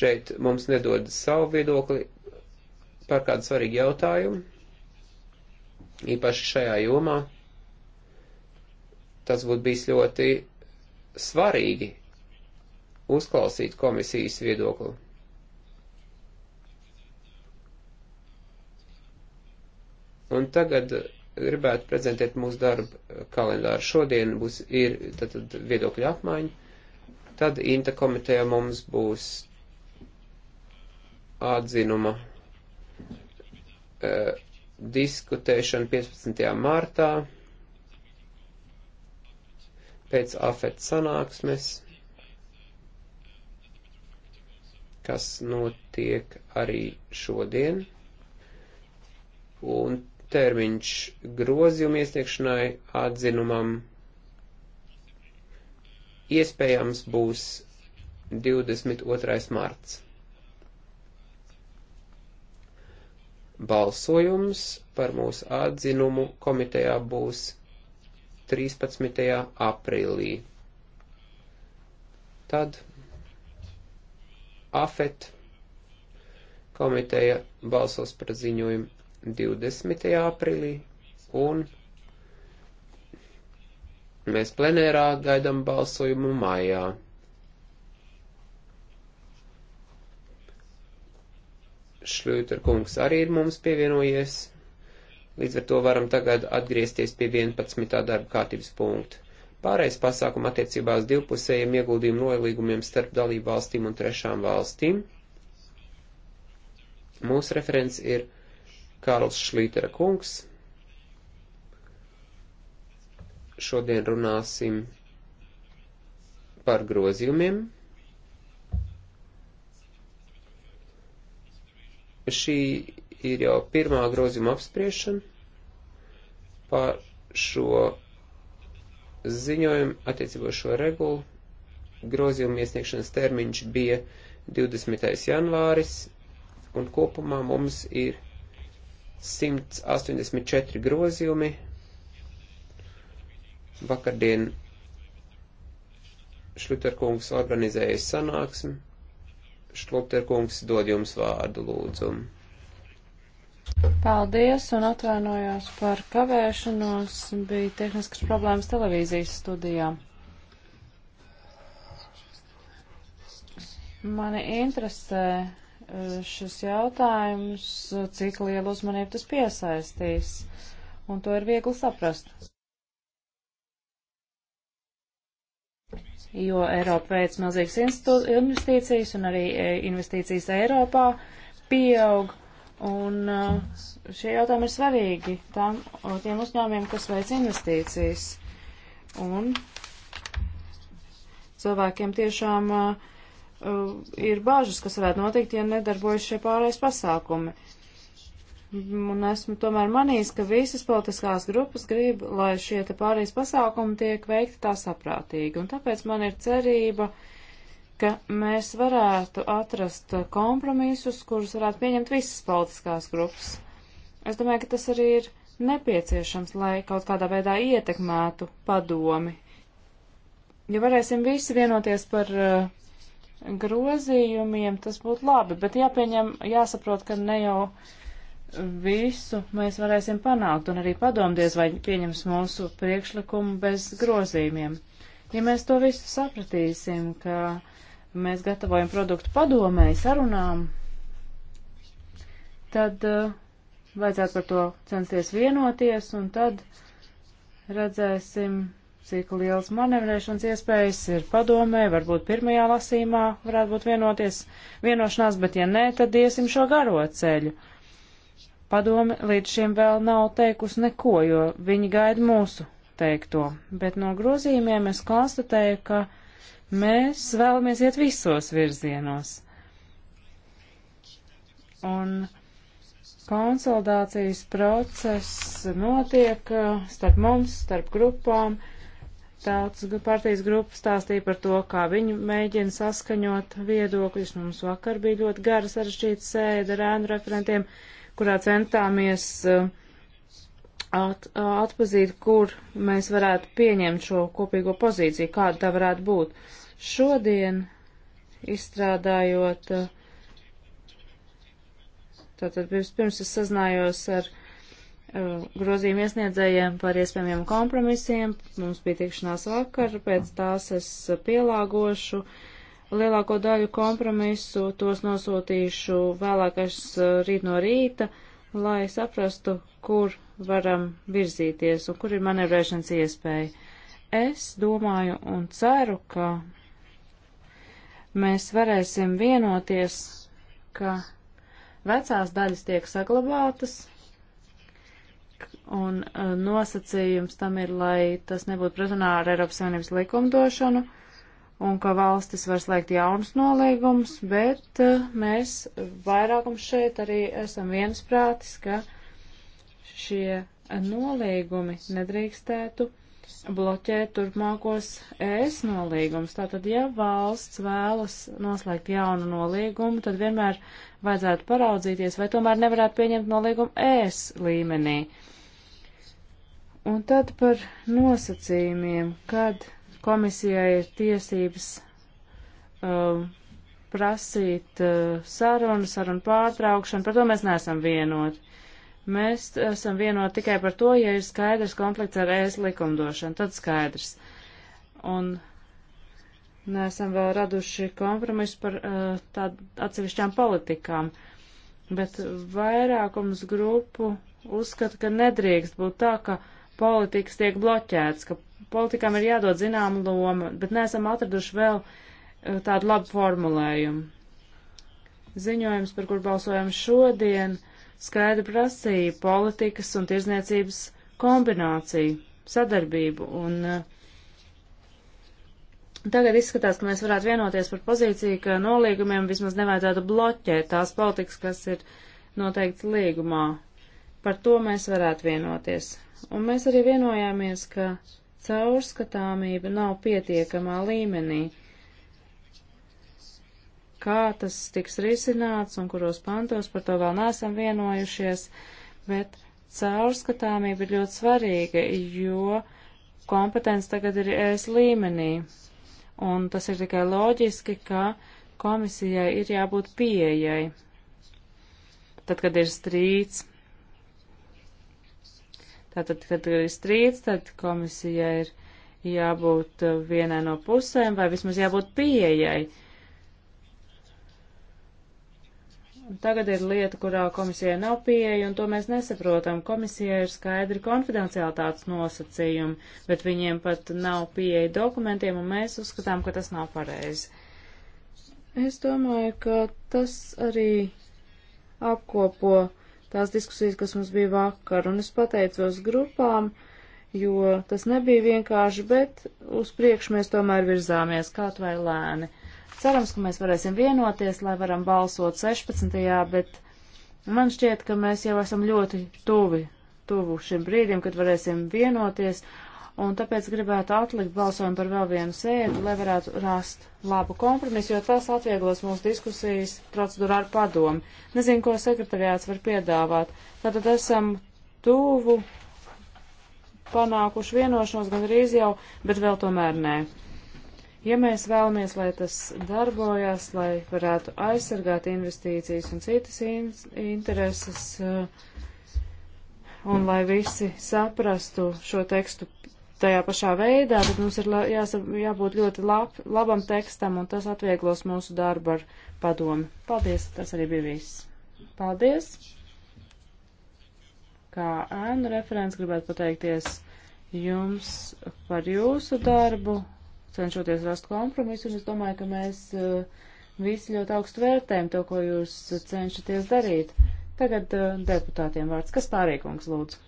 šeit mums nedod savu viedokli par kādu svarīgu jautājumu, īpaši šajā jomā. Tas būtu bijis ļoti svarīgi uzklausīt komisijas viedokli. Un tagad gribētu prezentēt mūsu darbu kalendāru. Šodien būs ir tātad viedokļa apmaiņa, tad Inta komitejā mums būs atzinuma eh, diskutēšana 15. martā pēc afet sanāksmes, kas notiek arī šodien, un termiņš grozījumu iesniegšanai atzinumam iespējams būs 22. marts. Balsojums par mūsu atzinumu komitejā būs 13. aprīlī. Tad AFET komiteja balsos par ziņojumu 20. aprīlī un mēs plenērā gaidām balsojumu mājā. Šļūter kungs arī ir mums pievienojies. Līdz ar to varam tagad atgriezties pie 11. darba kārtības punkta. Pārējais pasākuma attiecībā uz divpusējiem ieguldījumu nolīgumiem starp dalību valstīm un trešām valstīm. Mūsu referents ir Kārls Šlītera kungs. Šodien runāsim par grozījumiem. Šī ir jau pirmā grozījuma apspriešana par šo ziņojumu attiecībā šo regulu. Grozījuma iesniegšanas termiņš bija 20. janvāris, un kopumā mums ir 184 grozījumi. Vakardien Šluterkungs organizēja sanāksmi. Šluterkungs dod jums vārdu lūdzumu. Paldies un atvainojos par kavēšanos. Bija tehniskas problēmas televīzijas studijā. Mani interesē e, šis jautājums, cik lielu uzmanību tas piesaistīs, un to ir viegli saprast. Jo Eiropa veids milzīgas investīcijas un arī e, investīcijas Eiropā pieaug. Uh, Un uh, šie jautājumi ir svarīgi tam, uh, tiem uzņēmumiem, kas veic investīcijas. Un cilvēkiem tiešām uh, uh, ir bāžas, kas varētu notikt, ja nedarbojas šie pārējais pasākumi. Un esmu tomēr manījis, ka visas politiskās grupas grib, lai šie te pārējais pasākumi tiek veikti tā saprātīgi. Un tāpēc man ir cerība, uh, ka mēs varētu atrast kompromisus, kurus varētu pieņemt visas politiskās grupas. Es domāju, ka tas arī ir nepieciešams, lai kaut kādā veidā ietekmētu padomi. Ja varēsim visi vienoties par uh, grozījumiem, tas būtu labi, bet jāpieņem, jāsaprot, ka ne jau visu mēs varēsim panākt, un arī padomdies, vai pieņems mūsu priekšlikumu bez grozījumiem. Ja mēs to visu sapratīsim, ka mēs gatavojam produktu padomēji sarunām, tad uh, vajadzētu par to censties vienoties, un tad redzēsim, cik liels manevrēšanas iespējas ir padomē, varbūt pirmajā lasīmā varētu būt vienoties, vienošanās, bet ja nē, tad iesim šo garo ceļu. Padome līdz šim vēl nav teikusi neko, jo viņi gaida mūsu teikto, bet no grozījumiem es konstatēju, ka Mēs vēlamies iet visos virzienos. Un konsolidācijas process notiek uh, starp mums, starp grupām. Tautas partijas grupa stāstīja par to, kā viņi mēģina saskaņot viedokļus. Mums vakar bija ļoti gara sarežģīta sēde ar ēnu referentiem, kurā centāmies uh, at, uh, atpazīt, kur mēs varētu pieņemt šo kopīgo pozīciju, kāda tā varētu būt. Šodien izstrādājot, tātad pirms es sazinājos ar uh, grozījumu iesniedzējiem par iespējamiem kompromisiem. Mums bija tikšanās vakar, pēc tās es pielāgošu lielāko daļu kompromisu, tos nosūtīšu vēlākais uh, rīt no rīta, lai saprastu, kur varam virzīties un kur ir manevrēšanas iespēja. Es domāju un ceru, ka mēs varēsim vienoties, ka vecās daļas tiek saglabātas, un uh, nosacījums tam ir, lai tas nebūtu pretrunā ar Eiropas Savienības likumdošanu, un ka valstis var slēgt jaunus nolīgumus, bet uh, mēs vairākums šeit arī esam viensprātis, ka šie nolīgumi nedrīkstētu bloķē turpmākos ES nolīgumus. Tātad, ja valsts vēlas noslēgt jaunu nolīgumu, tad vienmēr vajadzētu paraudzīties, vai tomēr nevarētu pieņemt nolīgumu ES līmenī. Un tad par nosacījumiem, kad komisijai ir tiesības uh, prasīt uh, sarunu, sarunu pārtraukšanu, par to mēs neesam vienoti. Mēs esam vienoti tikai par to, ja ir skaidrs konflikts ar ēst likumdošanu, tad skaidrs. Un neesam vēl raduši kompromisu par uh, tādu atsevišķām politikām, bet vairākums grupu uzskata, ka nedrīkst būt tā, ka politikas tiek bloķēts, ka politikām ir jādod zināma loma, bet neesam atraduši vēl uh, tādu labu formulējumu. Ziņojums, par kur balsojam šodien, uh, skaidri prasīja politikas un tirzniecības kombināciju, sadarbību. Un, uh, Tagad izskatās, ka mēs varētu vienoties par pozīciju, ka nolīgumiem vismaz nevajadzētu bloķēt tās politikas, kas ir noteikts līgumā. Par to mēs varētu vienoties. Un mēs arī vienojāmies, ka caurskatāmība nav pietiekamā līmenī kā tas tiks risināts un kuros pantos, par to vēl neesam vienojušies, bet caurskatāmība ir ļoti svarīga, jo kompetence tagad ir ES līmenī. Un tas ir tikai loģiski, ka komisijai ir jābūt pieejai, tad, kad ir strīds. Tātad, kad ir strīds, tad komisijai ir jābūt vienai no pusēm vai vismaz jābūt pieejai Tagad ir lieta, kurā komisijai nav pieeja, un to mēs nesaprotam. Komisijai ir skaidri konfidenciālitātes nosacījumi, bet viņiem pat nav pieeja dokumentiem, un mēs uzskatām, ka tas nav pareizi. Es domāju, ka tas arī apkopo tās diskusijas, kas mums bija vakar, un es pateicos grupām, jo tas nebija vienkārši, bet uz priekšu mēs tomēr virzāmies kaut vai lēni Cerams, ka mēs varēsim vienoties, lai varam balsot 16. bet man šķiet, ka mēs jau esam ļoti tuvi, tuvu šim brīdim, kad varēsim vienoties, un tāpēc gribētu atlikt balsojumu par vēl vienu sēdi, lai varētu rast labu kompromisu, jo tas atvieglos mūsu diskusijas procedūrā ar padomu. Nezinu, ko sekretariāts var piedāvāt. Tātad esam tuvu panākuši vienošanos gan rīz jau, bet vēl tomēr nē. Ja mēs vēlamies, lai tas darbojas, lai varētu aizsargāt investīcijas un citas in intereses, uh, un lai visi saprastu šo tekstu tajā pašā veidā, tad mums ir jāsab, jābūt ļoti lab, labam tekstam, un tas atvieglos mūsu darbu ar padomi. Paldies, tas arī bija viss. Paldies! Kā ēnu referents gribētu pateikties jums par jūsu darbu cenšoties rast kompromisu, un es domāju, ka mēs eh, visi ļoti augstu vērtējam to, ko jūs cenšaties darīt. Tagad eh, deputātiem vārds. Kas pārīkums lūdzu?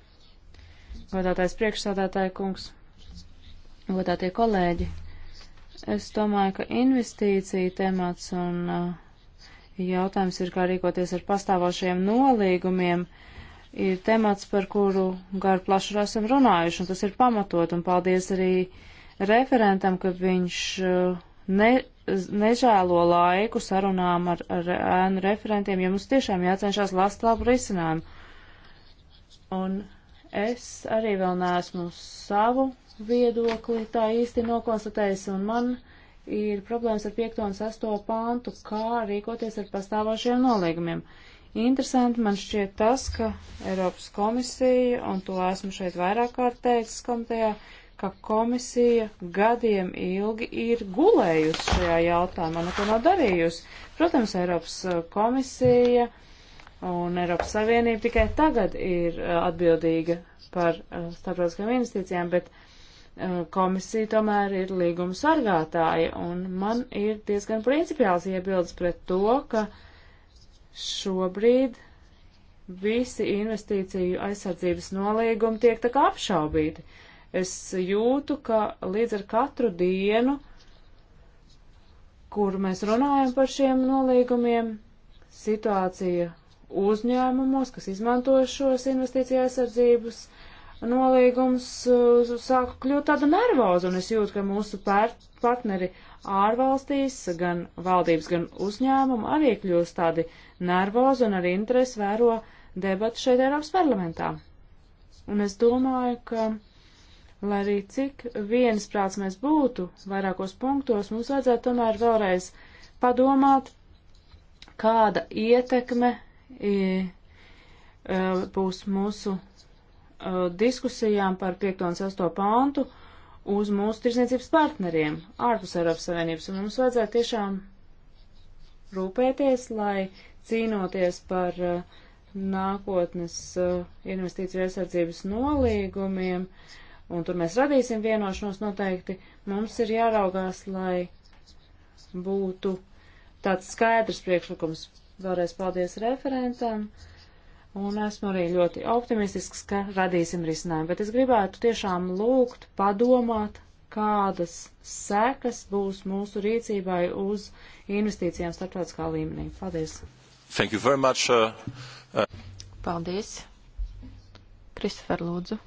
Godātais priekšsādātāja kungs, godātie kolēģi, es domāju, ka investīcija temats un uh, jautājums ir, kā rīkoties ar pastāvošajiem nolīgumiem, ir temats, par kuru garu plašu esam runājuši, un tas ir pamatot, un paldies arī uh, referentam, ka viņš uh, ne, nežēlo laiku sarunām ar, ar ēnu referentiem, ja mums tiešām jācenšas last labu risinājumu. Un es arī vēl neesmu savu viedokli tā īsti nokonstatējis, un man ir problēmas ar 5. un 6. pāntu, kā rīkoties ar pastāvošiem nolīgumiem. Interesanti man šķiet tas, ka Eiropas komisija, un to esmu šeit vairāk kārt teicis komitejā, ka komisija gadiem ilgi ir gulējusi šajā jautājumā, neko nav darījusi. Protams, Eiropas uh, komisija un Eiropas Savienība tikai tagad ir uh, atbildīga par uh, starptautiskajām investīcijām, bet komisija tomēr ir līguma sargātāja, un man ir diezgan principiāls iebildes pret to, ka šobrīd visi investīciju aizsardzības nolīgumi tiek tā kā apšaubīti. Uh, Es jūtu, ka līdz ar katru dienu, kur mēs runājam par šiem nolīgumiem, situācija uzņēmumos, kas izmanto šos investīciju aizsardzības nolīgums, uh, sāk kļūt tāda nervoza, un es jūtu, ka mūsu partneri ārvalstīs, gan valdības, gan uzņēmumu arī kļūst tādi nervozi un arī interesi vēro debatu šeit Eiropas parlamentā. Un es domāju, ka Lai arī cik viensprāts mēs būtu vairākos punktos, mums vajadzētu tomēr vēlreiz padomāt, kāda ietekme e, būs mūsu e, diskusijām par 5. un 6. pāntu uz mūsu tirsniecības partneriem ārpus Eiropas Savienības. Un mums vajadzētu tiešām rūpēties, lai cīnoties par e, nākotnes investīciju aizsardzības nolīgumiem, uh, un tur mēs radīsim vienošanos noteikti, mums ir jāraugās, lai būtu tāds skaidrs priekšlikums. Vēlreiz paldies referentam, un esmu arī ļoti optimistisks, ka radīsim risinājumu, bet es gribētu tiešām lūgt padomāt, kādas sekas būs mūsu rīcībai uz investīcijām starptautiskā līmenī. Paldies! Thank you very much. Uh, uh... Paldies! Kristofer, lūdzu.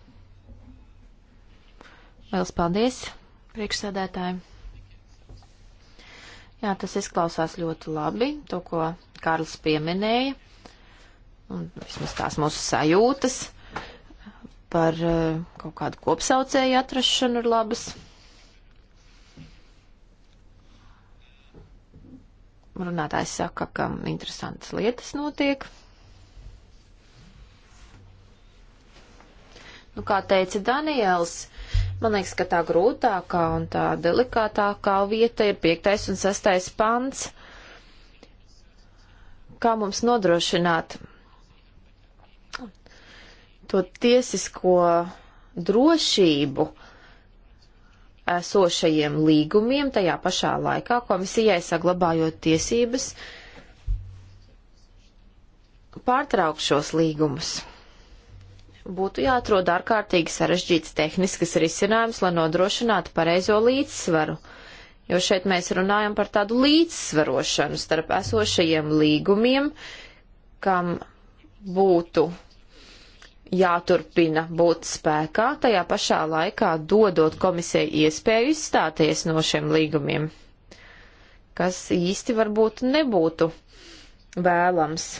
Liels paldies priekšsēdētājiem. Jā, tas izklausās ļoti labi, to, ko Kārlis pieminēja, un vismaz tās mūsu sajūtas par eh, kaut kādu kopsaucēju atrašanu ir labas. Runātājs saka, ka interesantas lietas notiek. Nu, kā teica Daniels, man liekas, ka tā grūtākā un tā delikātākā vieta ir 5. un 6. pants. Kā mums nodrošināt to tiesisko drošību esošajiem līgumiem tajā pašā laikā komisijai saglabājot tiesības pārtraukt šos līgumus būtu jāatrod ārkārtīgi sarežģīts tehnisks risinājums, lai nodrošinātu pareizo līdzsvaru. Jo šeit mēs runājam par tādu līdzsvarošanu starp esošajiem līgumiem, kam būtu jāturpina būt spēkā, tajā pašā laikā dodot komisijai iespēju izstāties no šiem līgumiem, kas īsti varbūt nebūtu vēlams.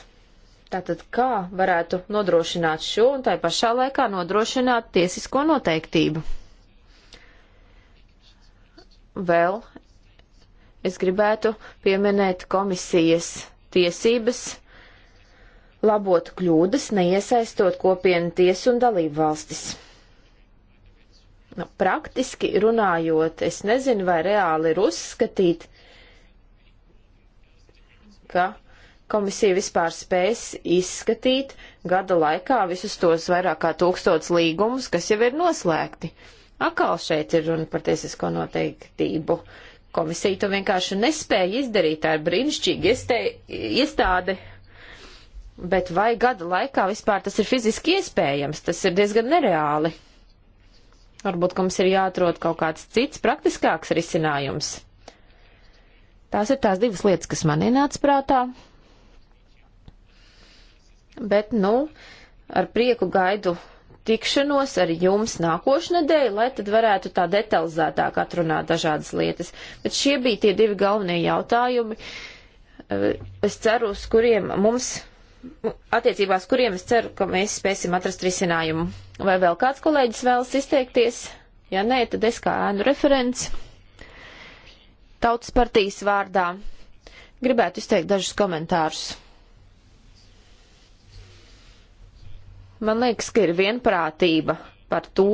Tātad kā varētu nodrošināt šo un tai pašā laikā nodrošināt tiesisko noteiktību? Vēl es gribētu pieminēt komisijas tiesības labot kļūdas, neiesaistot kopienu tiesu un dalību valstis. Nu, praktiski runājot, es nezinu, vai reāli ir uzskatīt, ka komisija vispār spēs izskatīt gada laikā visus tos vairāk kā tūkstots līgumus, kas jau ir noslēgti. Akal šeit ir runa par tiesisko noteiktību. Komisija to vienkārši nespēja izdarīt, tā ir brīnišķīga iestāde. Bet vai gada laikā vispār tas ir fiziski iespējams? Tas ir diezgan nereāli. Varbūt mums ir jāatrod kaut kāds cits, praktiskāks risinājums. Tās ir tās divas lietas, kas man ienāca prātā bet, nu, ar prieku gaidu tikšanos ar jums nākošnedēļ, lai tad varētu tā detalizētāk atrunāt dažādas lietas. Bet šie bija tie divi galvenie jautājumi, eh, es ceru, uz kuriem mums, attiecībās kuriem es ceru, ka mēs spēsim atrast risinājumu. Vai vēl kāds kolēģis vēlas izteikties? Ja nē, tad es kā ēnu referents tautas partijas vārdā gribētu izteikt dažus komentārus. Man liekas, ka ir vienprātība par to,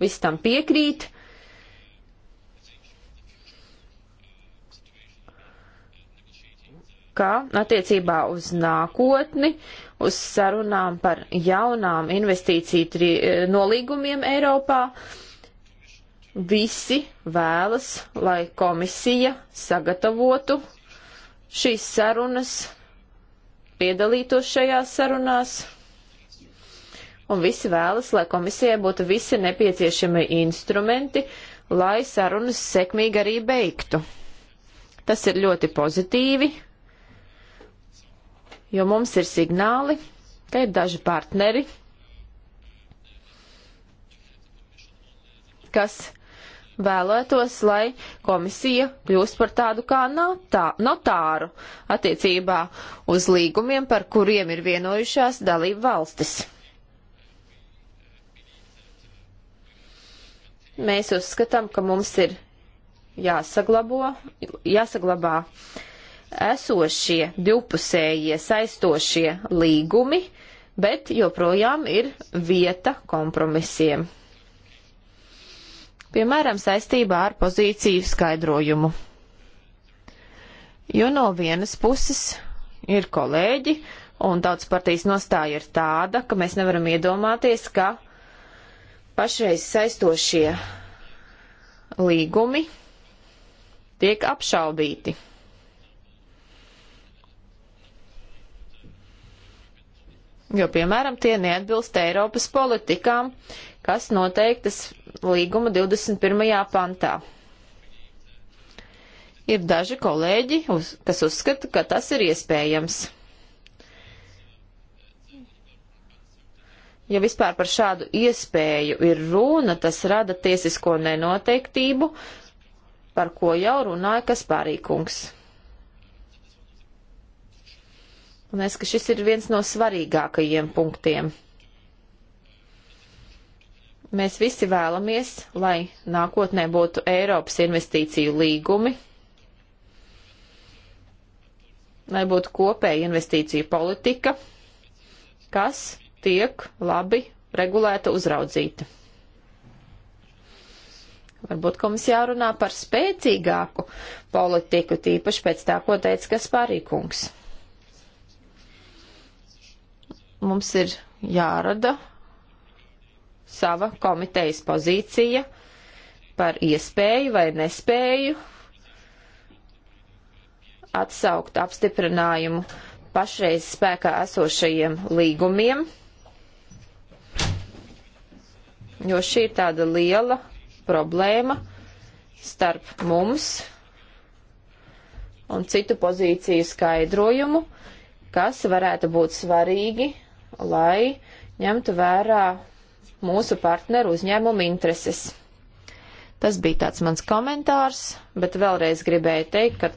viss tam piekrīt. ka attiecībā uz nākotni, uz sarunām par jaunām investīciju tri, nolīgumiem Eiropā, visi vēlas, lai komisija sagatavotu šīs sarunas, piedalītos šajās sarunās un visi vēlas, lai komisijai būtu visi nepieciešami instrumenti, lai sarunas sekmīgi arī beigtu. Tas ir ļoti pozitīvi, jo mums ir signāli, ka ir daži partneri, kas vēlētos, lai komisija kļūst par tādu kā notā, notāru attiecībā uz līgumiem, par kuriem ir vienojušās dalību valstis. Mēs uzskatām, ka mums ir jāsaglabo, jāsaglabā esošie divpusējie saistošie līgumi, bet joprojām ir vieta kompromisiem. Piemēram, saistībā ar pozīciju skaidrojumu. Jo no vienas puses ir kolēģi, un tautas partijas nostāja ir tāda, ka mēs nevaram iedomāties, ka pašreiz saistošie līgumi tiek apšaubīti. Jo, piemēram, tie neatbilst Eiropas politikām, kas noteiktas līguma 21. pantā. Ir daži kolēģi, uz, kas uzskata, ka tas ir iespējams. ja vispār par šādu iespēju ir runa, tas rada tiesisko nenoteiktību, par ko jau runāja Kaspārīkungs. Un es, ka šis ir viens no svarīgākajiem punktiem. Mēs visi vēlamies, lai nākotnē būtu Eiropas investīciju līgumi, lai būtu kopēja investīciju politika, kas tiek labi regulēta, uzraudzīta. Varbūt komisijā runā par spēcīgāku politiku, tīpaši pēc tā, ko teica Kasparīkungs. Mums ir jārada sava komitejas pozīcija par iespēju vai nespēju atsaukt apstiprinājumu pašreiz spēkā esošajiem līgumiem jo šī ir tāda liela problēma starp mums un citu pozīciju skaidrojumu, kas varētu būt svarīgi, lai ņemtu vērā mūsu partneru uzņēmumu intereses. Tas bija tāds mans komentārs, bet vēlreiz gribēju teikt, ka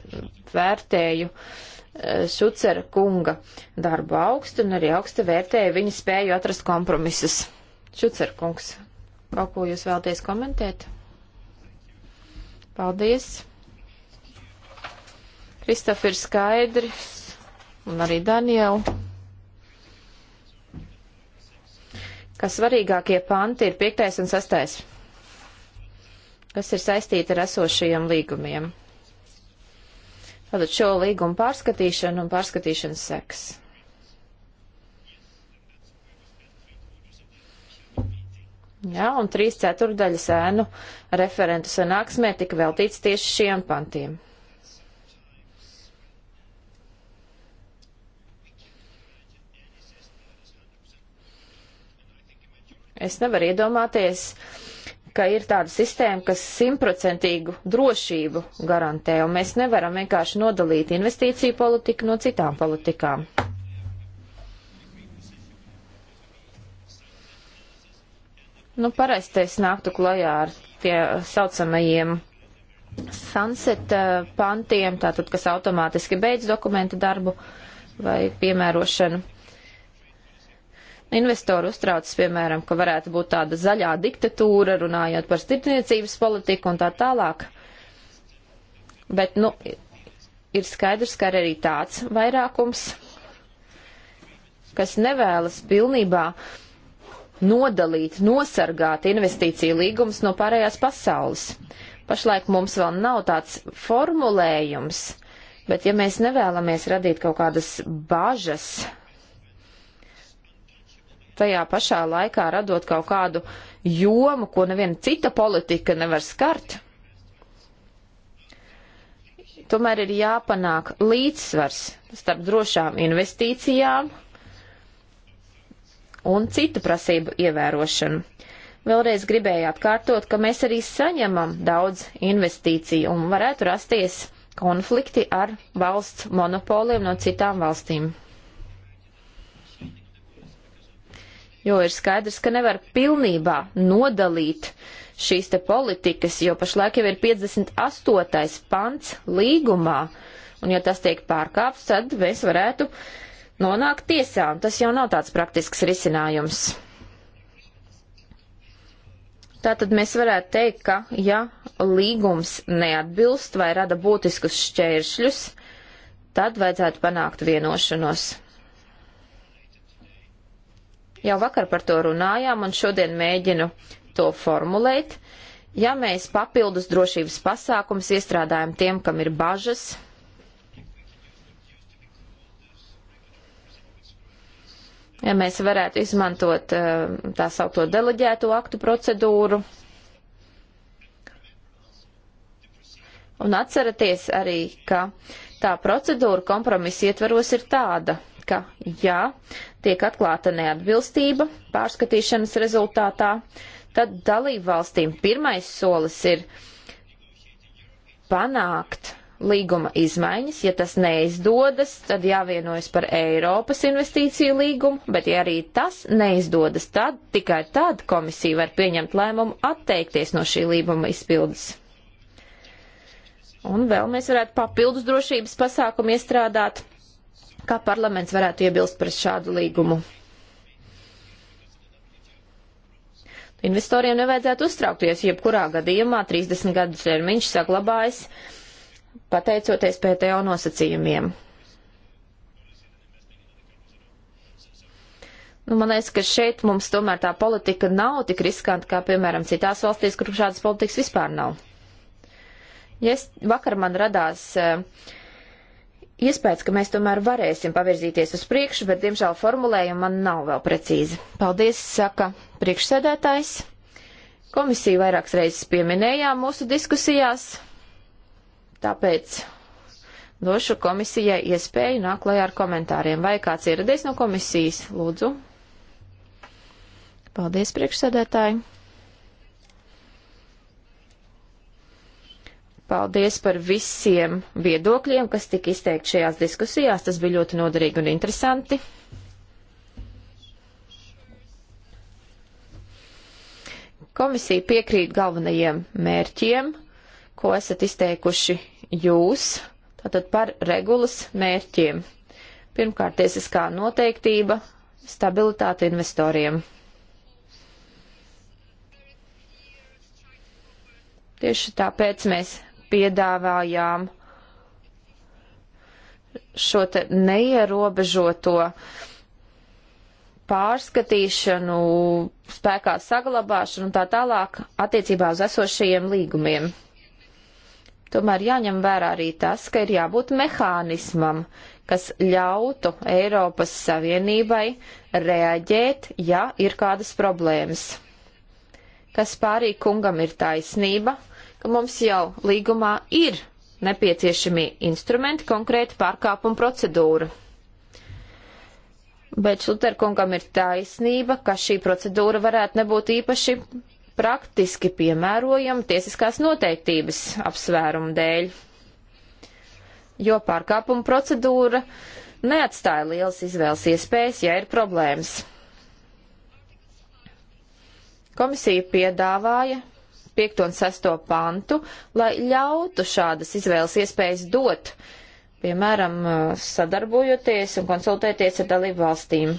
vērtēju eh, Šucera kunga darbu augstu un arī augstu vērtēju viņa spēju atrast kompromisus. Šucera kungs, Kaut ko jūs vēlties komentēt? Paldies! Kristof ir skaidrs, un arī Daniela. ka svarīgākie panti ir 5. un 6. kas ir saistīti ar esošajiem līgumiem. Tātad šo līgumu pārskatīšanu un pārskatīšanas seks. Jā, un trīs ceturdaļas ēnu referentu sanāksmē tika veltīts tieši šiem pantiem. Es nevaru iedomāties, ka ir tāda sistēma, kas simtprocentīgu drošību garantē, un mēs nevaram vienkārši nodalīt investīciju politiku no citām politikām. Nu, parasti es nāktu klajā ar tie saucamajiem sunset eh, pantiem, tātad, kas automātiski beidz dokumenta darbu vai piemērošanu. Investoru uztraucas, piemēram, ka varētu būt tāda zaļā diktatūra, runājot par stipniecības politiku un tā tālāk. Bet, nu, ir skaidrs, ka arī tāds vairākums, kas nevēlas pilnībā uh, nodalīt, nosargāt investīciju līgumus no pārējās pasaules. Pašlaik mums vēl nav tāds formulējums, bet ja mēs nevēlamies radīt kaut kādas bažas, tajā pašā laikā radot kaut kādu jomu, ko neviena cita politika nevar skart, tomēr ir jāpanāk līdzsvars starp drošām investīcijām un citu prasību ievērošanu. Vēlreiz gribēju atkārtot, ka mēs arī saņemam daudz investīciju un varētu rasties konflikti ar valsts monopoliem no citām valstīm. Jo ir skaidrs, ka nevar pilnībā nodalīt šīs te politikas, jo pašlaik jau ir 58. pants līgumā, un ja tas tiek pārkāpts, tad mēs varētu uh, nonāk tiesā, un tas jau nav tāds praktisks risinājums. Tātad mēs varētu teikt, ka ja līgums neatbilst vai rada būtiskus šķēršļus, tad vajadzētu panākt vienošanos. Jau vakar par to runājām un šodien mēģinu to formulēt. Ja mēs papildus drošības pasākums iestrādājam tiem, kam ir bažas, ja mēs varētu izmantot eh, tā saucamo deleģēto aktu procedūru. Un atceraties arī, ka tā procedūra kompromisa ietvaros ir tāda, ka, ja tiek atklāta neatbilstība pārskatīšanas rezultātā, tad dalību valstīm pirmais solis ir panākt līguma izmaiņas. Ja tas neizdodas, tad jāvienojas par Eiropas investīciju līgumu, bet ja arī tas neizdodas, tad tikai tad komisija var pieņemt lēmumu atteikties no šī līguma izpildes. Un vēl mēs varētu papildus drošības pasākumu iestrādāt, kā parlaments varētu iebilst par šādu līgumu. Investoriem nevajadzētu uztraukties, jebkurā gadījumā 30 gadu termiņš saglabājas pateicoties PTO nosacījumiem. Nu, man liekas, ka šeit mums tomēr tā politika nav tik riskanta kā, piemēram, citās valstīs, kur šādas politikas vispār nav. Ja es, vakar man radās uh, iespējas, ka mēs tomēr varēsim pavirzīties uz priekšu, bet, diemžēl, formulējumi man nav vēl precīzi. Paldies, saka priekšsēdētājs. Komisiju vairākas reizes pieminējām mūsu diskusijās. Tāpēc došu komisijai iespēju nāk lai ar komentāriem. Vai kāds ieradies no komisijas? Lūdzu. Paldies, priekšsēdētāji. Paldies par visiem viedokļiem, kas tika izteikti šajās diskusijās. Tas bija ļoti noderīgi un interesanti. Komisija piekrīt galvenajiem mērķiem, ko esat izteikuši jūs tātad par regulas mērķiem. Pirmkārt, tiesiskā noteiktība, stabilitāte investoriem. Tieši tāpēc mēs piedāvājām šo te neierobežoto pārskatīšanu, spēkā saglabāšanu un tā tālāk attiecībā uz esošajiem līgumiem. Tomēr jāņem vērā arī tas, ka ir jābūt mehānismam, kas ļautu Eiropas Savienībai reaģēt, ja ir kādas problēmas. Kas pārī kungam ir taisnība, ka mums jau līgumā ir nepieciešamie instrumenti, konkrēti pārkāpuma procedūra. Bet Šuterkungam ir taisnība, ka šī procedūra varētu nebūt īpaši praktiski piemērojama tiesiskās noteiktības apsvērumu dēļ, jo pārkāpuma procedūra neatstāja lielas izvēles iespējas, ja ir problēmas. Komisija piedāvāja 5 un 6 pantu, lai ļautu šādas izvēles iespējas dot, piemēram, sadarbojoties un konsultēties ar dalību valstīm.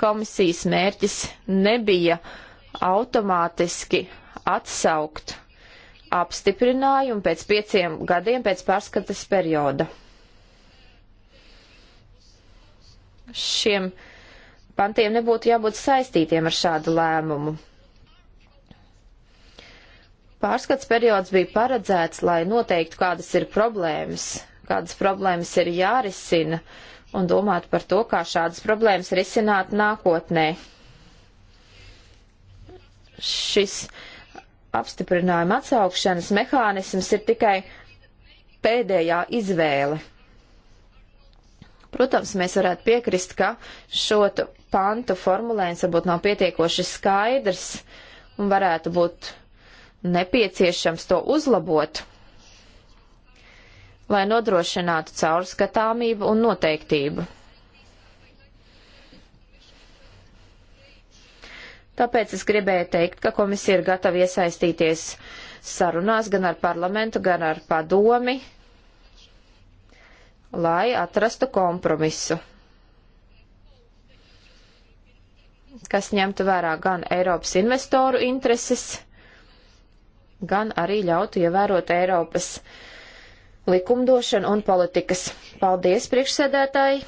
Komisijas mērķis nebija uh, automātiski atsaukt apstiprinājumu pēc pieciem gadiem pēc pārskatas perioda. Šiem pantiem nebūtu jābūt saistītiem ar šādu lēmumu. Pārskats periods bija paredzēts, lai noteiktu, kādas ir problēmas, kādas problēmas ir jārisina, un domāt par to, kā šādas problēmas risināt nākotnē šis apstiprinājuma atsaukšanas mehānisms ir tikai pēdējā izvēle. Protams, mēs varētu piekrist, ka šo pantu formulējums varbūt nav pietiekoši skaidrs un varētu būt nepieciešams to uzlabot, lai nodrošinātu caurskatāmību un noteiktību. Tāpēc es gribēju teikt, ka komisija ir gatava iesaistīties sarunās gan ar parlamentu, gan ar padomi, lai atrastu kompromisu, kas ņemtu vērā gan Eiropas investoru intereses, gan arī ļautu ievērot Eiropas likumdošanu un politikas. Paldies, priekšsēdētāji!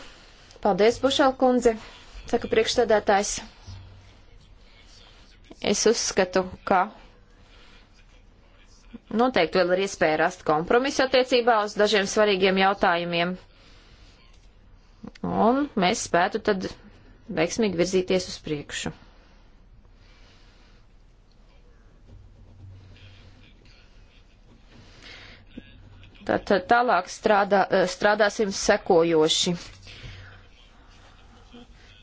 Paldies, Bušalkundze! Saka priekšsēdētājs. Es uzskatu, ka noteikti vēl ir iespēja rast kompromisu attiecībā uz dažiem svarīgiem jautājumiem. Un mēs spētu tad veiksmīgi virzīties uz priekšu. Tad tālāk strādā, eh, strādāsim sekojoši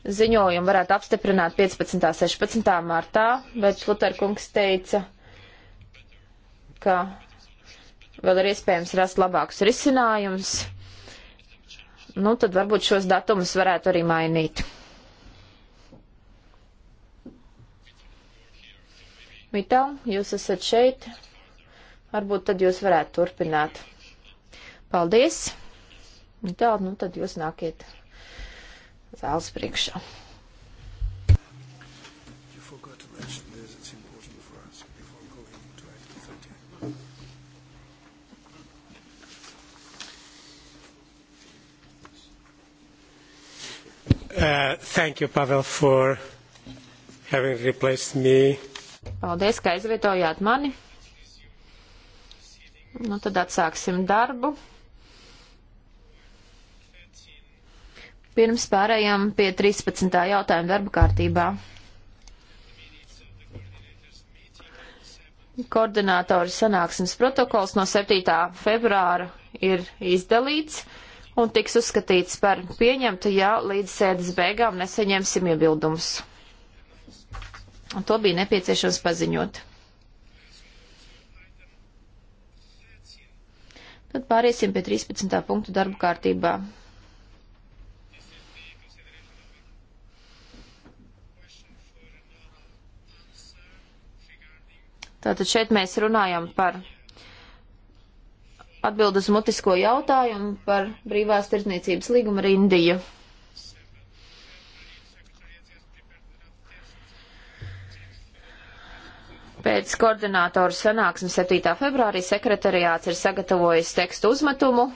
ziņojumu varētu apstiprināt 15. 16. martā, bet Luterkungs teica, ka vēl ir iespējams rast labākus risinājumus. Nu, tad varbūt šos datumus varētu arī mainīt. Mital, jūs esat šeit. Varbūt tad jūs varētu turpināt. Paldies! Mital, nu tad jūs nākiet zāles priekšā. Uh, thank you, Pavel, for having replaced me. Paldies, ka aizvietojāt mani. Nu, tad atsāksim darbu. Pirms pārējām pie 13. jautājuma darba kārtībā. Koordinātori sanāksmes protokols no 7. februāra ir izdalīts un tiks uzskatīts par pieņemtu, ja līdz sēdes beigām nesaņemsim iebildumus. Un to bija nepieciešams paziņot. Tad pāriesim pie 13. punktu darba kārtībā. Tātad šeit mēs runājam par atbildes mutisko jautājumu par brīvās tirdzniecības līgumu ar Indiju. Pēc koordinātoru sanāksmes 7. februārī sekretariāts ir sagatavojis tekstu uzmetumu.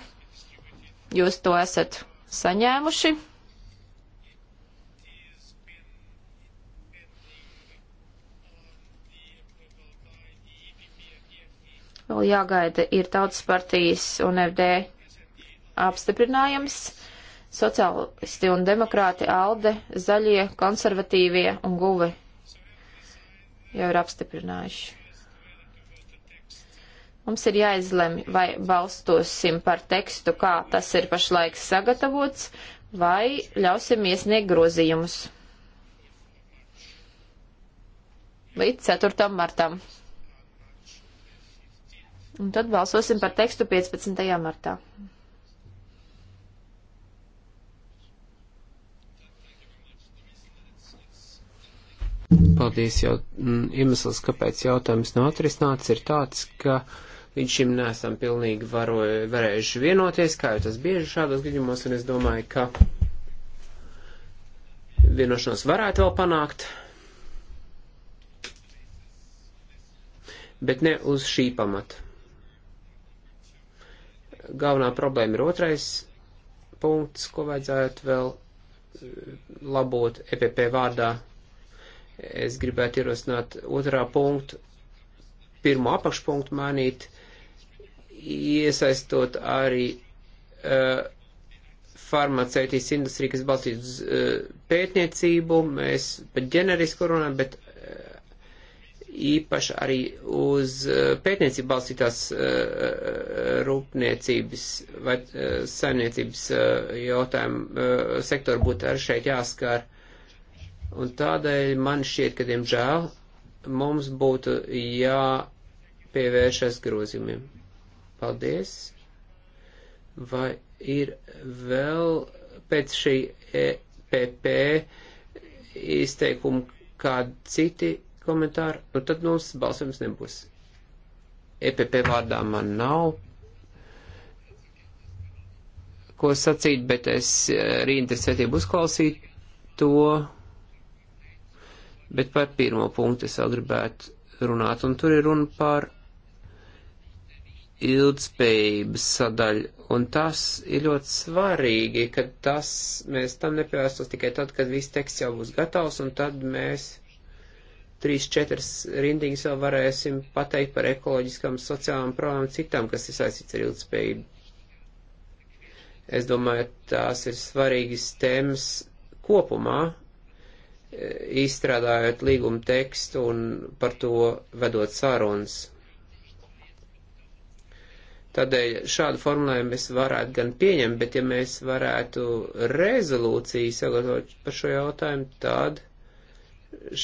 Jūs to esat saņēmuši. Vēl jāgaida ir tautas partijas un FD apstiprinājums. Sociālisti un demokrāti ALDE, zaļie, konservatīvie un guvi jau ir apstiprinājuši. Mums ir jāizlemj, vai balstosim par tekstu, kā tas ir pašlaik sagatavots, vai ļausim iesniegt grozījumus. Līdz 4. martam. Un tad balsosim par tekstu 15. martā. Paldies, jau mm, iemesls, kāpēc jautājums nav atrisināts, ir tāds, ka līdz šim nesam pilnīgi varo, varējuši vienoties, kā jau tas bieži šādos gadījumos, un es domāju, ka vienošanos varētu vēl panākt, bet ne uz šī pamata galvenā problēma ir otrais punkts, ko vajadzētu vēl eh, labot EPP vārdā. Es gribētu ierosināt otrā punktu, pirmo apakšpunktu mainīt, iesaistot arī uh, eh, farmaceitīs industriju, kas balstīts uz uh, pētniecību. Mēs par ģenerisku runājam, bet uh, īpaši arī uz eh, pētniecību balstītās eh, eh, rūpniecības vai saimniecības jautājumu sektoru būtu arī šeit jāskār. Un tādēļ man šķiet, ka, diemžēl, mums būtu jāpievēršas grozījumiem. Paldies! Vai ir vēl pēc šī EPP izteikuma kādi citi komentāru, nu tad mums balsojums nebūs. EPP vārdā man nav ko sacīt, bet es eh, arī interesētību uzklausīt to, bet par pirmo punktu es vēl gribētu runāt, un tur ir runa par ilgspējības sadaļu, un tas ir ļoti svarīgi, ka tas mēs tam nepievērstos tikai tad, kad viss teksts jau būs gatavs, un tad mēs trīs, četras rindīgas vēl varēsim pateikt par ekoloģiskām, sociālām problēmām, citām, kas ir saistīts ar ilgspējību. Es domāju, tās ir svarīgas tēmas kopumā, e, izstrādājot līguma tekstu un par to vedot sarunas. Tādēļ šādu formulējumu mēs varētu gan pieņemt, bet ja mēs varētu rezolūciju sagatavot par šo jautājumu, tad. Tād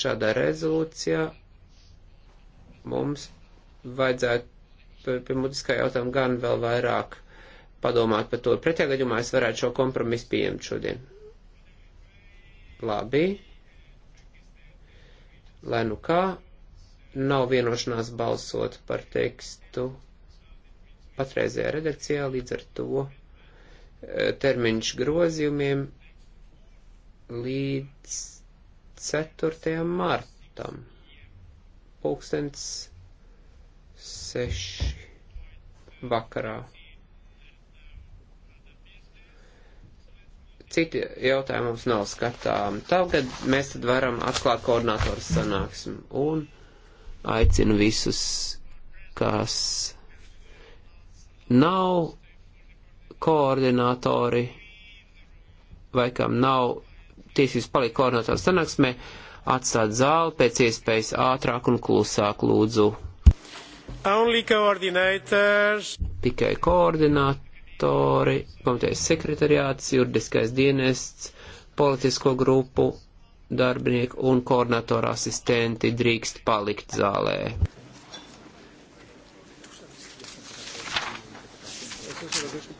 šādā rezolūcijā mums vajadzētu pie, pie mutiskā jautājuma gan vēl vairāk padomāt par to. Pretējā gadījumā es varētu šo kompromisu pieņemt šodien. Labi. Lai nu kā, nav vienošanās balsot par tekstu patreizējā redakcijā, līdz ar to e, termiņš grozījumiem līdz 4. martam. Pūkstens 6 vakarā. Citi jautājumi mums nav skatām. Tagad mēs tad varam atklāt koordinātoru sanāksmi un aicinu visus, kas nav koordinātori vai kam nav tiesības palikt koordinatoru sanāksmē, atstāt zāli pēc iespējas ātrāk un klusāk lūdzu. Tikai koordinatori, komitejas sekretariāts, juridiskais dienests, politisko grupu darbinieki un koordinatora asistenti drīkst palikt zālē. Thank you.